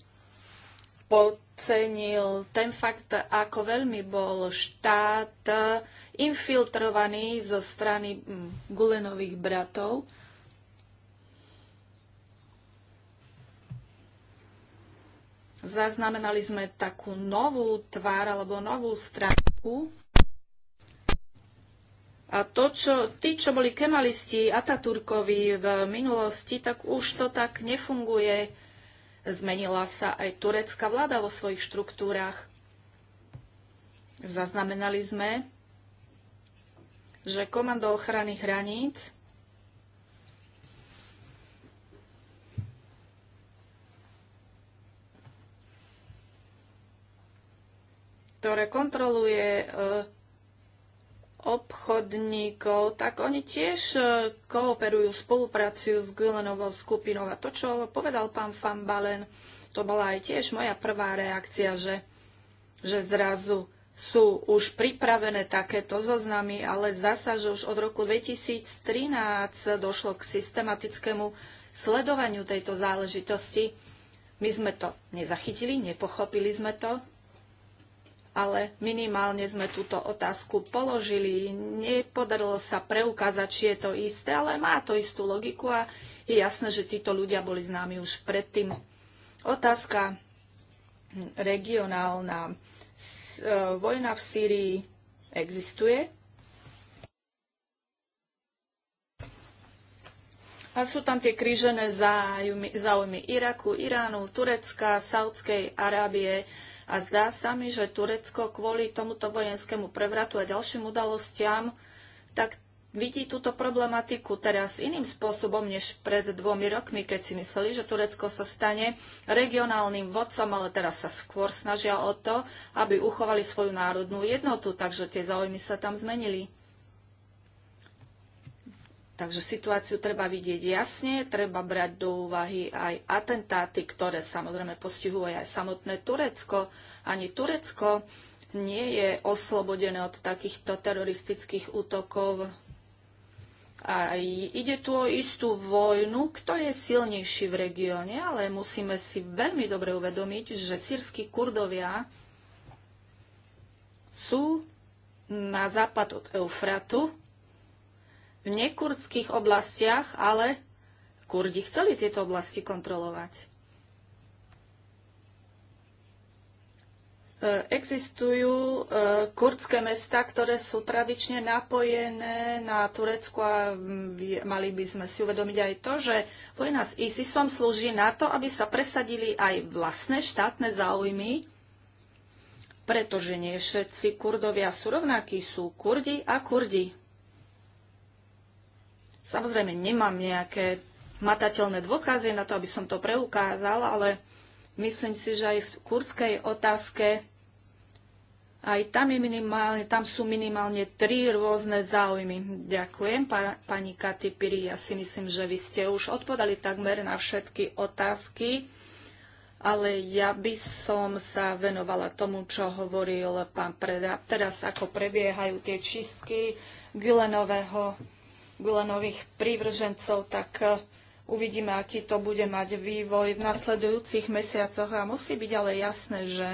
podcenil ten fakt, ako veľmi bol štát infiltrovaný zo strany mm, Gulenových bratov Zaznamenali sme takú novú tvár alebo novú stránku. A to, čo, tí, čo boli kemalisti Ataturkovi v minulosti, tak už to tak nefunguje. Zmenila sa aj turecká vláda vo svojich štruktúrach. Zaznamenali sme, že komando ochrany hraníc ktoré kontroluje eh, obchodníkov, tak oni tiež eh, kooperujú, spolupracujú s Gülenovou skupinou. A to, čo povedal pán Fambalen, to bola aj tiež moja prvá reakcia, že, že zrazu sú už pripravené takéto zoznamy, ale zasa, že už od roku 2013 došlo k systematickému sledovaniu tejto záležitosti. My sme to nezachytili, nepochopili sme to, ale minimálne sme túto otázku položili. Nepodarilo sa preukázať, či je to isté, ale má to istú logiku a je jasné, že títo ľudia boli známi už predtým. Otázka regionálna. E, vojna v Sýrii existuje, A sú tam tie krížené záujmy, záujmy Iraku, Iránu, Turecka, Saudskej Arábie, a zdá sa mi, že Turecko kvôli tomuto vojenskému prevratu a ďalším udalostiam tak vidí túto problematiku teraz iným spôsobom než pred dvomi rokmi, keď si mysleli, že Turecko sa stane regionálnym vodcom, ale teraz sa skôr snažia o to, aby uchovali svoju národnú jednotu, takže tie záujmy sa tam zmenili. Takže situáciu treba vidieť jasne, treba brať do úvahy aj atentáty, ktoré samozrejme postihujú aj samotné Turecko. Ani Turecko nie je oslobodené od takýchto teroristických útokov. A ide tu o istú vojnu, kto je silnejší v regióne, ale musíme si veľmi dobre uvedomiť, že sírsky kurdovia sú na západ od Eufratu, v nekurdských oblastiach, ale Kurdi chceli tieto oblasti kontrolovať. E, existujú e, kurdské mesta, ktoré sú tradične napojené na Turecku a mali by sme si uvedomiť aj to, že vojna s ISISom slúži na to, aby sa presadili aj vlastné štátne záujmy, pretože nie všetci kurdovia sú rovnakí, sú kurdi a kurdi. Samozrejme, nemám nejaké matateľné dôkazy na to, aby som to preukázal, ale myslím si, že aj v kurdskej otázke aj tam, je minimálne, tam sú minimálne tri rôzne záujmy. Ďakujem, pani Katy Piri. Ja si myslím, že vy ste už odpovedali takmer na všetky otázky, ale ja by som sa venovala tomu, čo hovoril pán Preda. Teraz ako prebiehajú tie čistky Gülenového Gulenových prívržencov, tak e, uvidíme, aký to bude mať vývoj v nasledujúcich mesiacoch. A musí byť ale jasné, že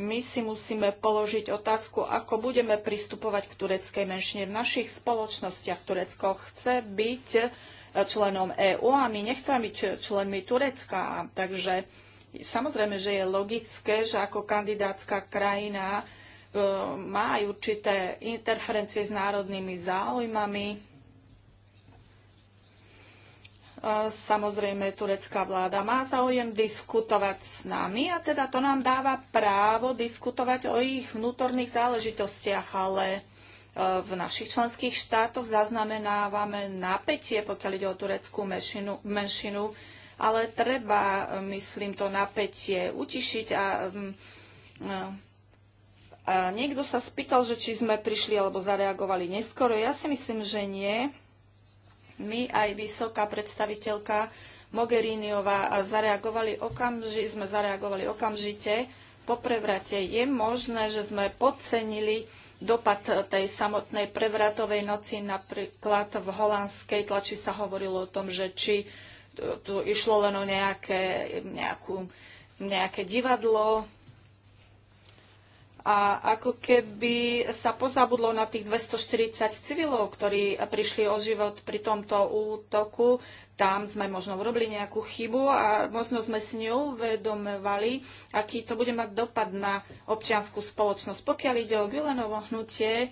my si musíme položiť otázku, ako budeme pristupovať k tureckej menšine v našich spoločnostiach. Turecko chce byť e, členom EÚ a my nechceme byť e, členmi Turecka. Takže samozrejme, že je logické, že ako kandidátska krajina E, má aj určité interferencie s národnými záujmami. E, samozrejme, turecká vláda má záujem diskutovať s nami a teda to nám dáva právo diskutovať o ich vnútorných záležitostiach, ale e, v našich členských štátoch zaznamenávame napätie, pokiaľ ide o tureckú menšinu, menšinu ale treba, myslím, to napätie utišiť a mm, a niekto sa spýtal, že či sme prišli alebo zareagovali neskoro. Ja si myslím, že nie. My aj vysoká predstaviteľka Mogheriniová zareagovali okamži, sme zareagovali okamžite. Po prevrate je možné, že sme podcenili dopad tej samotnej prevratovej noci. Napríklad v holandskej tlači sa hovorilo o tom, že či tu išlo len o nejaké, nejakú, nejaké divadlo, a ako keby sa pozabudlo na tých 240 civilov, ktorí prišli o život pri tomto útoku. Tam sme možno urobili nejakú chybu a možno sme ňou neuvedomovali, aký to bude mať dopad na občianskú spoločnosť. Pokiaľ ide o Gülenovo hnutie,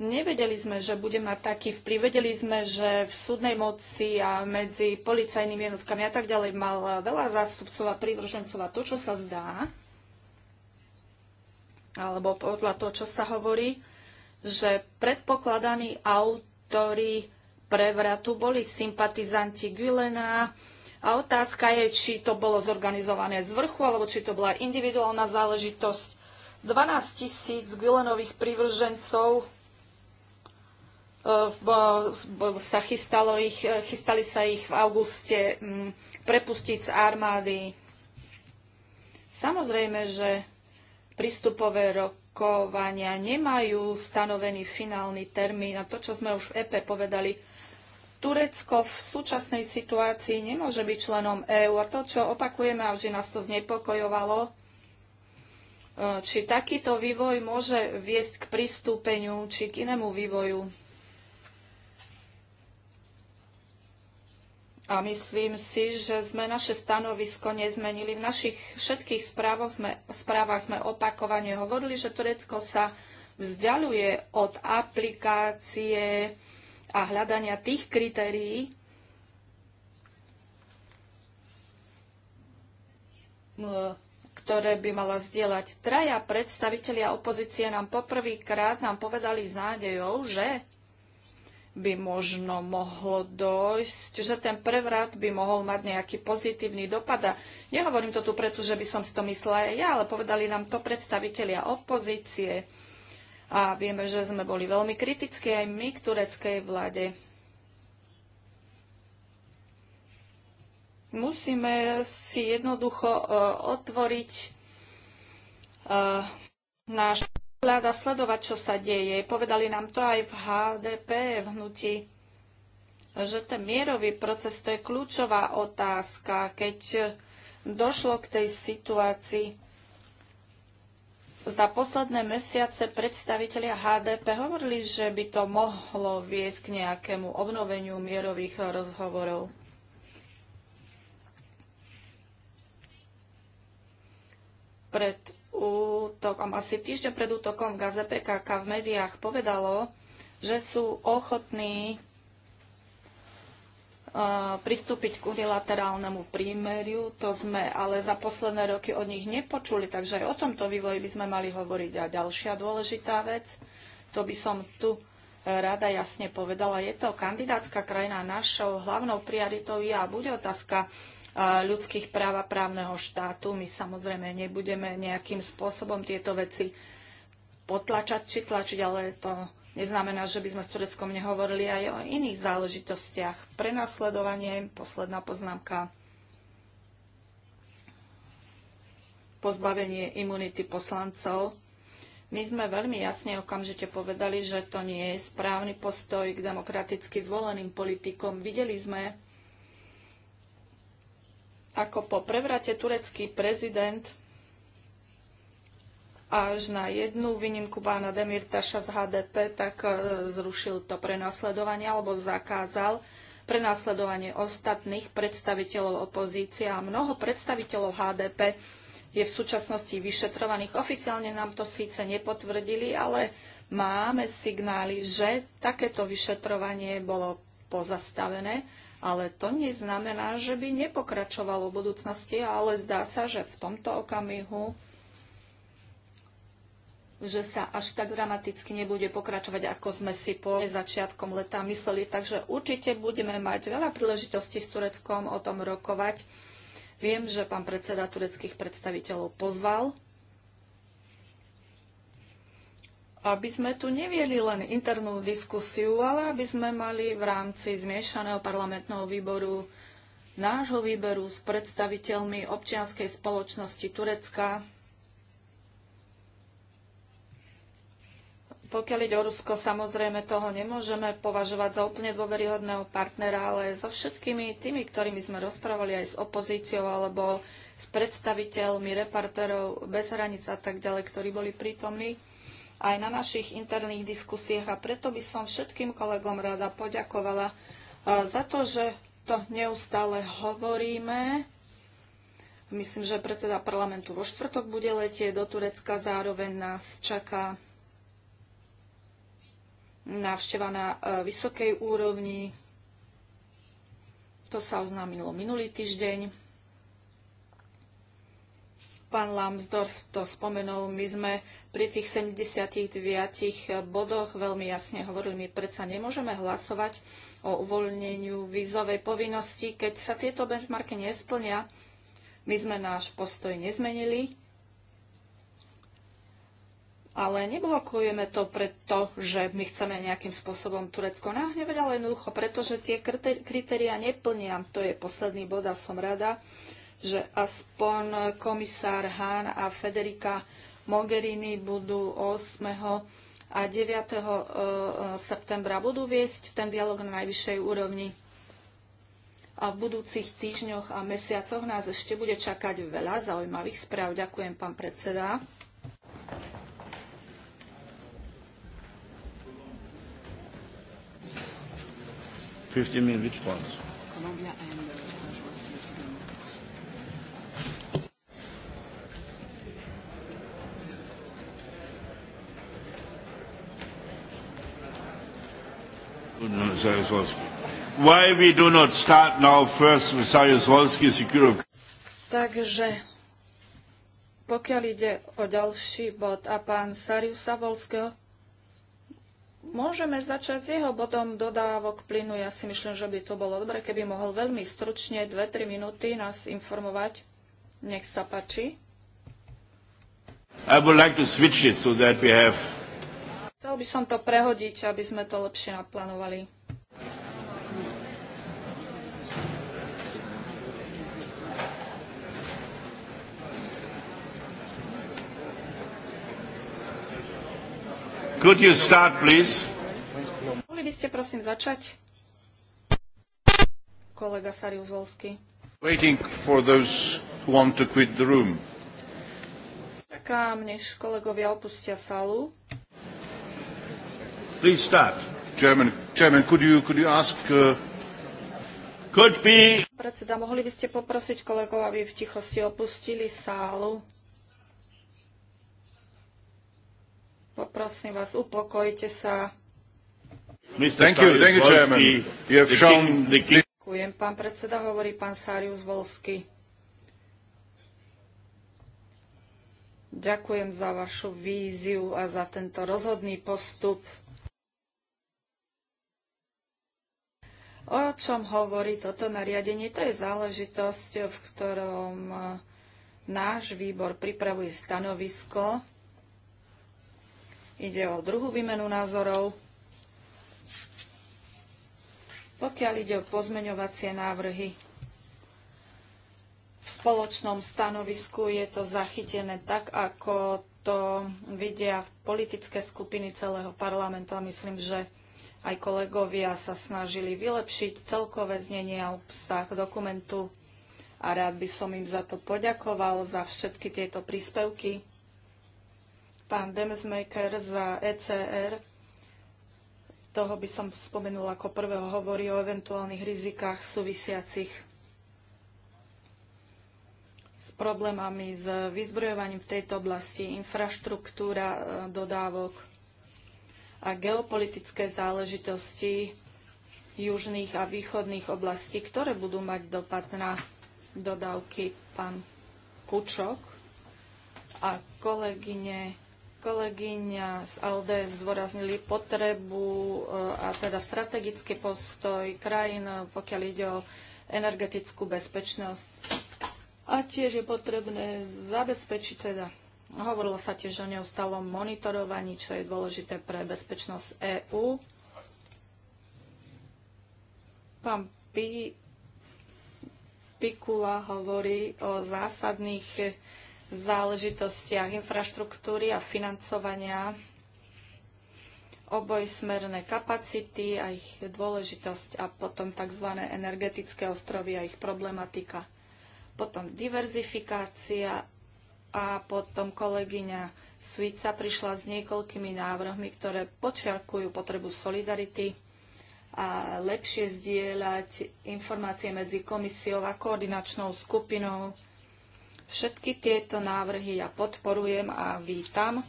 Nevedeli sme, že bude mať taký vplyv. Vedeli sme, že v súdnej moci a medzi policajnými jednotkami a tak ďalej mal veľa zástupcov a prívržencov. A to, čo sa zdá, alebo podľa toho, čo sa hovorí, že predpokladaní autory prevratu boli sympatizanti Gülena a otázka je, či to bolo zorganizované z vrchu, alebo či to bola individuálna záležitosť. 12 tisíc Gülenových prívržencov eh, sa chystalo ich, eh, chystali sa ich v auguste mm, prepustiť z armády. Samozrejme, že prístupové rokovania nemajú stanovený finálny termín a to, čo sme už v EP povedali, Turecko v súčasnej situácii nemôže byť členom EÚ a to, čo opakujeme a vždy nás to znepokojovalo, e, či takýto vývoj môže viesť k pristúpeniu či k inému vývoju. A myslím si, že sme naše stanovisko nezmenili. V našich všetkých správach sme, správach sme opakovane hovorili, že Turecko sa vzdialuje od aplikácie a hľadania tých kritérií, ktoré by mala zdieľať. Traja predstavitelia opozície nám poprvýkrát nám povedali s nádejou, že by možno mohlo dojsť, že ten prevrat by mohol mať nejaký pozitívny dopad. A nehovorím to tu preto, že by som si to myslela aj ja, ale povedali nám to predstavitelia opozície. A vieme, že sme boli veľmi kritickí aj my k tureckej vláde. Musíme si jednoducho eh, otvoriť eh, náš a sledovať, čo sa deje. Povedali nám to aj v HDP, v hnutí, že ten mierový proces to je kľúčová otázka. Keď došlo k tej situácii, za posledné mesiace predstavitelia HDP hovorili, že by to mohlo viesť k nejakému obnoveniu mierových rozhovorov. Pred útokom, asi týždeň pred útokom Gaze PKK v médiách povedalo, že sú ochotní pristúpiť k unilaterálnemu prímeriu. To sme ale za posledné roky od nich nepočuli, takže aj o tomto vývoji by sme mali hovoriť. A ďalšia dôležitá vec, to by som tu rada jasne povedala, je to kandidátska krajina našou hlavnou prioritou je a bude otázka ľudských práv a právneho štátu. My samozrejme nebudeme nejakým spôsobom tieto veci potlačať či tlačiť, ale to neznamená, že by sme s Tureckom nehovorili aj o iných záležitostiach. Prenasledovanie, posledná poznámka, pozbavenie imunity poslancov. My sme veľmi jasne okamžite povedali, že to nie je správny postoj k demokraticky zvoleným politikom. Videli sme, ako po prevrate turecký prezident až na jednu výnimku pána Demirtaša z HDP, tak e, zrušil to prenasledovanie alebo zakázal prenasledovanie ostatných predstaviteľov opozície a mnoho predstaviteľov HDP je v súčasnosti vyšetrovaných. Oficiálne nám to síce nepotvrdili, ale máme signály, že takéto vyšetrovanie bolo pozastavené ale to neznamená, že by nepokračovalo v budúcnosti, ale zdá sa, že v tomto okamihu že sa až tak dramaticky nebude pokračovať, ako sme si po začiatkom leta mysleli. Takže určite budeme mať veľa príležitostí s Tureckom o tom rokovať. Viem, že pán predseda tureckých predstaviteľov pozval aby sme tu nevieli len internú diskusiu, ale aby sme mali v rámci zmiešaného parlamentného výboru nášho výberu s predstaviteľmi občianskej spoločnosti Turecka. Pokiaľ ide o Rusko, samozrejme toho nemôžeme považovať za úplne dôveryhodného partnera, ale so všetkými tými, ktorými sme rozprávali aj s opozíciou alebo s predstaviteľmi reportérov bez hranic a tak ďalej, ktorí boli prítomní, aj na našich interných diskusiách a preto by som všetkým kolegom rada poďakovala e, za to, že to neustále hovoríme. Myslím, že predseda parlamentu vo štvrtok bude letieť do Turecka, zároveň nás čaká návšteva na e, vysokej úrovni. To sa oznámilo minulý týždeň. Pán Lambsdorf to spomenul, my sme pri tých 79 bodoch veľmi jasne hovorili, my predsa nemôžeme hlasovať o uvoľneniu vízovej povinnosti, keď sa tieto benchmarky nesplnia. My sme náš postoj nezmenili, ale neblokujeme to preto, že my chceme nejakým spôsobom Turecko nahnevať, ale jednoducho preto, že tie kritéria neplnia. To je posledný bod a som rada, že aspoň komisár Hahn a Federica Mogherini budú 8. a 9. E, e, septembra budú viesť ten dialog na najvyššej úrovni. A v budúcich týždňoch a mesiacoch nás ešte bude čakať veľa zaujímavých správ. Ďakujem, pán predseda. Fifteen minutes, Colombia and Why we do not start now first with Sajosvolsky security? Takže pokiaľ ide o ďalší bod a pán Sariu Savolského, môžeme začať s jeho bodom dodávok plynu. Ja si myslím, že by to bolo dobre, keby mohol veľmi stručne 2-3 minúty nás informovať. Nech sa páči. I would like to switch it so that we have Chcel by som to prehodiť, aby sme to lepšie naplánovali. Could you start, please? Mohli by ste prosím začať? Kolega Sarius Volsky. Waiting for those who want to quit the room. Čakám, než kolegovia opustia salu. Please start. Chairman, Chairman could, you, could you ask... Uh... Could be... Predseda, mohli by ste poprosiť kolegov, aby v tichosti opustili sálu? Poprosím vás, upokojte sa. Mr. Thank you, thank you, Chairman. You have The king, Ďakujem, pán predseda, hovorí pán Sarius Volsky. Ďakujem za vašu víziu a za tento rozhodný postup. O čom hovorí toto nariadenie? To je záležitosť, v ktorom eh, náš výbor pripravuje stanovisko. Ide o druhú výmenu názorov. Pokiaľ ide o pozmeňovacie návrhy, v spoločnom stanovisku je to zachytené tak, ako to vidia politické skupiny celého parlamentu a myslím, že aj kolegovia sa snažili vylepšiť celkové znenie a obsah dokumentu a rád by som im za to poďakoval, za všetky tieto príspevky. Pán Demesmaker za ECR, toho by som spomenul ako prvého, hovorí o eventuálnych rizikách súvisiacich s problémami s vyzbrojovaním v tejto oblasti, infraštruktúra e, dodávok, a geopolitické záležitosti južných a východných oblastí, ktoré budú mať dopad na dodávky pán Kučok a kolegyne, kolegyňa z ALDE zdôraznili potrebu eh, a teda strategický postoj krajín, eh, pokiaľ ide o energetickú bezpečnosť. A tiež je potrebné zabezpečiť teda Hovorilo sa tiež o neustálom monitorovaní, čo je dôležité pre bezpečnosť EÚ. Pán Pi, Pikula hovorí o zásadných záležitostiach infraštruktúry a financovania obojsmerné kapacity a ich dôležitosť a potom tzv. energetické ostrovy a ich problematika. Potom diverzifikácia a potom kolegyňa Svica prišla s niekoľkými návrhmi, ktoré počiarkujú potrebu solidarity a lepšie zdieľať informácie medzi komisiou a koordinačnou skupinou. Všetky tieto návrhy ja podporujem a vítam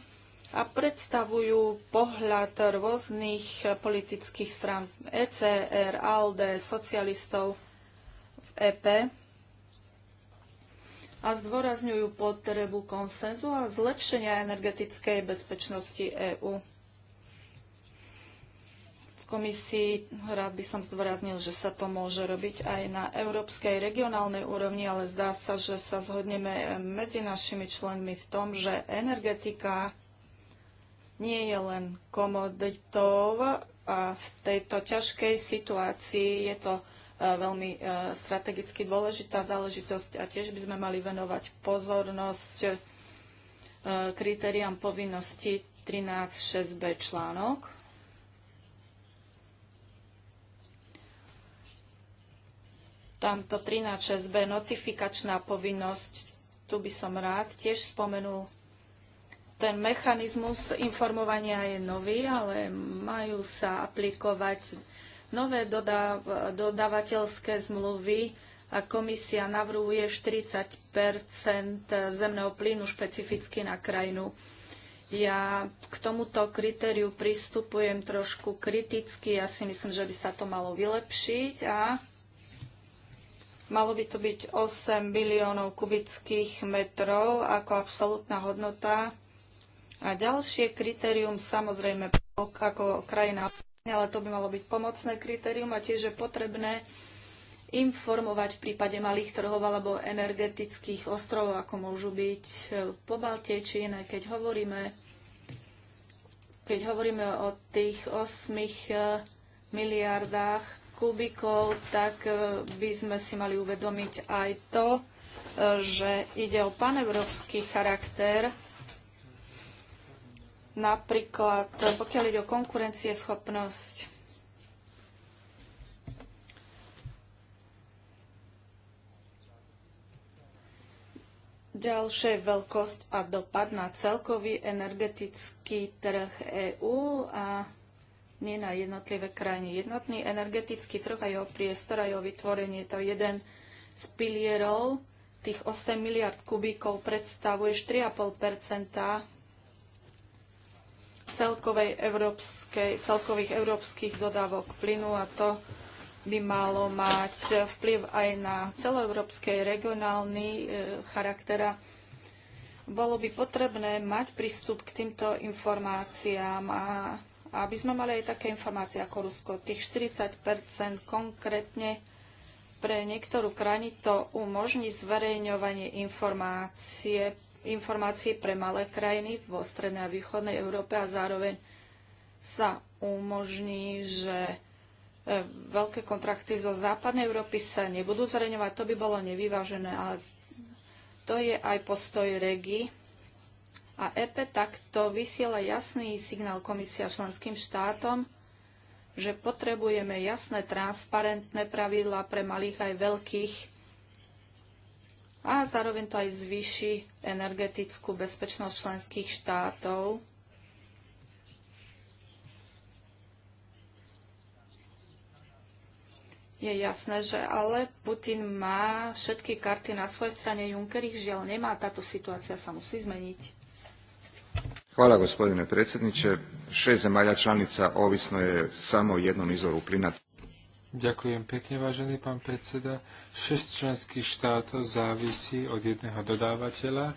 a predstavujú pohľad rôznych politických strán ECR, ALDE, socialistov v EP a zdôrazňujú potrebu konsenzu a zlepšenia energetickej bezpečnosti EÚ. V komisii rád by som zdôraznil, že sa to môže robiť aj na európskej regionálnej úrovni, ale zdá sa, že sa zhodneme medzi našimi členmi v tom, že energetika nie je len komoditou a v tejto ťažkej situácii je to E, veľmi e, strategicky dôležitá záležitosť a tiež by sme mali venovať pozornosť e, kritériám povinnosti 13.6b článok. Tamto 13.6b notifikačná povinnosť, tu by som rád tiež spomenul ten mechanizmus informovania je nový, ale majú sa aplikovať nové dodav, dodávateľské zmluvy a komisia navrhuje 40 zemného plynu špecificky na krajinu. Ja k tomuto kritériu pristupujem trošku kriticky. Ja si myslím, že by sa to malo vylepšiť a malo by to byť 8 miliónov kubických metrov ako absolútna hodnota. A ďalšie kritérium samozrejme ako krajina ale to by malo byť pomocné kritérium a tiež je potrebné informovať v prípade malých trhov alebo energetických ostrovov, ako môžu byť e, po Baltie či iné, keď hovoríme, keď hovoríme o tých 8 e, miliardách kubikov, tak e, by sme si mali uvedomiť aj to, že ide o panevropský charakter Napríklad, pokiaľ ide o konkurencieschopnosť, Ďalšia veľkosť a dopad na celkový energetický trh EÚ a nie na jednotlivé krajiny. Jednotný energetický trh a jeho priestor a jeho vytvorenie to jeden z pilierov. Tých 8 miliard kubíkov predstavuje 4,5 celkovej európskej, celkových európskych dodávok plynu a to by malo mať vplyv aj na celoeurópskej regionálny e, charakter. Bolo by potrebné mať prístup k týmto informáciám a, a aby sme mali aj také informácie ako Rusko. Tých 40 konkrétne pre niektorú krajinu to umožní zverejňovanie informácie informácií pre malé krajiny vo strednej a východnej Európe a zároveň sa umožní, že e, veľké kontrakty zo západnej Európy sa nebudú zverejňovať. To by bolo nevyvážené, ale to je aj postoj REGI. A EP takto vysiela jasný signál komisia členským štátom, že potrebujeme jasné, transparentné pravidlá pre malých aj veľkých a zároveň to aj zvýši energetickú bezpečnosť členských štátov. Je jasné, že ale Putin má všetky karty na svojej strane. Juncker ich žiaľ nemá. Táto situácia sa musí zmeniť. Hvala gospodine predsjedniče. Šest zemalja članica ovisno je samo jednom izvoru plina. Ďakujem pekne, vážený pán predseda. Šesť členských štátov závisí od jedného dodávateľa.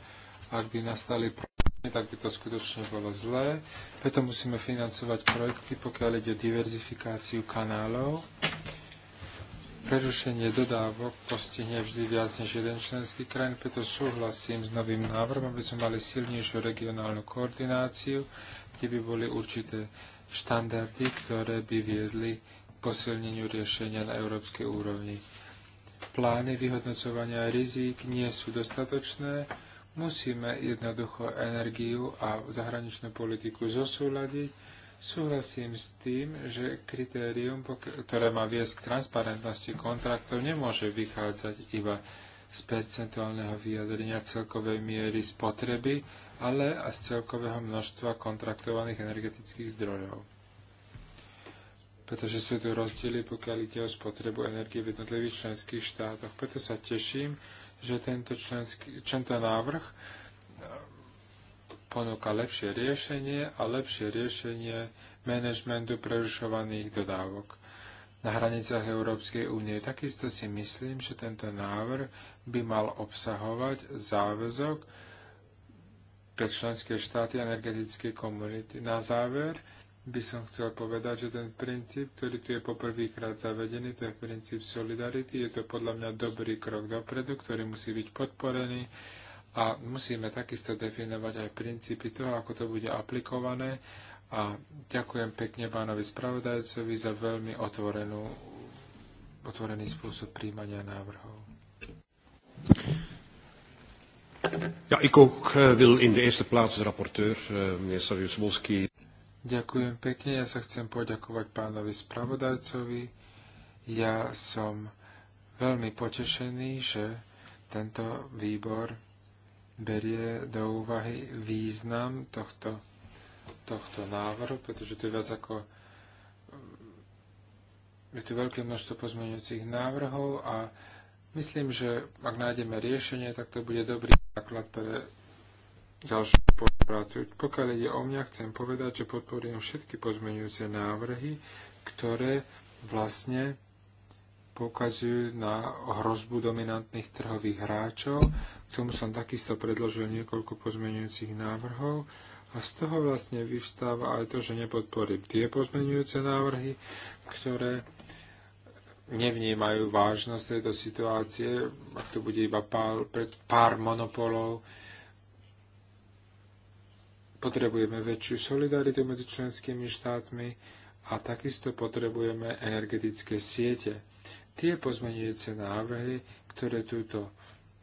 Ak by nastali problémy, tak by to skutočne bolo zlé. Preto musíme financovať projekty, pokiaľ ide o diverzifikáciu kanálov. Prerušenie dodávok postihne vždy viac než jeden členský krajín, preto súhlasím s novým návrhom, aby sme mali silnejšiu regionálnu koordináciu, kde by boli určité štandardy, ktoré by viedli posilneniu riešenia na európskej úrovni. Plány vyhodnocovania rizík nie sú dostatočné, musíme jednoducho energiu a zahraničnú politiku zosúľadiť. Súhlasím s tým, že kritérium, ktoré má viesť k transparentnosti kontraktov, nemôže vychádzať iba z percentuálneho vyjadrenia celkovej miery spotreby, ale aj z celkového množstva kontraktovaných energetických zdrojov pretože sú tu rozdiely, pokiaľ ide o spotrebu energie v jednotlivých členských štátoch. Preto sa teším, že tento, členský, tento návrh eh, ponúka lepšie riešenie a lepšie riešenie manažmentu prerušovaných dodávok na hranicách Európskej únie. Takisto si myslím, že tento návrh by mal obsahovať záväzok pre členské štáty energetickej komunity. Na záver, by som chcel povedať, že ten princíp, ktorý tu je poprvýkrát zavedený, to je princíp solidarity, je to podľa mňa dobrý krok dopredu, ktorý musí byť podporený a musíme takisto definovať aj princípy toho, ako to bude aplikované a ďakujem pekne pánovi spravodajcovi za veľmi otvorenú, otvorený spôsob príjmania návrhov. Ja, ik ook uh, wil in de eerste plaats de rapporteur, uh, meneer Sarjus Wolski, Ďakujem pekne. Ja sa chcem poďakovať pánovi spravodajcovi. Ja som veľmi potešený, že tento výbor berie do úvahy význam tohto, tohto návrhu, pretože to je viac ako je tu veľké množstvo pozmeňujúcich návrhov a myslím, že ak nájdeme riešenie, tak to bude dobrý základ pre ďalšiu spoluprácu. Pokiaľ ide o mňa, chcem povedať, že podporujem všetky pozmeňujúce návrhy, ktoré vlastne poukazujú na hrozbu dominantných trhových hráčov. K tomu som takisto predložil niekoľko pozmeňujúcich návrhov a z toho vlastne vyvstáva aj to, že nepodporím tie pozmeňujúce návrhy, ktoré nevnímajú vážnosť tejto situácie, ak to bude iba pár, pred pár monopolov, Potrebujeme väčšiu solidaritu medzi členskými štátmi a takisto potrebujeme energetické siete. Tie pozmenujúce návrhy, ktoré túto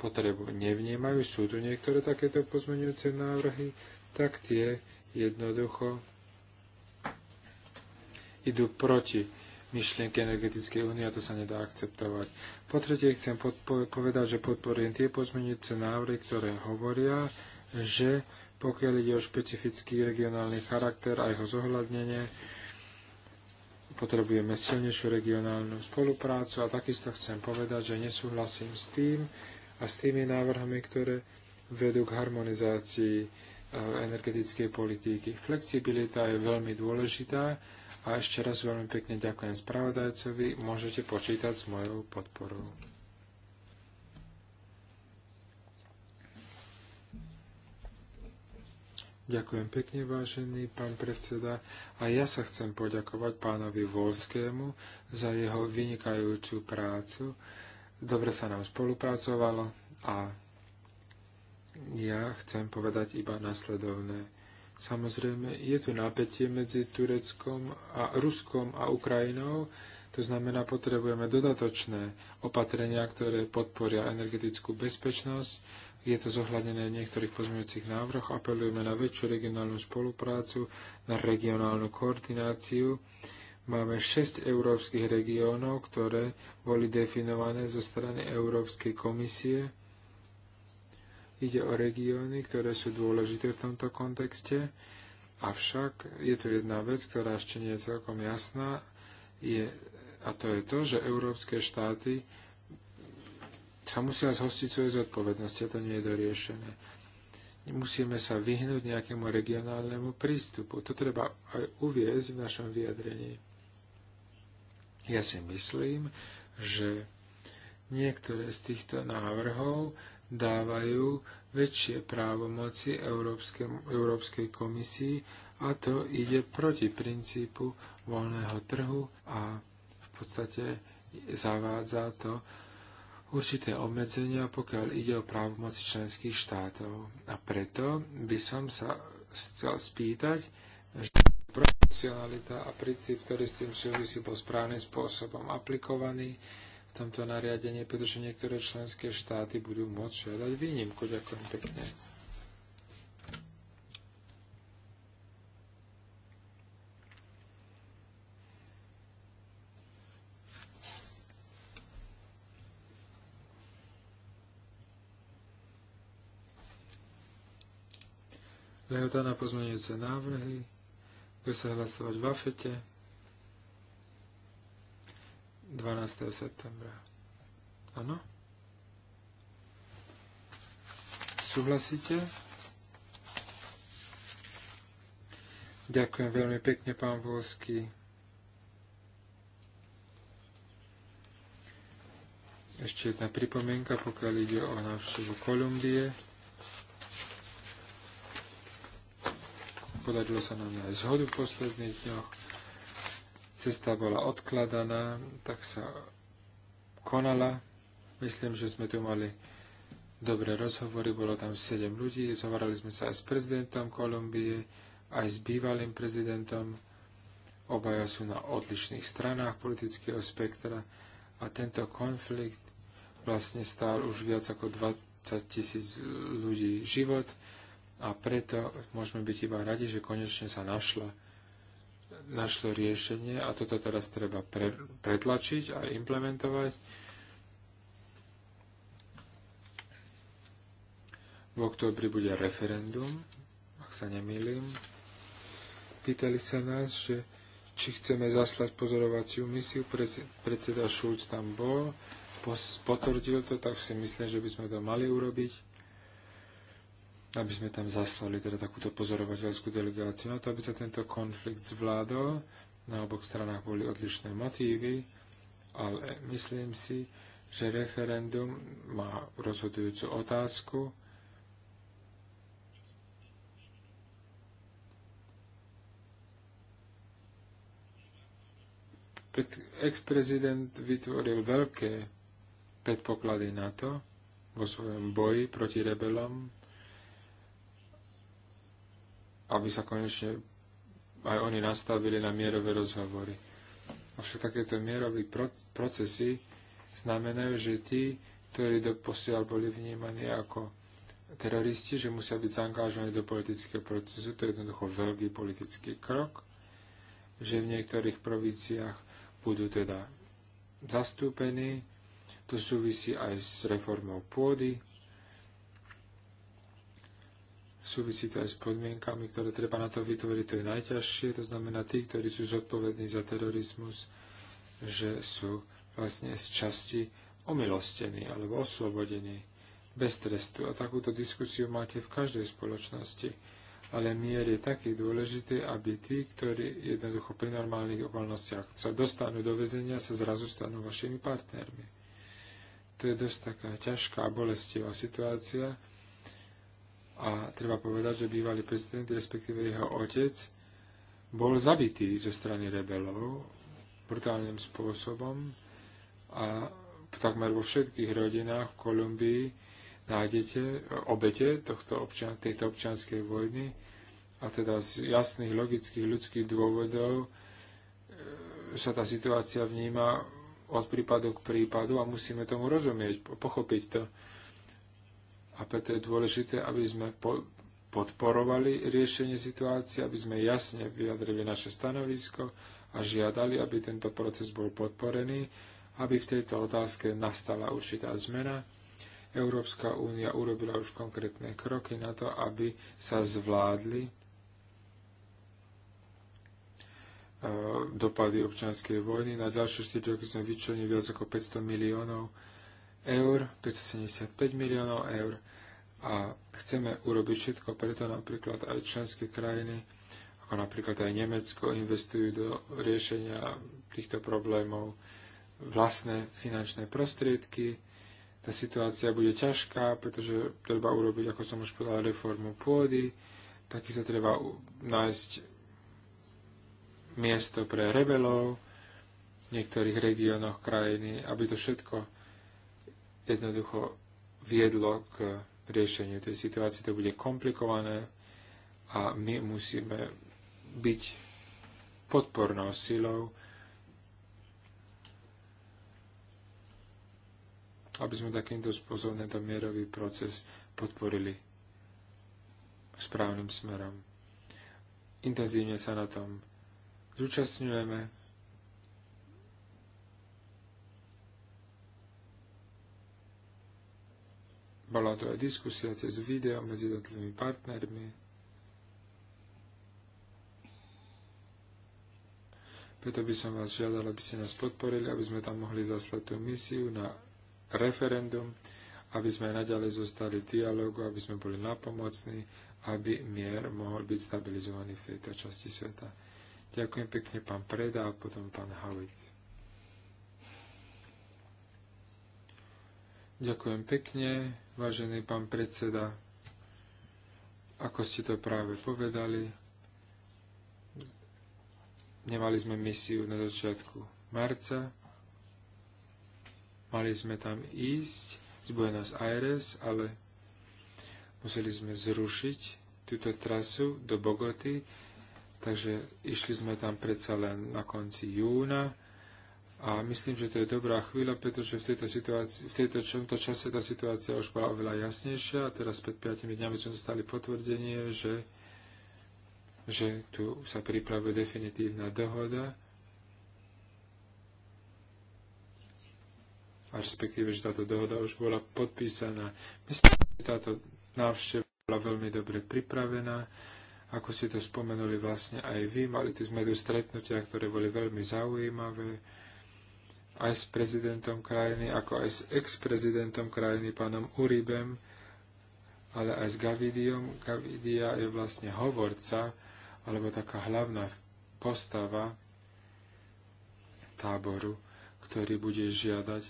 potrebu nevnímajú, sú tu niektoré takéto pozmenujúce návrhy, tak tie jednoducho idú proti myšlienky energetickej únie a to sa nedá akceptovať. Po tretie chcem povedať, že podporujem tie pozmenujúce návrhy, ktoré hovoria, že pokiaľ ide o špecifický regionálny charakter a jeho zohľadnenie. Potrebujeme silnejšiu regionálnu spoluprácu a takisto chcem povedať, že nesúhlasím s tým a s tými návrhami, ktoré vedú k harmonizácii e, energetickej politiky. Flexibilita je veľmi dôležitá a ešte raz veľmi pekne ďakujem spravodajcovi. Môžete počítať s mojou podporou. Ďakujem pekne, vážený pán predseda. A ja sa chcem poďakovať pánovi Volskému za jeho vynikajúcu prácu. Dobre sa nám spolupracovalo a ja chcem povedať iba nasledovné. Samozrejme, je tu napätie medzi Tureckom a Ruskom a Ukrajinou, to znamená, potrebujeme dodatočné opatrenia, ktoré podporia energetickú bezpečnosť, je to zohľadené v niektorých pozmeňujúcich návrhoch. Apelujeme na väčšiu regionálnu spoluprácu, na regionálnu koordináciu. Máme 6 európskych regiónov, ktoré boli definované zo strany Európskej komisie. Ide o regióny, ktoré sú dôležité v tomto kontexte. Avšak je tu jedna vec, ktorá ešte nie je celkom jasná, je, a to je to, že európske štáty sa musia zhostiť svoje zodpovednosti a to nie je doriešené. Musíme sa vyhnúť nejakému regionálnemu prístupu. To treba aj uviezť v našom vyjadrení. Ja si myslím, že niektoré z týchto návrhov dávajú väčšie právomoci Európskej, Európskej komisii a to ide proti princípu voľného trhu a v podstate zavádza to určité obmedzenia, pokiaľ ide o právomoc členských štátov. A preto by som sa chcel spýtať, že profesionalita a princíp, ktorý s tým súvisí, bol správnym spôsobom aplikovaný v tomto nariadení, pretože niektoré členské štáty budú môcť žiadať výnimku. Ďakujem pekne. Lehota na pozmeňujúce návrhy. Bude sa hlasovať v AFETE 12. septembra. Áno? Súhlasíte? Ďakujem veľmi pekne, pán Volský. Ešte jedna pripomienka, pokiaľ ide o návštevu Kolumbie. podarilo sa nám aj zhodu v posledných dňoch. Cesta bola odkladaná, tak sa konala. Myslím, že sme tu mali dobré rozhovory, bolo tam 7 ľudí, zhovorali sme sa aj s prezidentom Kolumbie, aj s bývalým prezidentom. Obaja sú na odlišných stranách politického spektra a tento konflikt vlastne stál už viac ako 20 tisíc ľudí život a preto môžeme byť iba radi, že konečne sa našla, našlo riešenie a toto teraz treba pre, pretlačiť a implementovať. V októbri bude referendum, ak sa nemýlim. Pýtali sa nás, že či chceme zaslať pozorovaciu misiu. Predseda Šulc tam bol, potvrdil to, tak si myslím, že by sme to mali urobiť aby sme tam zaslali teda takúto pozorovateľskú delegáciu na to, aby sa tento konflikt zvládol. Na oboch stranách boli odlišné motívy, ale myslím si, že referendum má rozhodujúcu otázku. Ex-prezident vytvoril veľké predpoklady na to vo svojom boji proti rebelom, aby sa konečne aj oni nastavili na mierové rozhovory. Avšak takéto mierové procesy znamenajú, že tí, ktorí doposiaľ boli vnímaní ako teroristi, že musia byť zaangažovaní do politického procesu. To je jednoducho veľký politický krok, že v niektorých provinciách budú teda zastúpení. To súvisí aj s reformou pôdy, súvisí to aj s podmienkami, ktoré treba na to vytvoriť. To je najťažšie, to znamená tí, ktorí sú zodpovední za terorizmus, že sú vlastne z časti omilostení alebo oslobodení bez trestu. A takúto diskusiu máte v každej spoločnosti. Ale mier je taký dôležitý, aby tí, ktorí jednoducho pri normálnych okolnostiach sa dostanú do väzenia, sa zrazu stanú vašimi partnermi. To je dosť taká ťažká a bolestivá situácia, a treba povedať, že bývalý prezident, respektíve jeho otec, bol zabitý zo strany rebelov brutálnym spôsobom a takmer vo všetkých rodinách v Kolumbii nájdete obete tohto občan, tejto občianskej vojny a teda z jasných logických ľudských dôvodov e, sa tá situácia vníma od prípadu k prípadu a musíme tomu rozumieť, pochopiť to. A preto je dôležité, aby sme podporovali riešenie situácie, aby sme jasne vyjadrili naše stanovisko a žiadali, aby tento proces bol podporený, aby v tejto otázke nastala určitá zmena. Európska únia urobila už konkrétne kroky na to, aby sa zvládli e, dopady občianskej vojny. Na ďalšie 4 roky sme vyčlenili viac ako 500 miliónov eur, 575 miliónov eur a chceme urobiť všetko, preto napríklad aj členské krajiny, ako napríklad aj Nemecko, investujú do riešenia týchto problémov vlastné finančné prostriedky. Tá situácia bude ťažká, pretože treba urobiť, ako som už povedal, reformu pôdy, takisto treba nájsť miesto pre rebelov v niektorých regiónoch krajiny, aby to všetko jednoducho viedlo k riešeniu tej situácie. To bude komplikované a my musíme byť podpornou silou, aby sme takýmto spôsobom tento mierový proces podporili správnym smerom. Intenzívne sa na tom zúčastňujeme, Bola tu aj diskusia cez video medzi jednotlivými partnermi. Preto by som vás žiadal, aby ste nás podporili, aby sme tam mohli zaslať tú misiu na referendum, aby sme naďalej zostali v dialogu, aby sme boli napomocní, aby mier mohol byť stabilizovaný v tejto časti sveta. Ďakujem pekne pán Preda a potom pán Howitt. Ďakujem pekne, vážený pán predseda. Ako ste to práve povedali, nemali sme misiu na začiatku marca. Mali sme tam ísť z Buenos Aires, ale museli sme zrušiť túto trasu do Bogoty, takže išli sme tam predsa len na konci júna a myslím, že to je dobrá chvíľa, pretože v, tejto situácii, v tejto, tomto čase tá situácia už bola oveľa jasnejšia a teraz pred 5 dňami sme dostali potvrdenie, že, že tu sa pripravuje definitívna dohoda a respektíve, že táto dohoda už bola podpísaná. Myslím, že táto návšteva bola veľmi dobre pripravená ako ste to spomenuli vlastne aj vy, mali tu sme tu stretnutia, ktoré boli veľmi zaujímavé aj s prezidentom krajiny, ako aj s ex-prezidentom krajiny, pánom Uribem, ale aj s Gavidiom. Gavidia je vlastne hovorca, alebo taká hlavná postava táboru, ktorý bude žiadať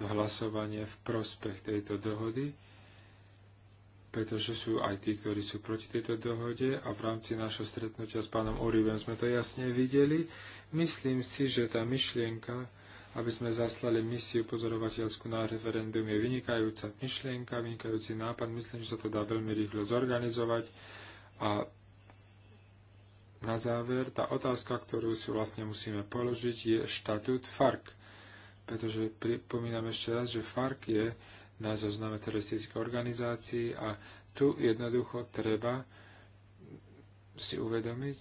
to hlasovanie v prospech tejto dohody, pretože sú aj tí, ktorí sú proti tejto dohode a v rámci našho stretnutia s pánom Uribem sme to jasne videli. Myslím si, že tá myšlienka aby sme zaslali misiu pozorovateľskú na referendum, je vynikajúca myšlienka, vynikajúci nápad. Myslím, že sa to dá veľmi rýchlo zorganizovať. A na záver, tá otázka, ktorú si vlastne musíme položiť, je štatút FARC. Pretože pripomínam ešte raz, že FARC je na zozname teroristických organizácií a tu jednoducho treba si uvedomiť,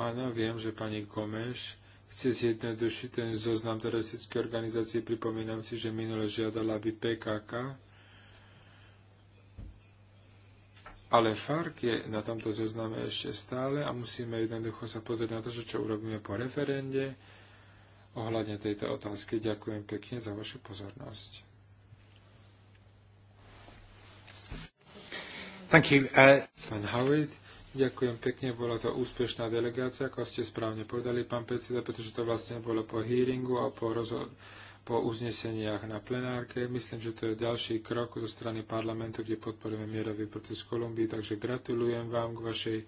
Áno, viem, že pani Gomeš chce zjednodušiť ten zoznam teroristickej organizácie. Pripomínam si, že minule žiadala by PKK, ale FARC je na tomto zozname ešte stále a musíme jednoducho sa pozrieť na to, čo urobíme po referende. Ohľadne tejto otázky ďakujem pekne za vašu pozornosť. Thank you. Uh... Howard, Ďakujem pekne, bola to úspešná delegácia, ako ste správne povedali, pán predseda, pretože to vlastne bolo po hearingu a po, rozhod- po uzneseniach na plenárke. Myslím, že to je ďalší krok zo strany parlamentu, kde podporujeme mierový proces Kolumbii, takže gratulujem vám k vašej e,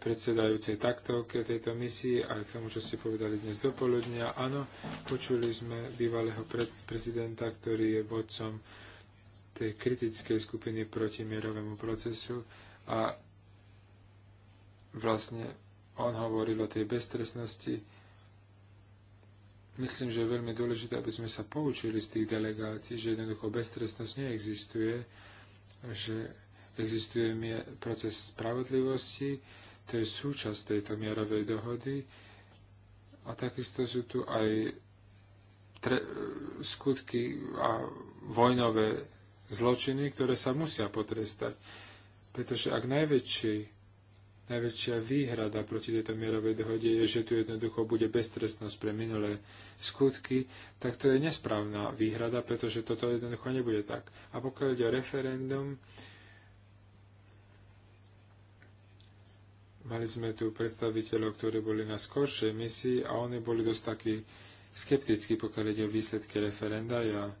predsedajúcej k tejto misii a k tomu, čo ste povedali dnes dopoludnia. Áno, počuli sme bývalého prezidenta, ktorý je vodcom tej kritickej skupiny proti mierovému procesu a vlastne on hovoril o tej beztresnosti. Myslím, že je veľmi dôležité, aby sme sa poučili z tých delegácií, že jednoducho beztresnosť neexistuje, že existuje proces spravodlivosti, to je súčasť tejto mierovej dohody a takisto sú tu aj tre- skutky a vojnové zločiny, ktoré sa musia potrestať. Pretože ak najväčší Najväčšia výhrada proti tejto mierovej dohode je, že tu jednoducho bude beztrestnosť pre minulé skutky, tak to je nesprávna výhrada, pretože toto jednoducho nebude tak. A pokiaľ ide o referendum, mali sme tu predstaviteľov, ktorí boli na skoršej misii a oni boli dosť takí skeptickí, pokiaľ ide o výsledky referenda. Ja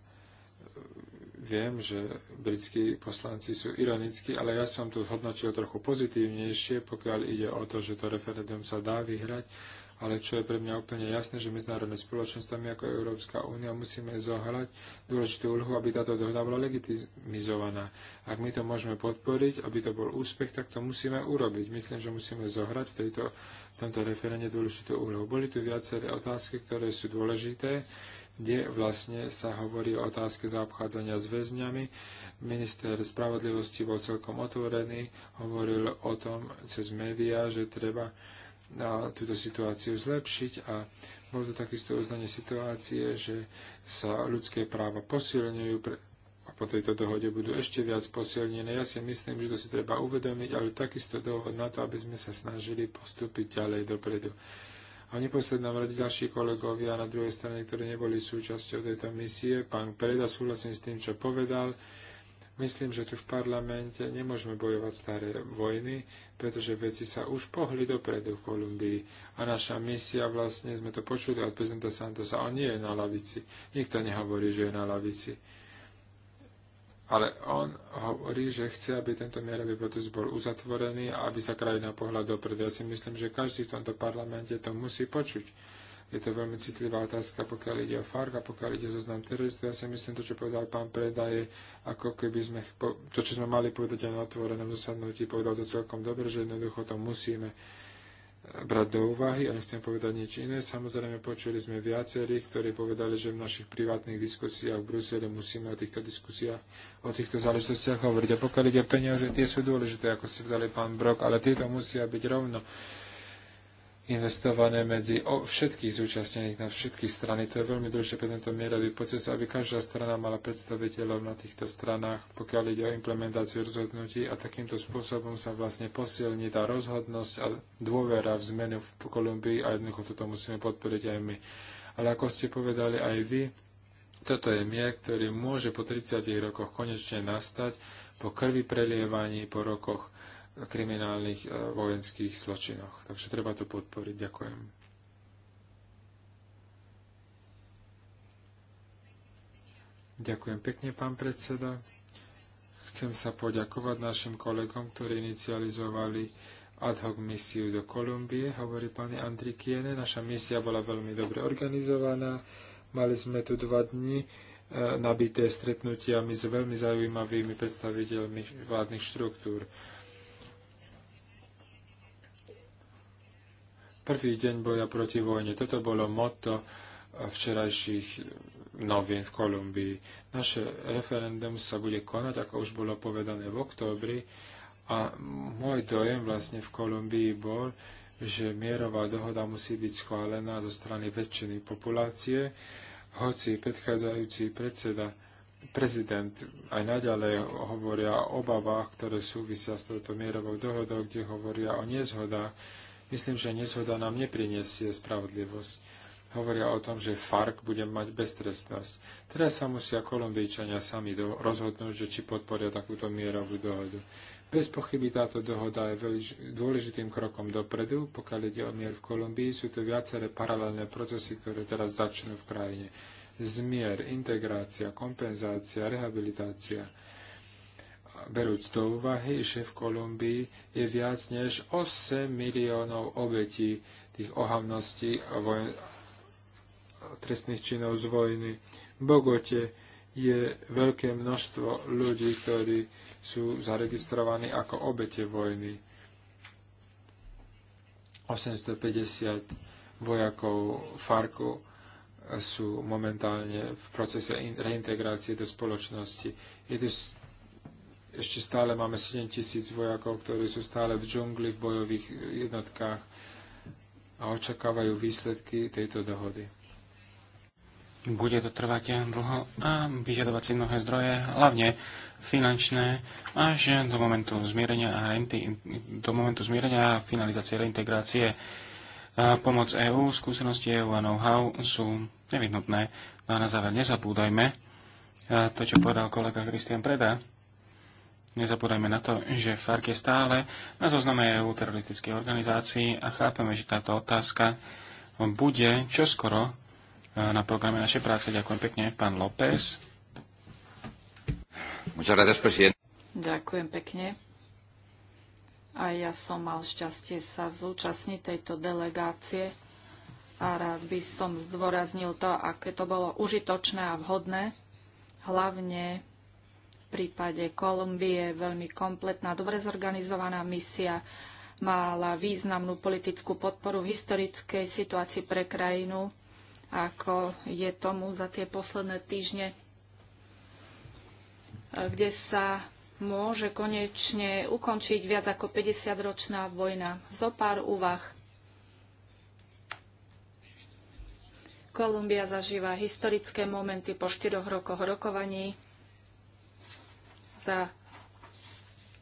Viem, že britskí poslanci sú ironickí, ale ja som tu hodnotil trochu pozitívnejšie, pokiaľ ide o to, že to referendum sa dá vyhrať, ale čo je pre mňa úplne jasné, že medzinárodné spoločenstvo, my ako Európska únia musíme zohľať dôležitú úlohu, aby táto dohoda bola legitimizovaná. Ak my to môžeme podporiť, aby to bol úspech, tak to musíme urobiť. Myslím, že musíme zohrať v, tejto, v tomto referende dôležitú úlohu. Boli tu viaceré otázky, ktoré sú dôležité kde vlastne sa hovorí o otázke zaobchádzania s väzňami. Minister spravodlivosti bol celkom otvorený, hovoril o tom cez médiá, že treba túto situáciu zlepšiť a bolo to takisto uznanie situácie, že sa ľudské práva posilňujú, pre, a po tejto dohode budú ešte viac posilnené. Ja si myslím, že to si treba uvedomiť, ale takisto dohod na to, aby sme sa snažili postúpiť ďalej dopredu. A v rade ďalší kolegovia na druhej strane, ktorí neboli súčasťou tejto misie. Pán Preda, súhlasím s tým, čo povedal. Myslím, že tu v parlamente nemôžeme bojovať staré vojny, pretože veci sa už pohli dopredu v Kolumbii. A naša misia, vlastne sme to počuli od prezidenta Santosa, on nie je na lavici. Nikto nehovorí, že je na lavici ale on hovorí, že chce, aby tento mierový proces bol uzatvorený a aby sa krajina pohľa dopredu. Ja si myslím, že každý v tomto parlamente to musí počuť. Je to veľmi citlivá otázka, pokiaľ ide o FARC a pokiaľ ide o zoznam teroristov. Ja si myslím, to, čo povedal pán Preda, je ako keby sme, to, čo sme mali povedať aj na otvorenom zasadnutí, povedal to celkom dobre, že jednoducho to musíme brať do úvahy a nechcem povedať nič iné. Samozrejme, počuli sme viacerých, ktorí povedali, že v našich privátnych diskusiách v Bruseli musíme o týchto diskusiách, o týchto záležitostiach hovoriť. A pokiaľ ide peniaze, tie sú dôležité, ako si dali pán Brok, ale tieto musia byť rovno investované medzi všetkých zúčastnených na všetky strany. To je veľmi dôležité pre tento mierový proces, aby každá strana mala predstaviteľov na týchto stranách, pokiaľ ide o implementáciu rozhodnutí a takýmto spôsobom sa vlastne posilní tá rozhodnosť a dôvera v zmenu v Kolumbii a jednoducho toto musíme podporiť aj my. Ale ako ste povedali aj vy, toto je mier, ktorý môže po 30 rokoch konečne nastať, po krvi prelievaní, po rokoch kriminálnych e, vojenských zločinoch. Takže treba to podporiť. Ďakujem. Ďakujem pekne, pán predseda. Chcem sa poďakovať našim kolegom, ktorí inicializovali ad hoc misiu do Kolumbie, hovorí pani Andrikiene. Naša misia bola veľmi dobre organizovaná. Mali sme tu dva dni e, nabité stretnutiami s veľmi zaujímavými predstaviteľmi vládnych štruktúr. Prvý deň boja proti vojne. Toto bolo motto eh, včerajších eh, novín v Kolumbii. Naše referendum sa bude konať, ako už bolo povedané v októbri. A môj dojem vlastne v Kolumbii bol, že mierová dohoda musí byť schválená zo strany väčšiny populácie, hoci predchádzajúci predseda, prezident aj naďalej hovoria o obavách, ktoré súvisia s touto mierovou dohodou, kde hovoria o nezhodách Myslím, že nezhoda nám nepriniesie spravodlivosť. Hovoria o tom, že FARC bude mať beztrestnosť. Teraz sa musia Kolumbijčania sami do- rozhodnúť, že či podporia takúto mierovú dohodu. Bez pochyby táto dohoda je veľmi dôležitým krokom dopredu. Pokiaľ ide o mier v Kolumbii, sú tu viaceré paralelné procesy, ktoré teraz začnú v krajine. Zmier, integrácia, kompenzácia, rehabilitácia berúc do úvahy, že v Kolumbii je viac než 8 miliónov obetí tých ohavností a vojn- trestných činov z vojny. V Bogote je veľké množstvo ľudí, ktorí sú zaregistrovaní ako obete vojny. 850 vojakov Farku sú momentálne v procese reintegrácie do spoločnosti. Je to ešte stále máme 7 tisíc vojakov, ktorí sú stále v džungli, v bojových jednotkách a očakávajú výsledky tejto dohody. Bude to trvať dlho a vyžadovať si mnohé zdroje, hlavne finančné, až do momentu zmierenia a, reinti- do momentu zmierenia a finalizácie reintegrácie. A pomoc EÚ, skúsenosti EÚ a know-how sú nevyhnutné. No a na záver nezabúdajme a to, čo povedal kolega Christian Preda, Nezabúdajme na to, že FARC je stále na zozname EU teroristických organizácií a chápeme, že táto otázka bude čoskoro e, na programe našej práce. Ďakujem pekne, pán López. Ďakujem pekne. A ja som mal šťastie sa zúčastniť tejto delegácie a rád by som zdôraznil to, aké to bolo užitočné a vhodné, hlavne prípade Kolumbie veľmi kompletná, dobre zorganizovaná misia mala významnú politickú podporu v historickej situácii pre krajinu, ako je tomu za tie posledné týždne, kde sa môže konečne ukončiť viac ako 50-ročná vojna. Zo pár úvah. Kolumbia zažíva historické momenty po štyroch rokoch rokovaní za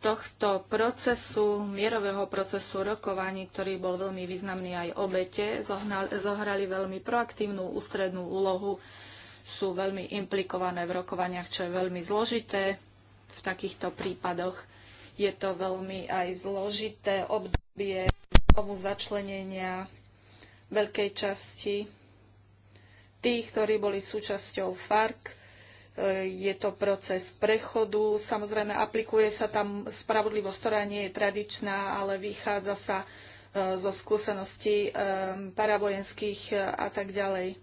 tohto procesu, mierového procesu rokovaní, ktorý bol veľmi významný aj obete, zohrali veľmi proaktívnu ústrednú úlohu, sú veľmi implikované v rokovaniach, čo je veľmi zložité. V takýchto prípadoch je to veľmi aj zložité obdobie znovu začlenenia veľkej časti tých, ktorí boli súčasťou FARC je to proces prechodu. Samozrejme, aplikuje sa tam spravodlivosť, ktorá nie je tradičná, ale vychádza sa e, zo skúseností e, paravojenských e, a tak ďalej.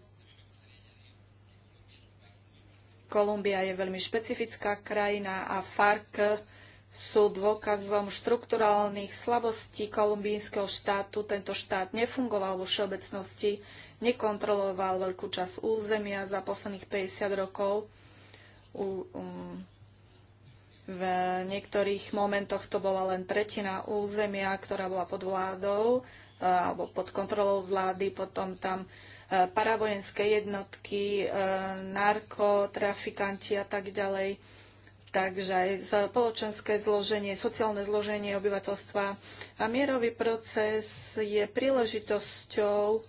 Kolumbia je veľmi špecifická krajina a FARC sú dôkazom štrukturálnych slabostí kolumbínskeho štátu. Tento štát nefungoval vo všeobecnosti, nekontroloval veľkú časť územia za posledných 50 rokov Um, v niektorých momentoch to bola len tretina územia, ktorá bola pod vládou e, alebo pod kontrolou vlády. Potom tam e, paravojenské jednotky, e, narkotrafikanti a tak ďalej. Takže aj spoločenské zloženie, sociálne zloženie obyvateľstva a mierový proces je príležitosťou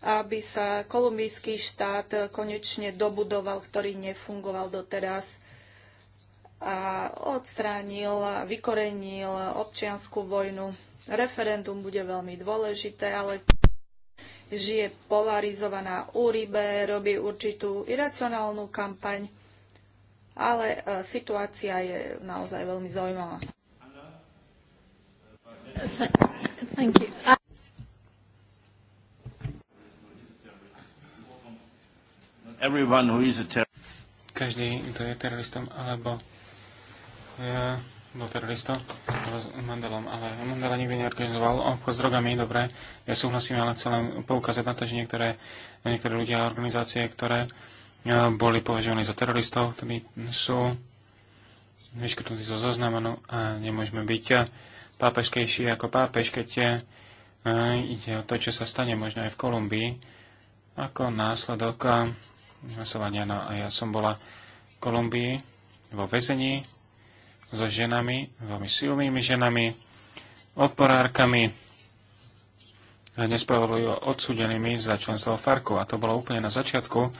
aby sa kolumbijský štát konečne dobudoval, ktorý nefungoval doteraz a odstránil, vykorenil občianskú vojnu. Referendum bude veľmi dôležité, ale žije polarizovaná Uribe, robí určitú iracionálnu kampaň, ale e, situácia je naozaj veľmi zaujímavá. Thank you. Každý, kto je teroristom alebo ja, bol teroristom, s Mandelom, ale Mandela nikdy neorganizoval obchod s drogami, dobre, ja súhlasím, ale chcem len poukázať na to, že niektoré, niektoré ľudia a organizácie, ktoré ja, boli považovaní za teroristov, ktorí sú vyškrtnutí zo zoznamenu no a nemôžeme byť eh, pápežskejší ako pápež, keď je, eh, ide o to, čo sa stane možno aj v Kolumbii, ako následok eh, hlasovania. No a ja som bola v Kolumbii vo väzení so ženami, veľmi silnými ženami, odporárkami, nespravodlivo odsudenými za členstvo Farku. A to bolo úplne na začiatku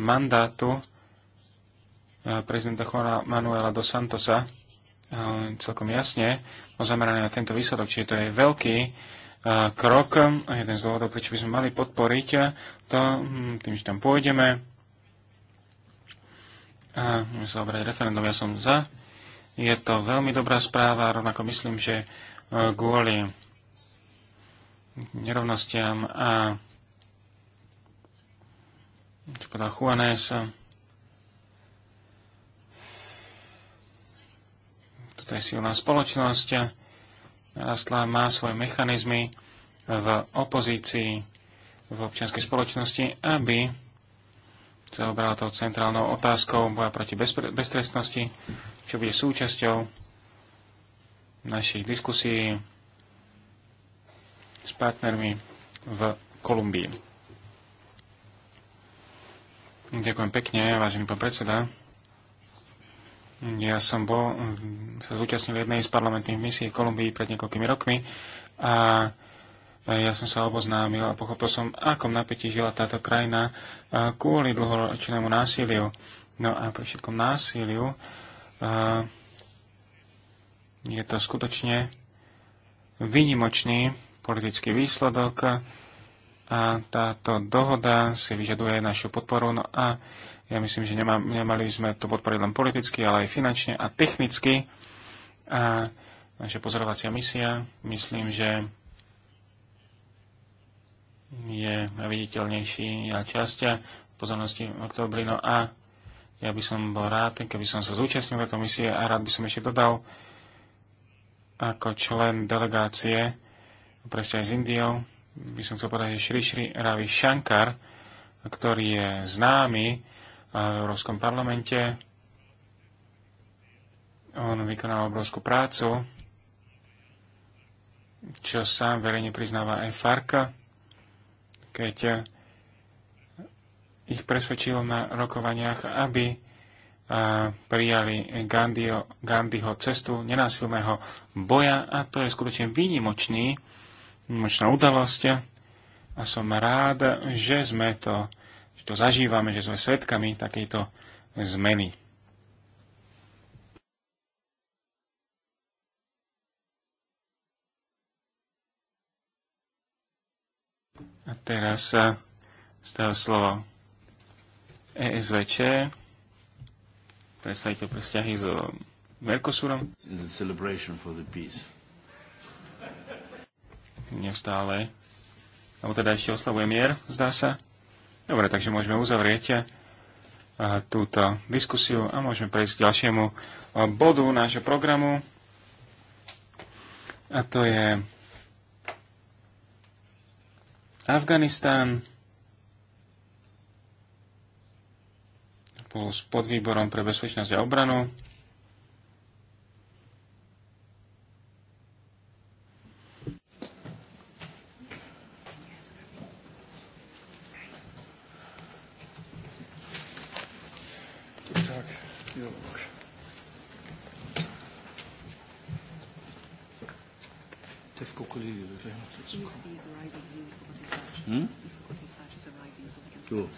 mandátu eh, prezidenta Juana Manuela dos Santosa celkom jasne zamerané na tento výsledok, čiže to je veľký eh, krok, jeden z dôvodov, prečo by sme mali podporiť to, hm, tým, že tam pôjdeme, a sa obrať referendum, ja som za. Je to veľmi dobrá správa, rovnako myslím, že e, kvôli nerovnostiam a čo povedal Juanes, toto je silná spoločnosť, rastla, má svoje mechanizmy v opozícii, v občianskej spoločnosti, aby zaoberala tou centrálnou otázkou boja proti beztrestnosti, čo bude súčasťou našich diskusí s partnermi v Kolumbii. Ďakujem pekne, vážený pán predseda. Ja som bol, sa zúčastnil jednej z parlamentných misií v Kolumbii pred niekoľkými rokmi a Eh, ja som sa oboznámil a pochopil som, akom napätí žila táto krajina eh, kvôli dlhoročnému násiliu. No a pri všetkom násiliu eh, je to skutočne vynimočný politický výsledok a táto dohoda si vyžaduje našu podporu. No a ja myslím, že nemá, nemali sme to podporiť len politicky, ale aj finančne a technicky. A naša pozorovacia misia, myslím, že je najviditeľnejšia časť pozornosti oktobri. No a ja by som bol rád, keby som sa zúčastnil tejto misie a rád by som ešte dodal, ako člen delegácie pre vzťahy s Indiou, by som chcel povedať, že Šri Šri Ravi Shankar, ktorý je známy v Európskom parlamente, on vykonal obrovskú prácu, čo sám verejne priznáva aj Farka keď ich presvedčil na rokovaniach, aby eh, prijali Gandhiho, Gandhiho cestu nenásilného boja a to je skutočne výnimočný, výnimočná udalosť a som rád, že sme to, že to zažívame, že sme svetkami takejto zmeny. A teraz sa stáva slovo ESVČ, predstaviteľ pre vzťahy s so Mercosurom. Neustále. Alebo teda ešte oslavuje mier, zdá sa. Dobre, takže môžeme uzavrieť eh, túto diskusiu a môžeme prejsť k ďalšiemu eh, bodu nášho programu. A to je Afganistán bol s podvýborom pre bezpečnosť a obranu Difficult to leave, Hm? So.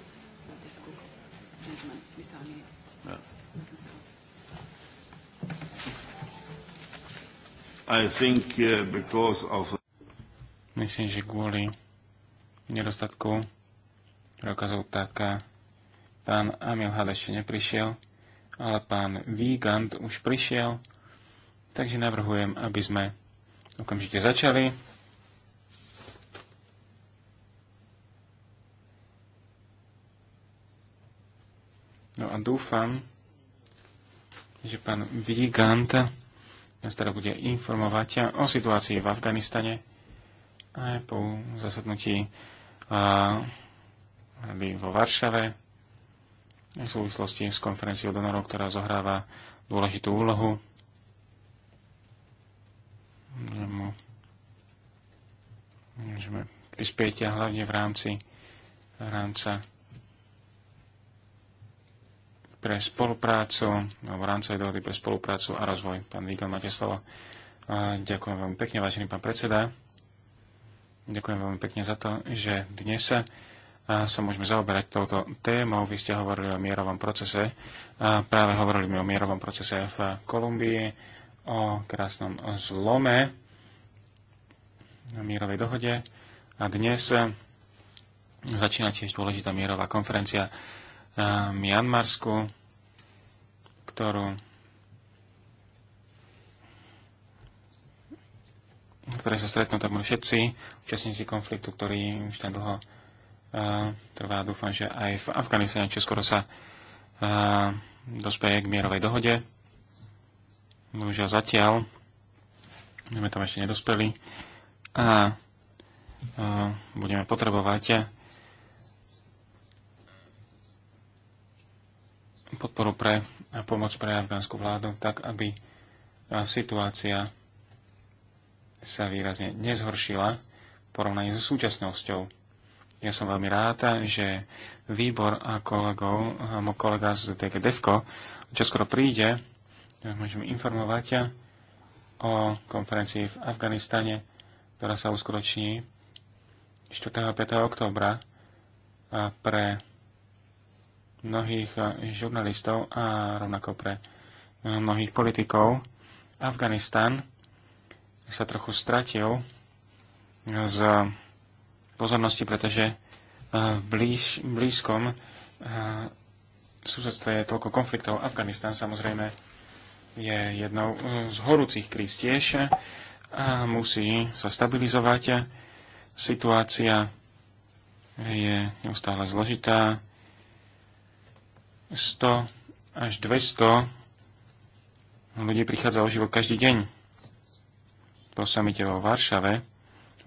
I think, uh, because of... Myslím, že kvôli nedostatku rokazov taká pán Amil Had ešte neprišiel, ale pán Vígand už prišiel, takže navrhujem, aby sme okamžite začali. No a dúfam, že pán Vigant nás teda bude informovať o situácii v Afganistane aj po zasadnutí vo Varšave v súvislosti s konferenciou donorov, ktorá zohráva dôležitú úlohu. Môžeme prispieť a hlavne v rámci v rámca pre spoluprácu, alebo rámcovej dohody pre spoluprácu a rozvoj. Pán Vígel, máte slovo. Ďakujem veľmi pekne, vážený pán predseda. Ďakujem veľmi pekne za to, že dnes sa sa môžeme zaoberať touto témou. Vy ste hovorili o mierovom procese. A práve hovorili mi o mierovom procese v Kolumbii, o krásnom zlome, o mierovej dohode. A dnes začína tiež dôležitá mierová konferencia Mianmarsku, ktorú ktoré sa stretnú tam všetci účastníci konfliktu, ktorý už tak dlho uh, trvá. Dúfam, že aj v Afganistane čoskoro sa uh, dospeje k mierovej dohode. Už zatiaľ sme tam ešte nedospeli a uh, budeme potrebovať podporu pre a pomoc pre afgánsku vládu, tak aby situácia sa výrazne nezhoršila v porovnaní so súčasnosťou. Ja som veľmi rád, že výbor a kolegov, a môj kolega z DG čo skoro príde, ja môžem informovať o konferencii v Afganistane, ktorá sa uskutoční 4. a 5. októbra pre mnohých eh, žurnalistov a rovnako pre eh, mnohých politikov. Afganistan sa trochu stratil eh, z pozornosti, pretože v blíž, blízkom susedstve je toľko konfliktov. Afganistan samozrejme je jednou z horúcich kríz tiež a musí sa stabilizovať. Situácia je neustále zložitá. 100 až 200 ľudí prichádza o život každý deň. Po samite vo Varšave,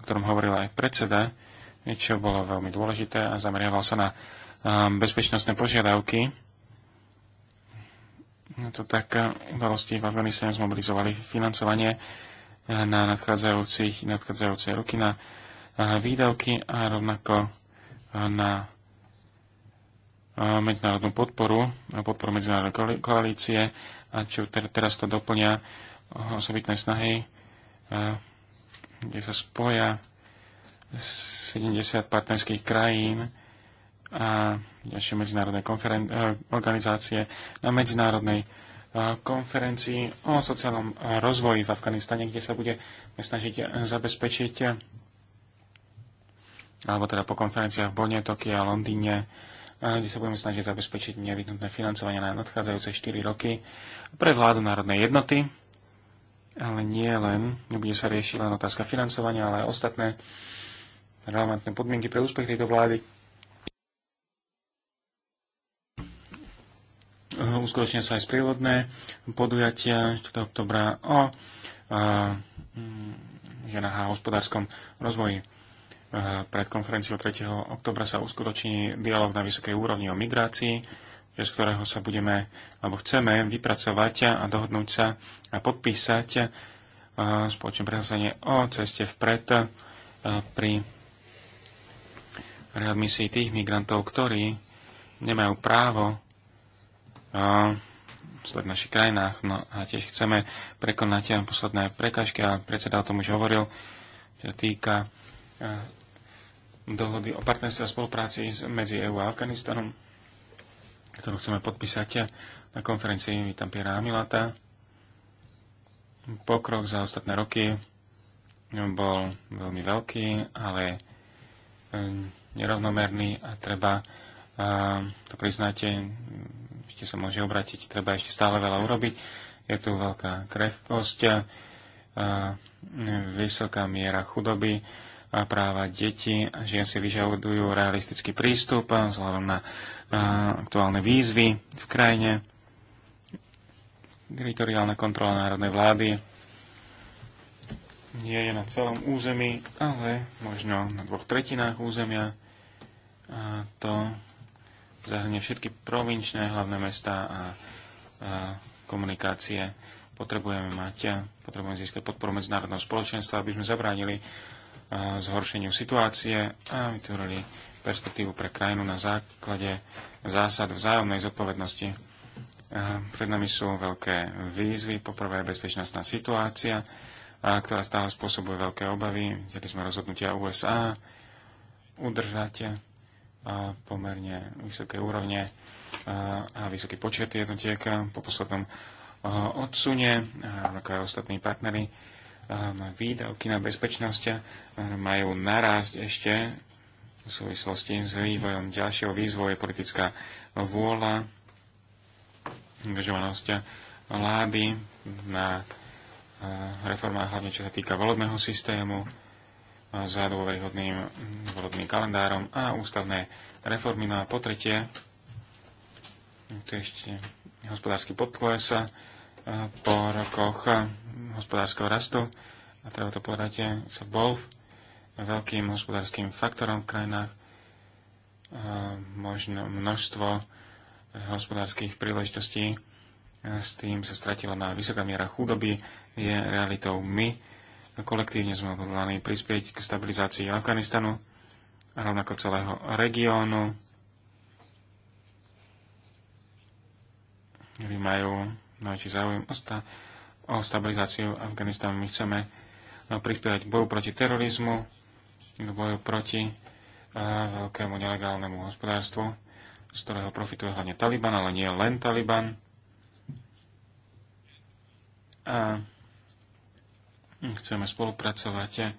o ktorom hovorila aj predseda, čo bolo veľmi dôležité a zameriaval sa na um, bezpečnostné požiadavky. No to tak eh, udalosti v Afganistane zmobilizovali financovanie eh, na nadchádzajúcich, nadchádzajúce roky na eh, výdavky a rovnako na medzinárodnú podporu a podporu medzinárodnej koalície a čo teraz to doplňa eh, osobitné snahy, eh, kde sa spoja 70 partnerských krajín a ďalšie medzinárodné eh, organizácie na medzinárodnej konferencii o sociálnom rozvoji v Afganistane, kde sa budeme snažiť zabezpečiť alebo teda po konferenciách v Bonne, Tokie a Londýne kde sa budeme snažiť zabezpečiť nevyhnutné financovanie na nadchádzajúce 4 roky pre vládu národnej jednoty, ale nie len, nebude sa riešiť len otázka financovania, ale aj ostatné relevantné podmienky pre úspech tejto vlády. Uskutočne sa aj sprievodné podujatia 4. oktobra o ženách a hm, hospodárskom rozvoji. Eh, pred konferenciou 3. oktobra sa uskutoční dialog na vysokej úrovni o migrácii, z ktorého sa budeme, alebo chceme vypracovať a dohodnúť sa a podpísať eh, spoločné prehlasenie o ceste vpred eh, pri readmisii tých migrantov, ktorí nemajú právo v našich krajinách. No a tiež chceme prekonať posledné prekažky a predseda o tom už hovoril, čo týka dohody o partnerstve a spolupráci medzi EU a Afganistanom, ktorú chceme podpísať na konferencii. Vítam Piera Amilata. Pokrok za ostatné roky bol veľmi veľký, ale ehm, nerovnomerný a treba ehm, to priznáte, ehm, ešte sa môže obrátiť, treba ešte stále veľa urobiť. Je tu veľká krehkosť, vysoká miera chudoby, a práva detí a si vyžadujú realistický prístup eh, vzhľadom na eh, aktuálne výzvy v krajine, teritoriálna kontrola národnej vlády nie je na celom území, ale možno na dvoch tretinách územia. A to zahrnie všetky provinčné hlavné mesta a, a komunikácie. Potrebujeme mať, a potrebujeme získať podporu medzinárodného spoločenstva, aby sme zabránili zhoršeniu situácie a vytvorili perspektívu pre krajinu na základe zásad vzájomnej zodpovednosti. Pred nami sú veľké výzvy. Poprvé bezpečnostná situácia, ktorá stále spôsobuje veľké obavy. Videli sme rozhodnutia USA udržať pomerne vysoké úrovne a vysoký počet jednotiek po poslednom odsune, ako aj ostatní partnery výdavky na bezpečnosť eh, majú narásť ešte v súvislosti s vývojom ďalšieho výzvoje politická vôľa, angažovanosť vlády na eh, reformách, hlavne čo sa týka volebného systému, za dôveryhodným volebným kalendárom a ústavné reformy. No a po tretie, tu ešte hospodársky podkles po rokoch hospodárskeho rastu, a treba to povedať, sa bol veľkým hospodárským faktorom v krajinách, možno množstvo hospodárskych príležitostí s tým sa stratila na vysoká miera chudoby, je realitou my. Kolektívne sme odhodlani prispieť k stabilizácii Afganistanu a rovnako celého regiónu. Vy majú máte záujem o, sta, o stabilizáciu Afganistanu. My chceme no, prispievať boju proti terorizmu, k boju proti a, e, veľkému nelegálnemu hospodárstvu, z ktorého profituje hlavne Taliban, ale nie len Taliban. A chceme spolupracovať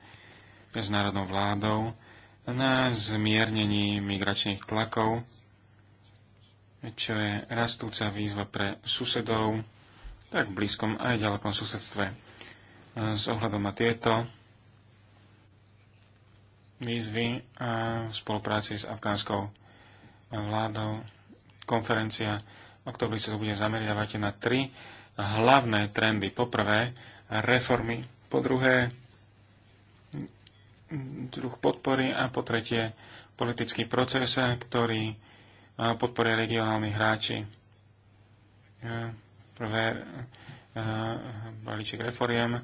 s národnou vládou na zmiernení migračných tlakov, čo je rastúca výzva pre susedov tak v blízkom aj ďalekom susedstve. E, s ohľadom na tieto výzvy a v spolupráci s afgánskou vládou konferencia oktobri sa bude zameriavať na tri hlavné trendy. Poprvé reformy, po druhé druh podpory a po tretie politický proces, ktorý e, podporuje regionálni hráči. E, prvé eh, balíček reforiem, eh,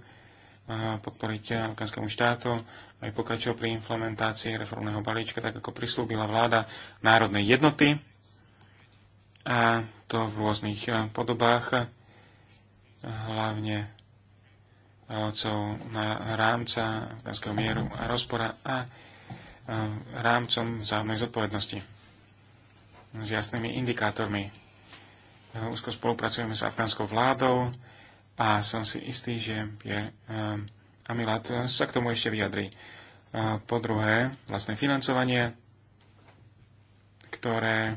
podporiť afgánskému štátu, aj pokračoval pri implementácii reformného balíčka, tak ako prislúbila vláda národnej jednoty. A to v rôznych eh, podobách, hlavne rámcov na rámca afgánskeho mieru a rozpora a rámcom vzájomnej zodpovednosti s jasnými indikátormi. Eh, úzko spolupracujeme s afgánskou vládou a som si istý, že Pierre eh, Amilat eh, sa k tomu ešte vyjadrí. Po druhé, vlastné financovanie, ktoré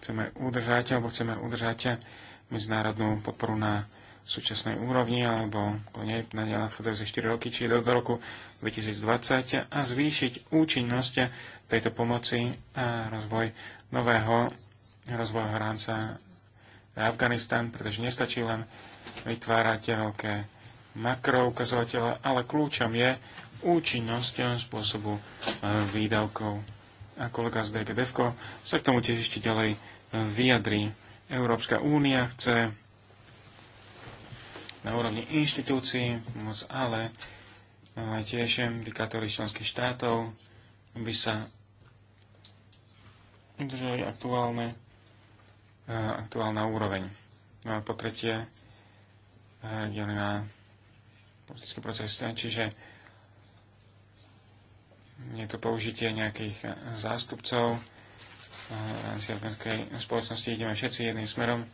chceme udržať, alebo chceme udržať medzinárodnú podporu na súčasnej úrovni, alebo nie, na nadchádzajúce 4 roky, či do, do roku 2020 a zvýšiť účinnosť tejto pomoci a rozvoj nového rozvoj rámca Afganistan, pretože nestačí len vytvárať veľké makroukazovatele, ale kľúčom je účinnosť spôsobu e, výdavkov. A kolega z DGDFko sa k tomu tiež ešte ďalej e, vyjadrí. Európska únia chce na úrovni inštitúcií moc, ale tiež indikátory členských štátov by sa udržali aktuálne E, aktuálna úroveň. No a po tretie, e, na politické procesy, čiže je to použitie nejakých e, zástupcov v rámci afgánskej spoločnosti. Ideme všetci jedným smerom.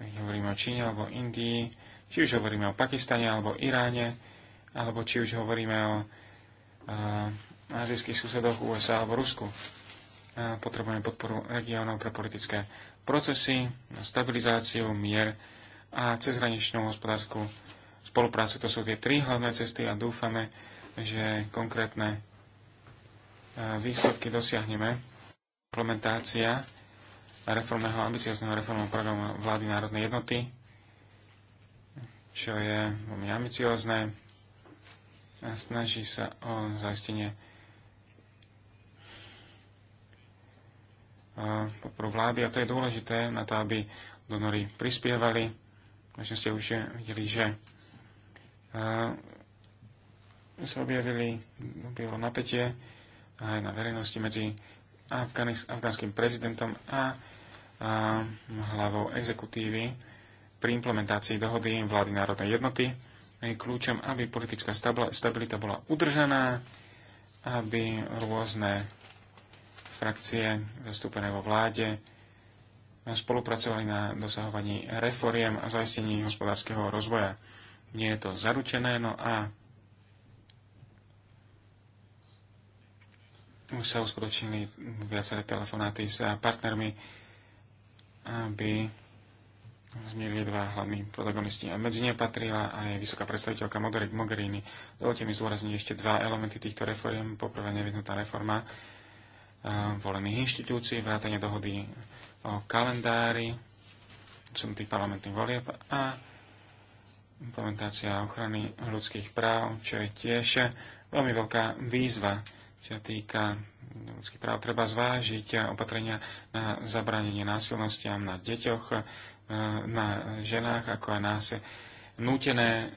Hovoríme o Číne alebo Indii, či už hovoríme o Pakistane alebo Iráne, alebo či už hovoríme o azijských susedoch USA alebo Rusku potrebujeme podporu regiónov pre politické procesy, stabilizáciu, mier a cezhraničnú hospodárskú spoluprácu. To sú tie tri hlavné cesty a dúfame, že konkrétne e, výsledky dosiahneme. Implementácia reformného, ambiciozného reformného programu vlády národnej jednoty, čo je veľmi ambiciozne. Snaží sa o zaistenie podporu vlády a to je dôležité na to, aby donory prispievali. Možno ste už videli, že sa objavili, objavilo napätie aj na verejnosti medzi afgánskym prezidentom a, a hlavou exekutívy pri implementácii dohody vlády národnej jednoty je kľúčom, aby politická stabilita bola udržaná, aby rôzne frakcie zastúpené vo vláde spolupracovali na dosahovaní reforiem a zaistení hospodárskeho rozvoja. Nie je to zaručené, no a už sa uskutočnili viaceré telefonáty s partnermi, aby zmierili dva hlavní protagonisti. A medzi ne patrila aj vysoká predstaviteľka Mogherini. Dovolte mi zdôrazniť ešte dva elementy týchto reforiem. Poprvé nevyhnutá reforma volených inštitúcií, vrátane dohody o kalendári, som tých parlamentných volieb a implementácia ochrany ľudských práv, čo je tiež veľmi veľká výzva, čo sa týka ľudských práv. Treba zvážiť opatrenia na zabranenie násilnostiam na deťoch, e, na ženách, ako aj nás nútené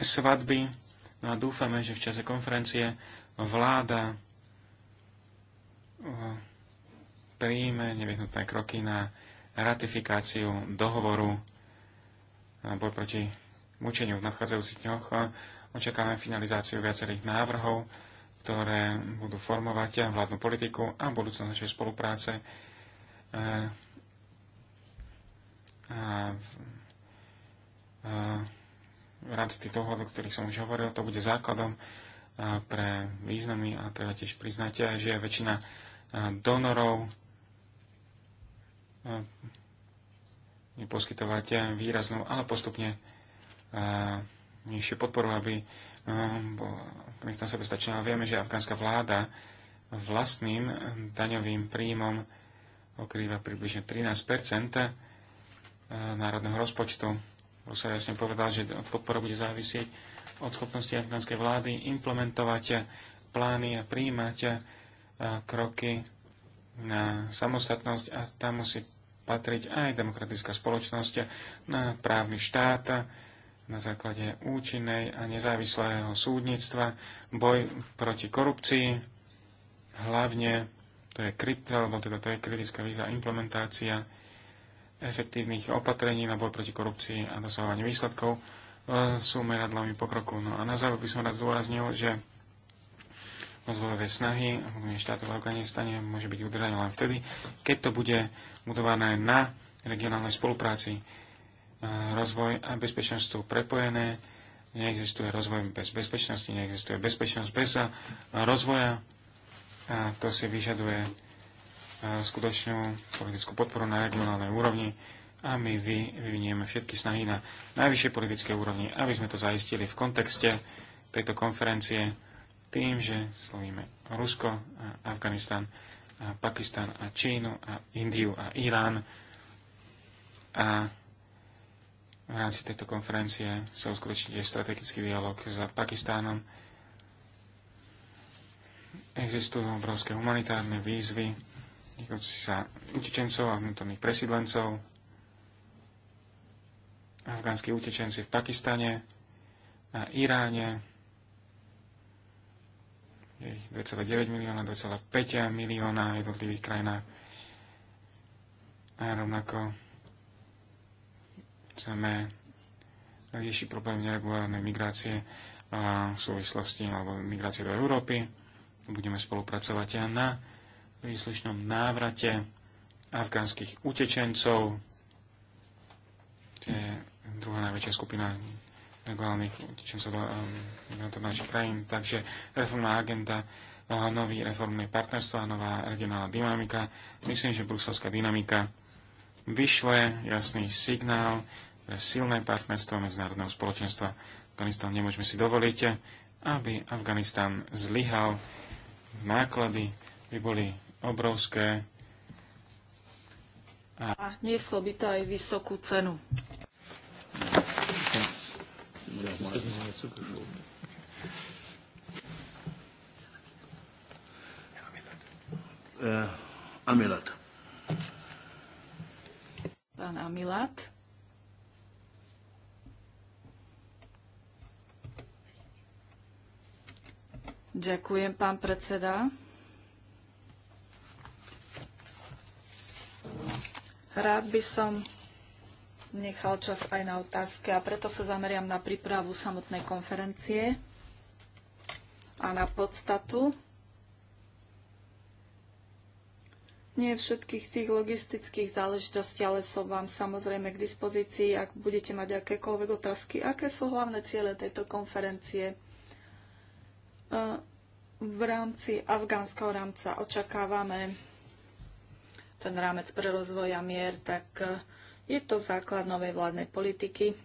svadby. No a dúfame, že v čase konferencie vláda príjme nevyhnutné kroky na ratifikáciu dohovoru na boj proti mučeniu v nadchádzajúcich dňoch. Očakávame finalizáciu viacerých návrhov, ktoré budú formovať vládnu politiku a budúcnosť našej spolupráce. E, a v, a e, v rámci tých o ktorých som už hovoril, to bude základom e, pre významy a treba tiež priznať, že väčšina donorov poskytovať výraznú, ale postupne nižšiu podporu, aby Afganistan sa sebestačná. Vieme, že afgánska vláda vlastným daňovým príjmom okrýva približne 13 národného rozpočtu. Rusa jasne povedal, že podpora bude závisieť od schopnosti afgánskej vlády implementovať plány a príjmať kroky na samostatnosť a tam musí patriť aj demokratická spoločnosť na právny štát na základe účinnej a nezávislého súdnictva, boj proti korupcii, hlavne to je, kryt, alebo teda to je kritická víza implementácia efektívnych opatrení na boj proti korupcii a dosahovanie výsledkov e, sú meradlami pokroku. No a na záver by som rád zdôraznil, že rozvojové snahy štátov v Afganistane môže byť udržané len vtedy, keď to bude budované na regionálnej spolupráci. Rozvoj a bezpečnosť sú prepojené, neexistuje rozvoj bez bezpečnosti, neexistuje bezpečnosť bez rozvoja a to si vyžaduje skutočnú politickú podporu na regionálnej úrovni a my vyvinieme všetky snahy na najvyššej politickej úrovni, aby sme to zaistili v kontexte tejto konferencie tým, že slovíme Rusko, a Afganistan, a Pakistan a Čínu a Indiu a Irán. A v rámci tejto konferencie sa uskutočne strategický dialog s Pakistánom. Existujú obrovské humanitárne výzvy týkajúce sa utečencov a vnútorných presídlencov. Afgánsky utečenci v Pakistane a Iráne 2,9 milióna, 2,5 milióna v jednotlivých krajinách. A rovnako chceme riešiť problém neregulárnej migrácie a v súvislosti alebo migrácie do Európy. Budeme spolupracovať aj na príslušnom návrate afgánskych utečencov. To je druhá najväčšia skupina globálnych utečencov um, do našich krajín. Takže reformná agenda, nový reformné partnerstvo a nová regionálna dynamika. Myslím, že bruselská dynamika vyšle jasný signál pre silné partnerstvo medzinárodného spoločenstva. Afganistan nemôžeme si dovoliť, aby Afganistan zlyhal. Náklady by boli obrovské. A, a nieslo by to aj vysokú cenu. Amilat. Pán Amilat. Ďakujem, pán predseda. Rád by som nechal čas aj na otázky a preto sa zameriam na prípravu samotnej konferencie a na podstatu. Nie všetkých tých logistických záležitostí, ale som vám samozrejme k dispozícii, ak budete mať akékoľvek otázky. Aké sú hlavné ciele tejto konferencie? E, v rámci afgánskeho rámca očakávame ten rámec pre rozvoj a mier, tak e, je to základ novej vládnej politiky.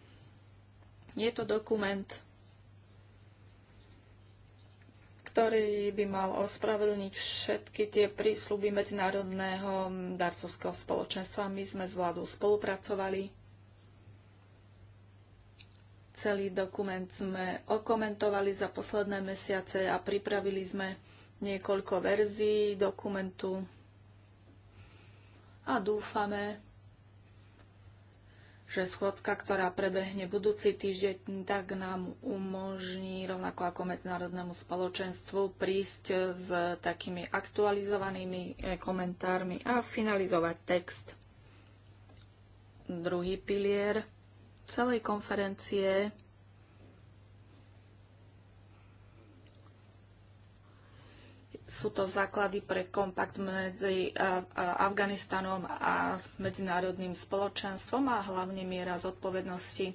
Je to dokument, ktorý by mal ospravedlniť všetky tie prísľuby medzinárodného darcovského spoločenstva. My sme s vládou spolupracovali. Celý dokument sme okomentovali za posledné mesiace a pripravili sme niekoľko verzií dokumentu a dúfame, že schodka, ktorá prebehne budúci týždeň, tak nám umožní rovnako ako medzinárodnému spoločenstvu prísť s takými aktualizovanými eh, komentármi a finalizovať text. Druhý pilier celej konferencie Sú to základy pre kompakt medzi Afganistanom a medzinárodným spoločenstvom a hlavne miera zodpovednosti.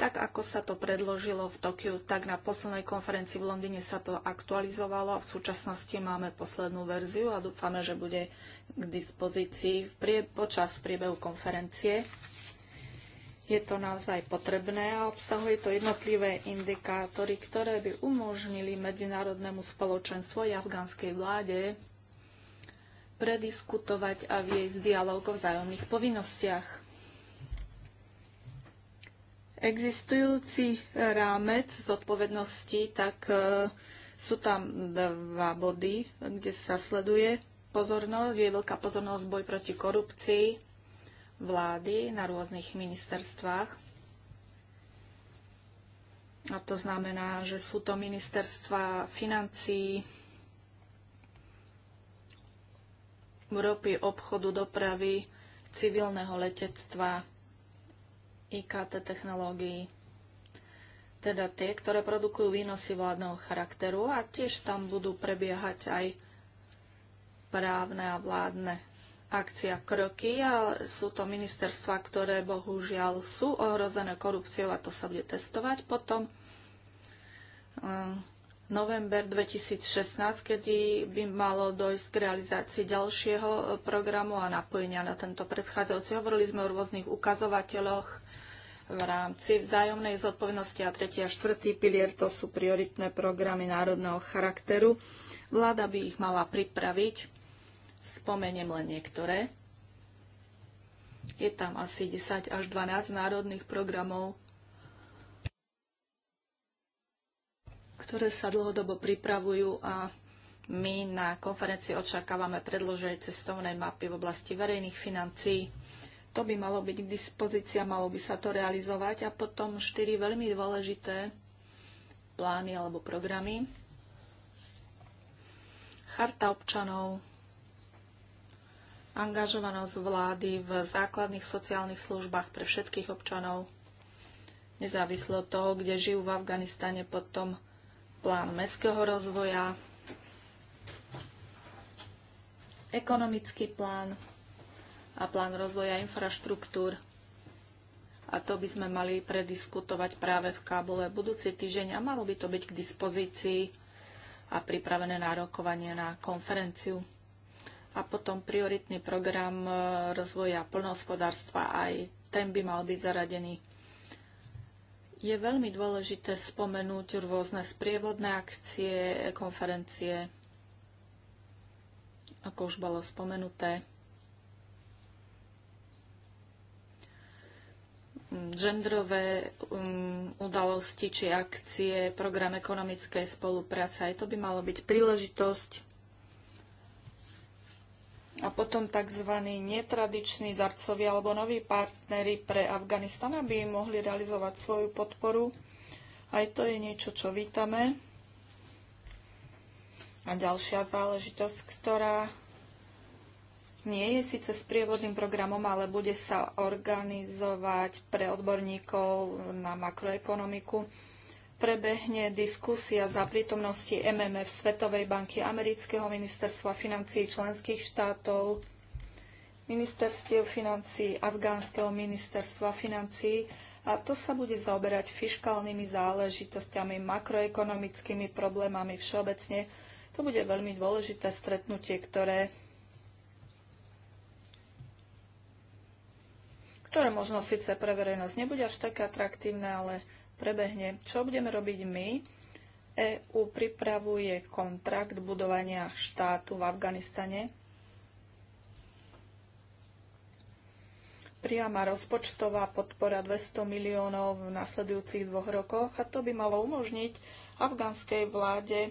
Tak ako sa to predložilo v Tokiu, tak na poslednej konferencii v Londýne sa to aktualizovalo a v súčasnosti máme poslednú verziu a dúfame, že bude k dispozícii prie, počas priebehu konferencie. Je to naozaj potrebné a obsahuje to jednotlivé indikátory, ktoré by umožnili medzinárodnému spoločenstvu a afgánskej vláde prediskutovať a viesť dialog o vzájomných povinnostiach. Existujúci rámec zodpovednosti, tak e, sú tam dva body, kde sa sleduje pozornosť, je veľká pozornosť boj proti korupcii vlády na rôznych ministerstvách. A to znamená, že sú to ministerstva financií, Európy, obchodu, dopravy, civilného letectva, IKT technológií, teda tie, ktoré produkujú výnosy vládneho charakteru a tiež tam budú prebiehať aj právne a vládne akcia kroky a sú to ministerstva, ktoré bohužiaľ sú ohrozené korupciou a to sa bude testovať potom. Ehm, november 2016, kedy by malo dojsť k realizácii ďalšieho e, programu a napojenia na tento predchádzajúci. Hovorili sme o rôznych ukazovateľoch v rámci vzájomnej zodpovednosti a tretí a štvrtý pilier to sú prioritné programy národného charakteru. Vláda by ich mala pripraviť Spomeniem len niektoré. Je tam asi 10 až 12 národných programov, ktoré sa dlhodobo pripravujú a my na konferencii očakávame predloženie cestovnej mapy v oblasti verejných financií. To by malo byť k dispozícii a malo by sa to realizovať. A potom štyri veľmi dôležité plány alebo programy. Charta občanov, angažovanosť vlády v základných sociálnych službách pre všetkých občanov, nezávislo od toho, kde žijú v Afganistane, potom plán mestského rozvoja, ekonomický plán a plán rozvoja infraštruktúr. A to by sme mali prediskutovať práve v Kábule budúci týždeň a malo by to byť k dispozícii a pripravené na rokovanie na konferenciu a potom prioritný program e, rozvoja plnohospodárstva, aj ten by mal byť zaradený. Je veľmi dôležité spomenúť rôzne sprievodné akcie, konferencie, ako už bolo spomenuté. Gendrové um, udalosti či akcie, program ekonomickej spolupráce. Aj to by malo byť príležitosť a potom tzv. netradiční darcovi alebo noví partnery pre Afganistan, aby mohli realizovať svoju podporu. Aj to je niečo, čo vítame. A ďalšia záležitosť, ktorá nie je síce s prievodným programom, ale bude sa organizovať pre odborníkov na makroekonomiku prebehne diskusia za prítomnosti MMF, Svetovej banky, Amerického ministerstva financií členských štátov, ministerstiev financií, Afgánskeho ministerstva financií a to sa bude zaoberať fiškálnymi záležitosťami, makroekonomickými problémami všeobecne. To bude veľmi dôležité stretnutie, ktoré ktoré možno síce pre verejnosť nebude až také atraktívne, ale prebehne. Čo budeme robiť my? EU pripravuje kontrakt budovania štátu v Afganistane. Priama rozpočtová podpora 200 miliónov v nasledujúcich dvoch rokoch a to by malo umožniť afgánskej vláde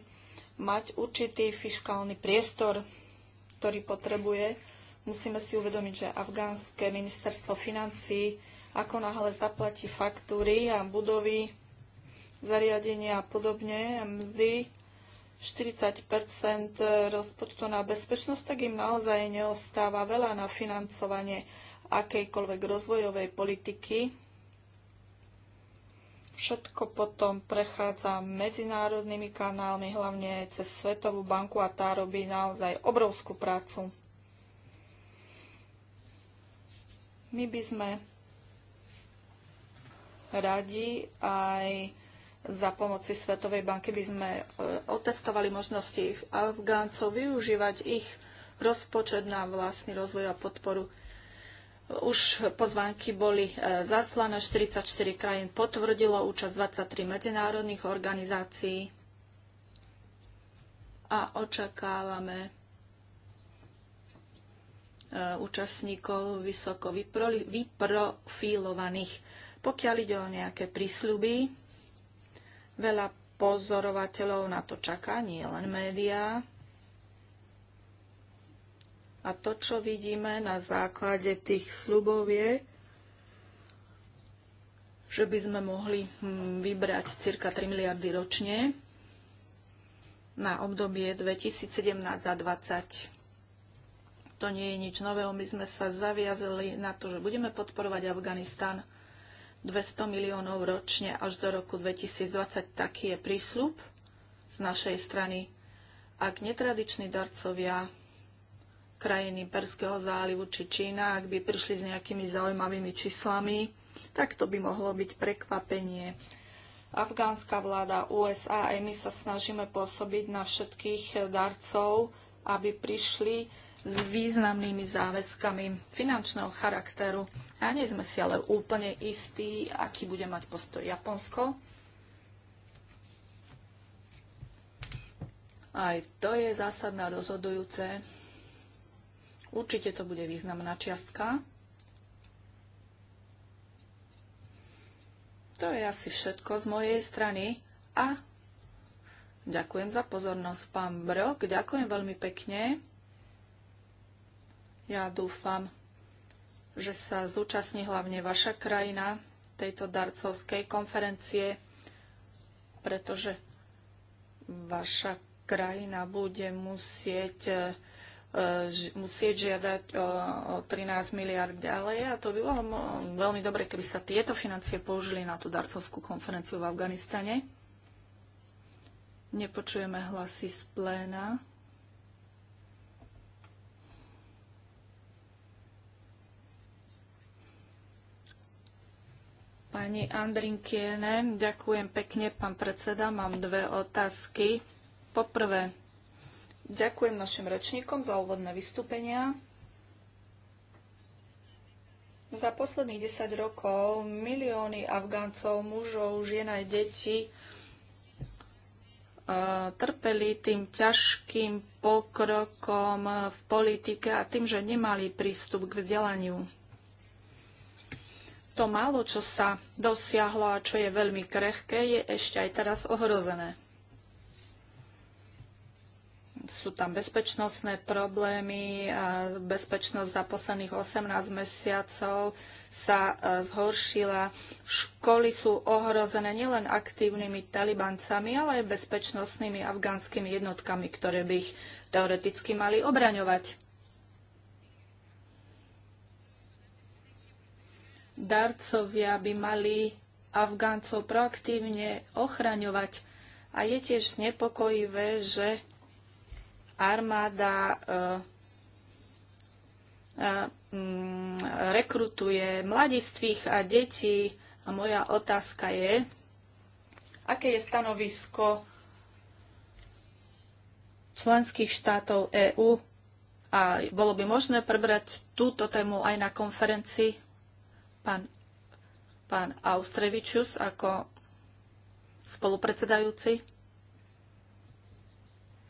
mať určitý fiskálny priestor, ktorý potrebuje. Musíme si uvedomiť, že afgánske ministerstvo financií ako náhle zaplatí faktúry a budovy, zariadenia a podobne, mzdy, 40 rozpočtu na bezpečnosť, tak im naozaj neostáva veľa na financovanie akejkoľvek rozvojovej politiky. Všetko potom prechádza medzinárodnými kanálmi, hlavne cez Svetovú banku a tá robí naozaj obrovskú prácu. My by sme radi aj za pomoci Svetovej banky by sme e, otestovali možnosti Afgáncov využívať ich rozpočet na vlastný rozvoj a podporu. Už pozvánky boli e, zaslané, 44 krajín potvrdilo účasť 23 medzinárodných organizácií a očakávame e, účastníkov vysoko vyprofilovaných pokiaľ ide o nejaké prísľuby, veľa pozorovateľov na to čaká, nie len médiá. A to, čo vidíme na základe tých slubov je, že by sme mohli hm, vybrať cirka 3 miliardy ročne na obdobie 2017 a 2020. To nie je nič nového. My sme sa zaviazali na to, že budeme podporovať Afganistan 200 miliónov ročne až do roku 2020. Taký je prísľub z našej strany. Ak netradiční darcovia krajiny Perského zálivu či Čína, ak by prišli s nejakými zaujímavými číslami, tak to by mohlo byť prekvapenie. Afgánska vláda, USA a my sa snažíme pôsobiť na všetkých darcov, aby prišli s významnými záväzkami finančného charakteru. A nie sme si ale úplne istí, aký bude mať postoj Japonsko. Aj to je zásadná rozhodujúce. Určite to bude významná čiastka. To je asi všetko z mojej strany a ďakujem za pozornosť, pán Brok. Ďakujem veľmi pekne. Ja dúfam, že sa zúčastní hlavne vaša krajina tejto darcovskej konferencie, pretože vaša krajina bude musieť, e, musieť žiadať o 13 miliard ďalej a to by bolo veľmi dobre, keby sa tieto financie použili na tú darcovskú konferenciu v Afganistane. Nepočujeme hlasy z pléna. Pani Andrinkiene, ďakujem pekne, pán predseda. Mám dve otázky. Poprvé, ďakujem našim rečníkom za úvodné vystúpenia. Za posledných 10 rokov milióny Afgáncov, mužov, žien aj deti e, trpeli tým ťažkým pokrokom v politike a tým, že nemali prístup k vzdelaniu to málo, čo sa dosiahlo a čo je veľmi krehké, je ešte aj teraz ohrozené. Sú tam bezpečnostné problémy a bezpečnosť za posledných 18 mesiacov sa e, zhoršila. Školy sú ohrozené nielen aktívnymi talibancami, ale aj bezpečnostnými afgánskymi jednotkami, ktoré by ich teoreticky mali obraňovať. darcovia by mali Afgáncov proaktívne ochraňovať. A je tiež znepokojivé, že armáda e, e, mm, rekrutuje mladistvých a detí. A moja otázka je, aké je stanovisko členských štátov EÚ a bolo by možné prebrať túto tému aj na konferencii Pán, pán Austrevičius ako spolupredsedajúci.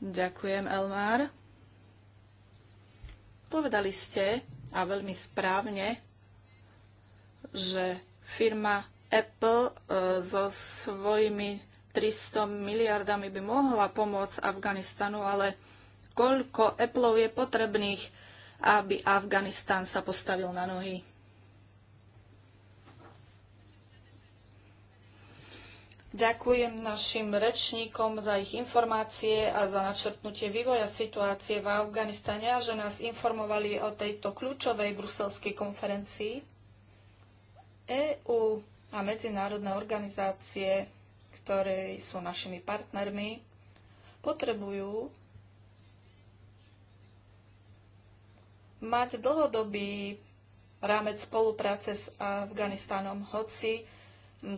Ďakujem, Elmar. Povedali ste, a veľmi správne, že firma Apple e, so svojimi 300 miliardami by mohla pomôcť Afganistanu, ale koľko Apple je potrebných, aby Afganistan sa postavil na nohy? Ďakujem našim rečníkom za ich informácie a za načrtnutie vývoja situácie v Afganistane a že nás informovali o tejto kľúčovej bruselskej konferencii. EÚ a medzinárodné organizácie, ktoré sú našimi partnermi, potrebujú mať dlhodobý rámec spolupráce s Afganistanom, hoci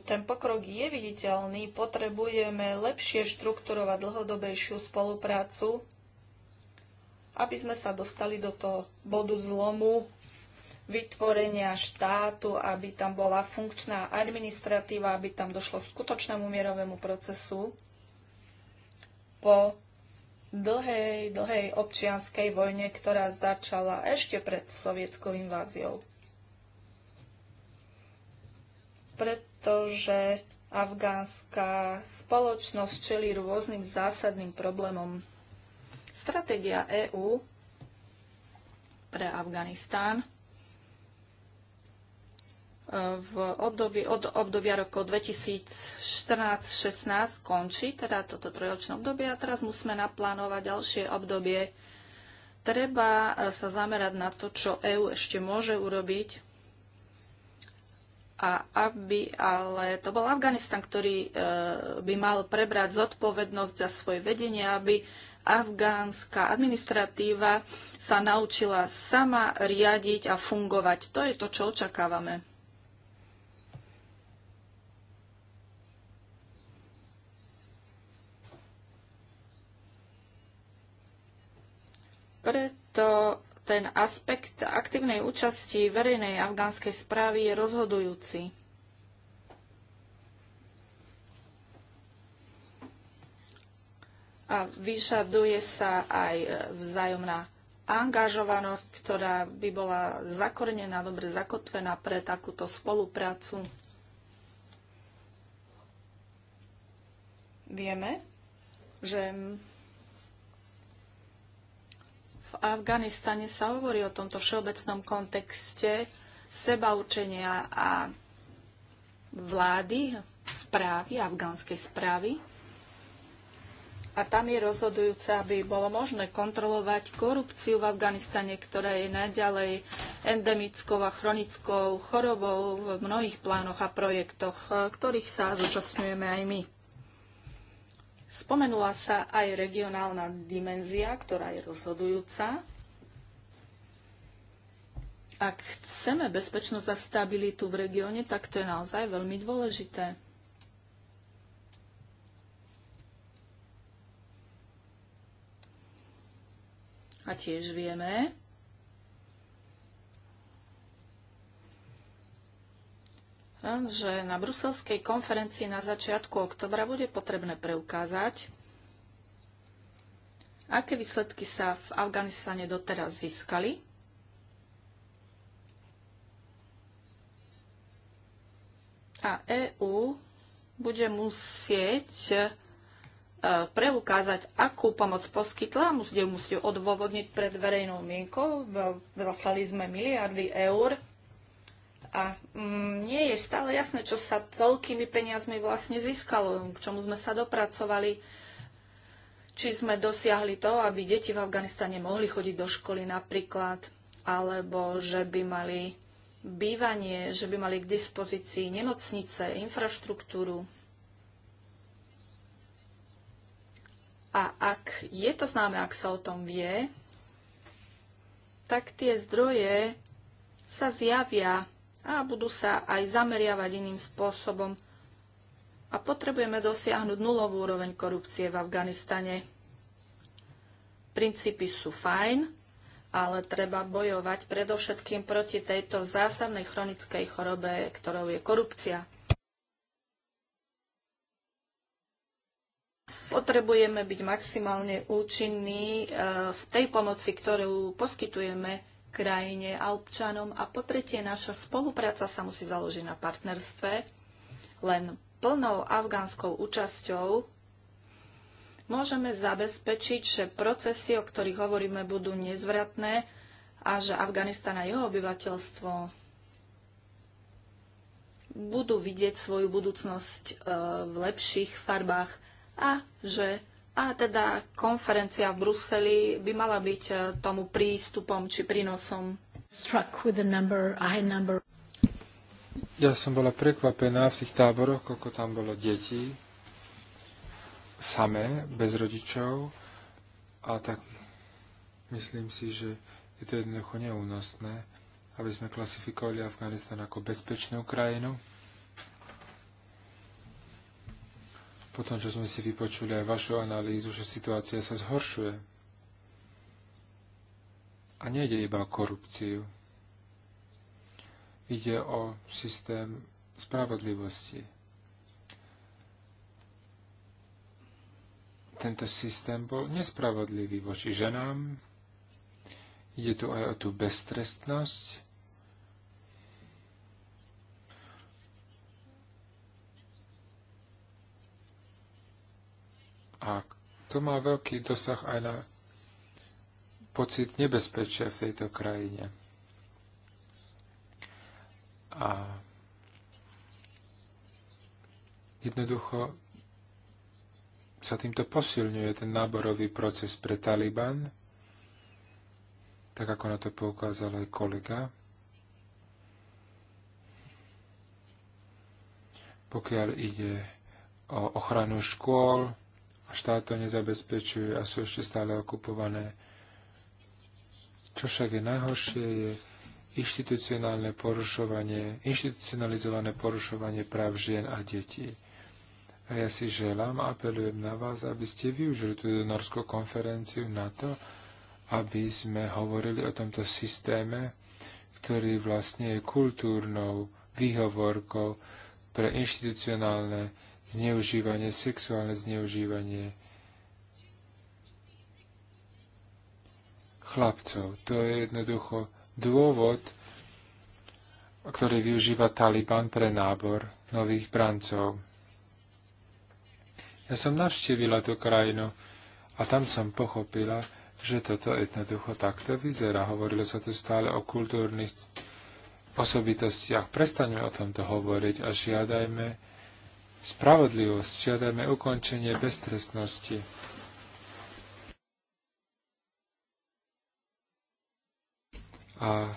ten pokrok je viditeľný, potrebujeme lepšie štrukturovať dlhodobejšiu spoluprácu, aby sme sa dostali do toho bodu zlomu, vytvorenia štátu, aby tam bola funkčná administratíva, aby tam došlo k skutočnému mierovému procesu po dlhej, dlhej občianskej vojne, ktorá začala ešte pred sovietskou inváziou. Pred to, že afgánska spoločnosť čelí rôznym zásadným problémom. Stratégia EÚ pre Afganistán e, v období, od obdobia rokov 2014-16 končí, teda toto trojročné obdobie a teraz musíme naplánovať ďalšie obdobie. Treba sa zamerať na to, čo EÚ ešte môže urobiť a aby, ale to bol Afganistan, ktorý e, by mal prebrať zodpovednosť za svoje vedenie, aby afgánska administratíva sa naučila sama riadiť a fungovať. To je to, čo očakávame. Preto ten aspekt aktívnej účasti verejnej afgánskej správy je rozhodujúci. A vyžaduje sa aj vzájomná angažovanosť, ktorá by bola zakorenená, dobre zakotvená pre takúto spoluprácu. Vieme, že Afganistane sa hovorí o tomto všeobecnom kontexte sebaurčenia a vlády, správy, afgánskej správy. A tam je rozhodujúce, aby bolo možné kontrolovať korupciu v Afganistane, ktorá je naďalej endemickou a chronickou chorobou v mnohých plánoch a projektoch, ktorých sa zúčastňujeme aj my. Spomenula sa aj regionálna dimenzia, ktorá je rozhodujúca. Ak chceme bezpečnosť a stabilitu v regióne, tak to je naozaj veľmi dôležité. A tiež vieme, že na bruselskej konferencii na začiatku oktobra bude potrebné preukázať, aké výsledky sa v Afganistane doteraz získali a EÚ bude musieť e, preukázať, akú pomoc poskytla, musí, ju odôvodniť pred verejnou mienkou. Zaslali sme miliardy eur a mm, nie je stále jasné, čo sa toľkými peniazmi vlastne získalo, k čomu sme sa dopracovali, či sme dosiahli to, aby deti v Afganistane mohli chodiť do školy napríklad, alebo že by mali bývanie, že by mali k dispozícii nemocnice, infraštruktúru. A ak je to známe, ak sa o tom vie, tak tie zdroje sa zjavia a budú sa aj zameriavať iným spôsobom. A potrebujeme dosiahnuť nulovú úroveň korupcie v Afganistane. Princípy sú fajn, ale treba bojovať predovšetkým proti tejto zásadnej chronickej chorobe, ktorou je korupcia. potrebujeme byť maximálne účinní eh, v tej pomoci, ktorú poskytujeme krajine a občanom. A po tretie, naša spolupráca sa musí založiť na partnerstve. Len plnou afgánskou účasťou môžeme zabezpečiť, že procesy, o ktorých hovoríme, budú nezvratné a že Afganistan a jeho obyvateľstvo budú vidieť svoju budúcnosť e, v lepších farbách a že a teda konferencia v Bruseli by mala byť e, tomu prístupom či prínosom. Ja som bola prekvapená v tých táboroch, koľko tam bolo detí, samé, bez rodičov. A tak myslím si, že je to jednoducho neúnosné, aby sme klasifikovali Afganistan ako bezpečnú krajinu. potom, čo sme si vypočuli aj vašu analýzu, že situácia sa zhoršuje. A nejde iba o korupciu. Ide o systém spravodlivosti. Tento systém bol nespravodlivý voči ženám. Ide tu aj o tú beztrestnosť A to má veľký dosah aj na pocit nebezpečia v tejto krajine. A jednoducho sa týmto posilňuje ten náborový proces pre Taliban, tak ako na to poukázal aj kolega. Pokiaľ ide o ochranu škôl, a štát to nezabezpečuje a sú ešte stále okupované. Čo však je najhoršie, je inštitucionálne porušovanie, inštitucionalizované porušovanie práv žien a detí. A ja si želám a apelujem na vás, aby ste využili túto norskú konferenciu na to, aby sme hovorili o tomto systéme, ktorý vlastne je kultúrnou výhovorkou pre inštitucionálne zneužívanie, sexuálne zneužívanie chlapcov. To je jednoducho dôvod, ktorý využíva Taliban pre nábor nových brancov. Ja som navštívila tú krajinu a tam som pochopila, že toto jednoducho takto vyzerá. Hovorilo sa tu stále o kultúrnych osobitostiach. Prestaňme o tomto hovoriť a žiadajme spravodlivosť, žiadame ukončenie beztrestnosti. A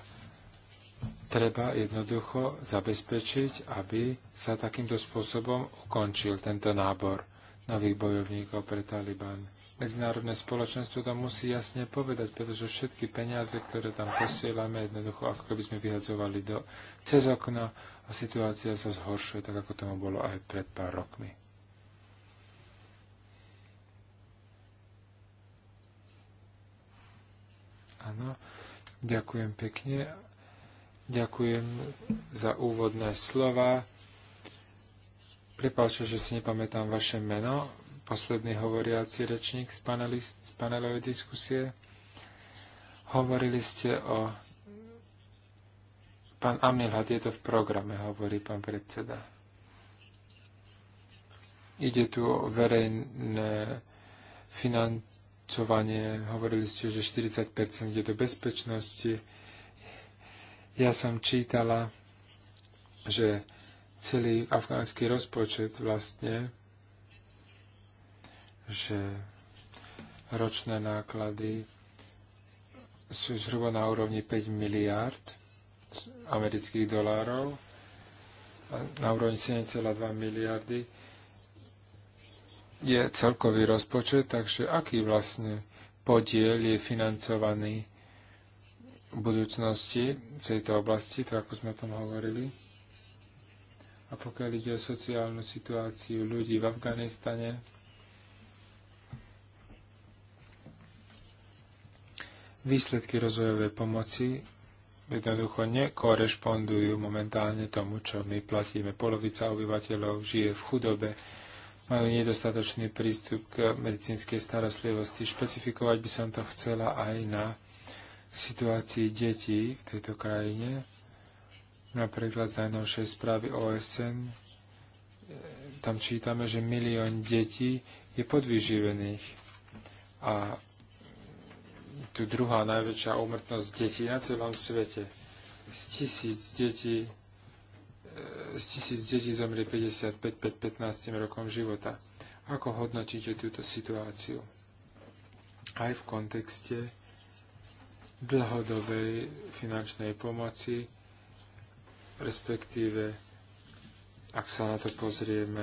treba jednoducho zabezpečiť, aby sa takýmto spôsobom ukončil tento nábor nových bojovníkov pre Taliban. Medzinárodné spoločenstvo to musí jasne povedať, pretože všetky peniaze, ktoré tam posielame, jednoducho ako keby sme vyhadzovali do, cez okno a situácia sa zhoršuje, tak ako tomu bolo aj pred pár rokmi. Áno, ďakujem pekne. Ďakujem za úvodné slova. Prepáčte, že si nepamätám vaše meno. Posledný hovoriaci rečník z, panelist, z panelovej diskusie. Hovorili ste o Pán Amilhad, je to v programe, hovorí pán predseda. Ide tu o verejné financovanie. Hovorili ste, že 40% je do bezpečnosti. Ja som čítala, že celý afgánsky rozpočet vlastne, že ročné náklady sú zhruba na úrovni 5 miliárd amerických dolárov na úrovni 7,2 miliardy je celkový rozpočet, takže aký vlastne podiel je financovaný v budúcnosti v tejto oblasti, tak ako sme o tom hovorili. A pokiaľ ide o sociálnu situáciu ľudí v Afganistane, výsledky rozvojovej pomoci jednoducho nekorešpondujú momentálne tomu, čo my platíme. Polovica obyvateľov žije v chudobe, majú nedostatočný prístup k medicínskej starostlivosti. Špecifikovať by som to chcela aj na situácii detí v tejto krajine. Napríklad z najnovšej správy OSN e, tam čítame, že milión detí je podvyživených a tu druhá najväčšia úmrtnosť detí na celom svete. Z tisíc detí e, z tisíc detí zomrie 55 pred 15 rokom života. Ako hodnotíte túto situáciu? Aj v kontexte dlhodobej finančnej pomoci, respektíve, ak sa na to pozrieme,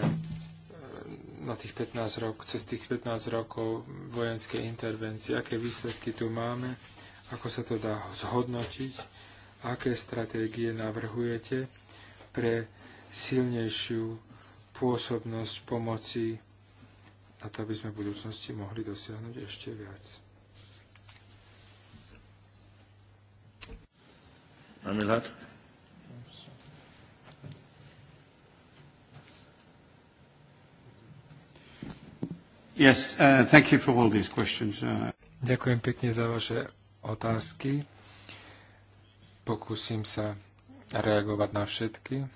na tých 15 rok, cez tých 15 rokov vojenskej intervencie, aké výsledky tu máme, ako sa to dá zhodnotiť, aké stratégie navrhujete pre silnejšiu pôsobnosť pomoci na to, aby sme v budúcnosti mohli dosiahnuť ešte viac. Máme hľad? Yes, uh, thank you for all these questions. Uh... Ďakujem pekne za vaše otázky. Pokúsim sa reagovať na všetky.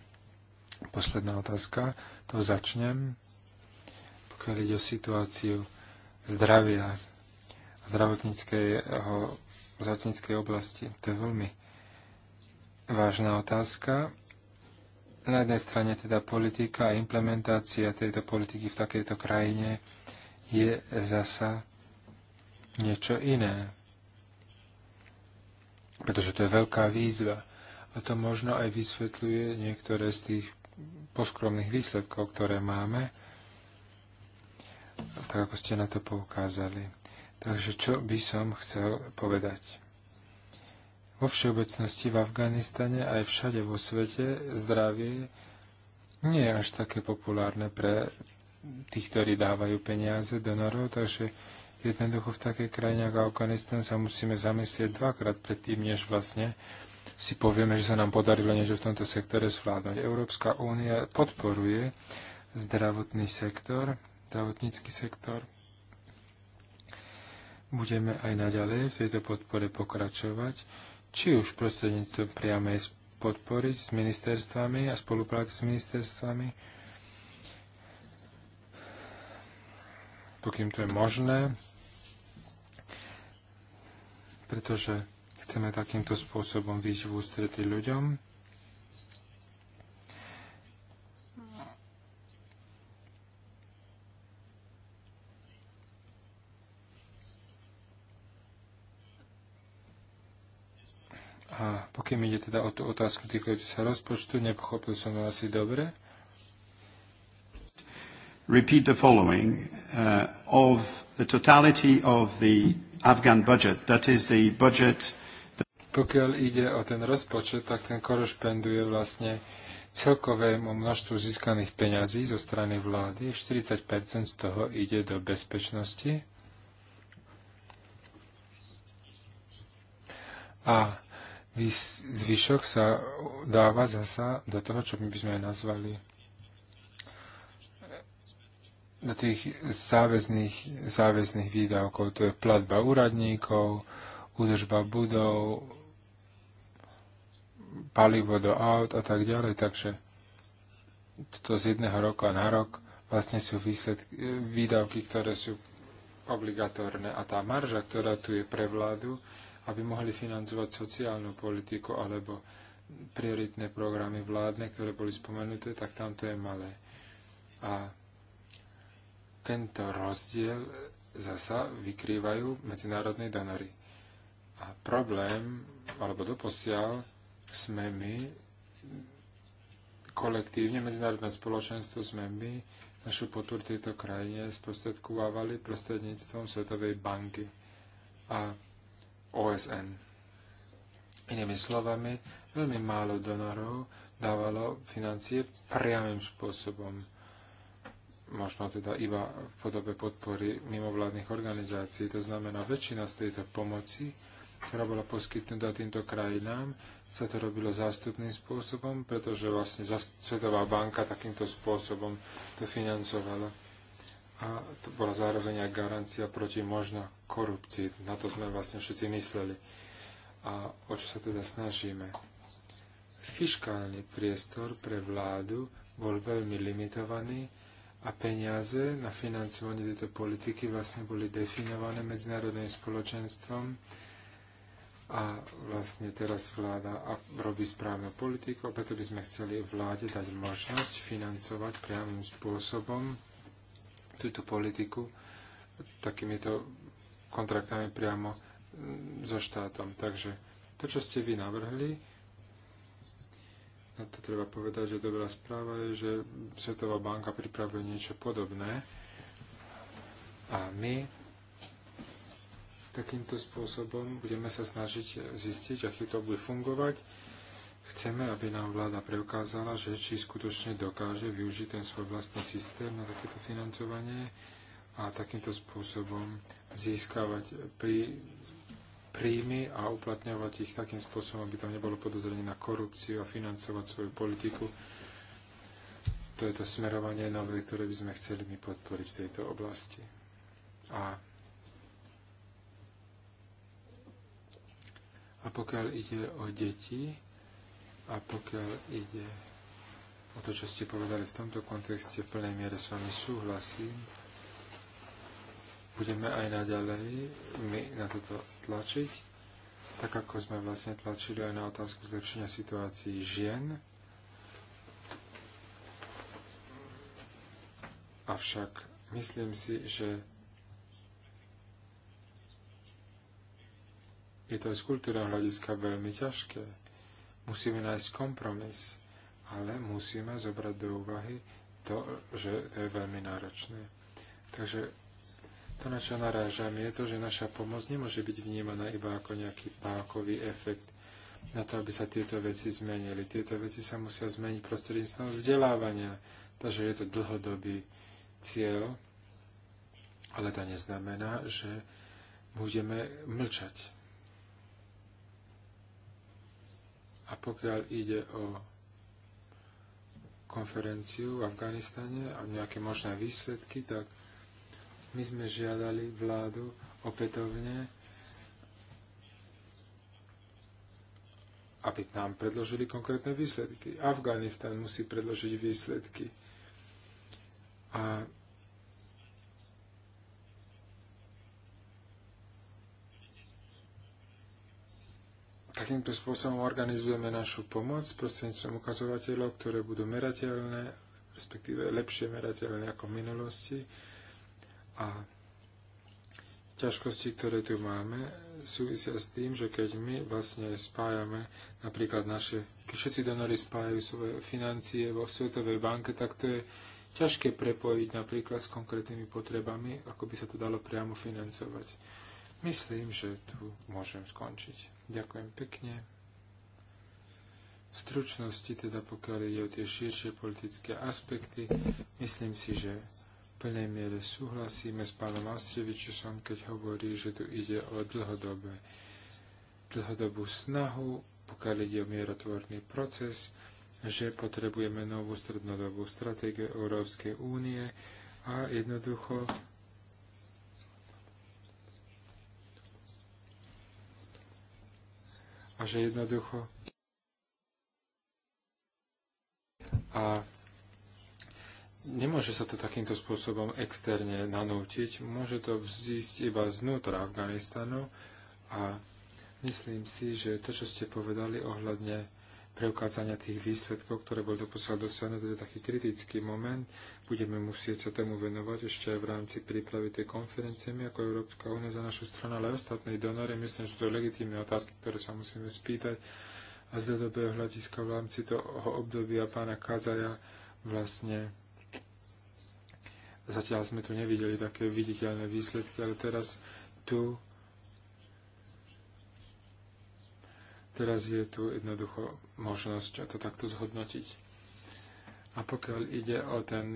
Posledná otázka. To začnem. Pokiaľ ide o situáciu zdravia, zdravotníckého, zdravotníckej oblasti, to je veľmi vážna otázka. Na jednej strane teda politika a implementácia tejto politiky v takejto krajine je zasa niečo iné. Pretože to je veľká výzva. A to možno aj vysvetľuje niektoré z tých poskromných výsledkov, ktoré máme, tak ako ste na to poukázali. Takže čo by som chcel povedať? Vo všeobecnosti v Afganistane aj všade vo svete zdravie nie je až také populárne pre tých, ktorí dávajú peniaze donorov, takže jednoducho v takej krajine ako Afganistan sa musíme zamyslieť dvakrát predtým, než vlastne si povieme, že sa nám podarilo niečo v tomto sektore zvládnuť. Európska únia podporuje zdravotný sektor, zdravotnícky sektor. Budeme aj naďalej v tejto podpore pokračovať, či už prostredníctvom priamej podpory s ministerstvami a spolupráci s ministerstvami, pokým to je možné, pretože chceme takýmto spôsobom výjsť v ústretí ľuďom. A pokým ide teda o tú otázku týkajúcu sa rozpočtu, nepochopil som vás asi dobre repeat the following. Uh, of the totality of the Afghan budget, that is the budget... That... Pokiaľ ide o ten rozpočet, tak ten korešpenduje vlastne celkovému množstvu získaných peňazí zo strany vlády. 40% z toho ide do bezpečnosti. A zvyšok sa dáva zasa do toho, čo my by sme nazvali do tých záväzných, záväzných výdavkov. To je platba úradníkov, údržba budov, palivo do aut a tak ďalej. Takže toto z jedného roka na rok vlastne sú výsledky, výdavky, ktoré sú obligatórne. A tá marža, ktorá tu je pre vládu, aby mohli financovať sociálnu politiku alebo prioritné programy vládne, ktoré boli spomenuté, tak tam to je malé. A tento rozdiel zasa vykrývajú medzinárodné donory. A problém, alebo doposiaľ, sme my, kolektívne, medzinárodné spoločenstvo sme my, našu podporu tejto krajine sprostredkovávali prostredníctvom Svetovej banky a OSN. Inými slovami, veľmi málo donorov dávalo financie priamým spôsobom možno teda iba v podobe podpory mimovládnych organizácií. To znamená, väčšina z tejto pomoci, ktorá bola poskytnutá týmto krajinám, sa to robilo zástupným spôsobom, pretože vlastne Svetová banka takýmto spôsobom to financovala. A to bola zároveň aj garancia proti možno korupcii. Na to sme vlastne všetci mysleli. A o čo sa teda snažíme? Fiškálny priestor pre vládu bol veľmi limitovaný, a peniaze na financovanie tejto politiky vlastne boli definované medzinárodným spoločenstvom a vlastne teraz vláda robí správnu politiku, preto by sme chceli vláde dať možnosť financovať priamým spôsobom túto politiku takýmito kontraktami priamo so štátom. Takže to, čo ste vy navrhli, a to treba povedať, že dobrá správa je, že Svetová banka pripravuje niečo podobné a my takýmto spôsobom budeme sa snažiť zistiť, aký to bude fungovať. Chceme, aby nám vláda preukázala, že či skutočne dokáže využiť ten svoj vlastný systém na takéto financovanie a takýmto spôsobom získavať pri príjmy a uplatňovať ich takým spôsobom, aby tam nebolo podozrenie na korupciu a financovať svoju politiku. To je to smerovanie nové, ktoré by sme chceli my podporiť v tejto oblasti. A, a pokiaľ ide o deti a pokiaľ ide o to, čo ste povedali v tomto kontexte, v plnej miere s vami súhlasím budeme aj naďalej my na toto tlačiť, tak ako sme vlastne tlačili aj na otázku zlepšenia situácií žien. Avšak myslím si, že je to aj z kultúrneho hľadiska veľmi ťažké. Musíme nájsť kompromis, ale musíme zobrať do úvahy to, že to je veľmi náročné. Takže to, na čo narážam, je to, že naša pomoc nemôže byť vnímaná iba ako nejaký pákový efekt na to, aby sa tieto veci zmenili. Tieto veci sa musia zmeniť prostredníctvom vzdelávania, takže je to dlhodobý cieľ, ale to neznamená, že budeme mlčať. A pokiaľ ide o konferenciu v Afganistane a nejaké možné výsledky, tak my sme žiadali vládu opätovne, aby nám predložili konkrétne výsledky. Afganistan musí predložiť výsledky. A takýmto spôsobom organizujeme našu pomoc prostredníctvom ukazovateľov, ktoré budú merateľné, respektíve lepšie merateľné ako v minulosti. A ťažkosti, ktoré tu máme, súvisia s tým, že keď my vlastne spájame napríklad naše, keď všetci donory spájajú svoje financie vo Svetovej banke, tak to je ťažké prepojiť napríklad s konkrétnymi potrebami, ako by sa to dalo priamo financovať. Myslím, že tu môžem skončiť. Ďakujem pekne. V stručnosti, teda pokiaľ ide o tie širšie politické aspekty, myslím si, že plnej miere súhlasíme s pánom Austrevičusom, keď hovorí, že tu ide o dlhodobé, dlhodobú snahu, pokiaľ ide o mierotvorný proces, že potrebujeme novú strednodobú stratégiu Európskej únie a jednoducho a že jednoducho a Nemôže sa to takýmto spôsobom externe nanútiť, môže to vzísť iba znútra Afganistanu a myslím si, že to, čo ste povedali ohľadne preukázania tých výsledkov, ktoré bol doposiaľ dosiahnuté, to je taký kritický moment. Budeme musieť sa tomu venovať ešte aj v rámci prípravy tej konferencie. My ako Európska únia za našu stranu, ale aj ostatní donory, myslím, že to je legitímne otázky, ktoré sa musíme spýtať. A z dlhodobého hľadiska v rámci toho obdobia pána Kazaja vlastne Zatiaľ sme tu nevideli také viditeľné výsledky, ale teraz tu teraz je tu jednoducho možnosť to takto zhodnotiť. A pokiaľ ide o ten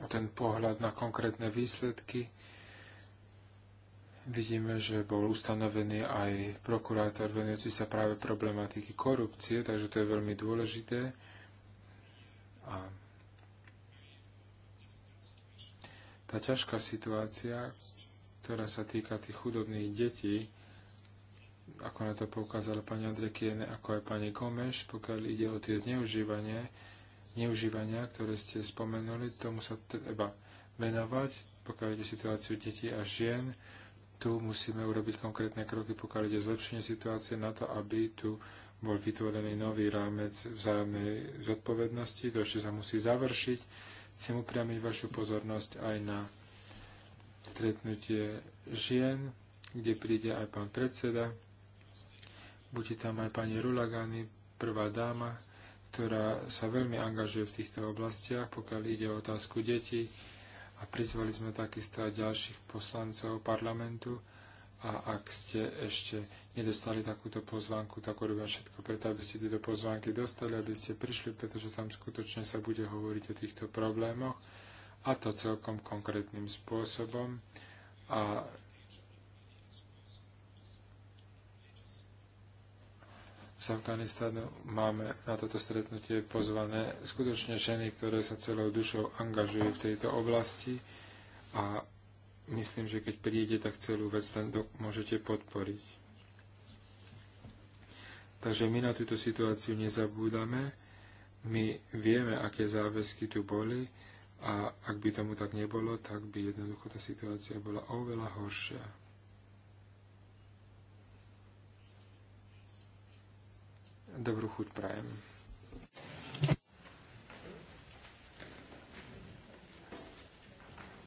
o ten pohľad na konkrétne výsledky, Vidíme, že bol ustanovený aj prokurátor venujúci sa práve problematiky korupcie, takže to je veľmi dôležité. A tá ťažká situácia, ktorá sa týka tých chudobných detí, ako na to poukázala pani Andrekiene, ako aj pani Komeš, pokiaľ ide o tie zneužívanie, zneužívania, ktoré ste spomenuli, tomu sa treba venovať, pokiaľ ide o situáciu detí a žien, tu musíme urobiť konkrétne kroky, pokiaľ ide zlepšenie situácie na to, aby tu bol vytvorený nový rámec vzájomnej zodpovednosti. To ešte sa musí završiť. Chcem upriamiť vašu pozornosť aj na stretnutie žien, kde príde aj pán predseda. Bude tam aj pani Rulagany, prvá dáma, ktorá sa veľmi angažuje v týchto oblastiach, pokiaľ ide o otázku detí a prizvali sme takisto aj ďalších poslancov parlamentu a ak ste ešte nedostali takúto pozvánku, tak urobím všetko preto, aby ste tieto pozvánky dostali, aby ste prišli, pretože tam skutočne sa bude hovoriť o týchto problémoch a to celkom konkrétnym spôsobom a z Afganistánu máme na toto stretnutie pozvané skutočne ženy, ktoré sa celou dušou angažujú v tejto oblasti a myslím, že keď príde, tak celú vec do- môžete podporiť. Takže my na túto situáciu nezabúdame, my vieme, aké záväzky tu boli a ak by tomu tak nebolo, tak by jednoducho tá situácia bola oveľa horšia. Dobrú chuť prajem.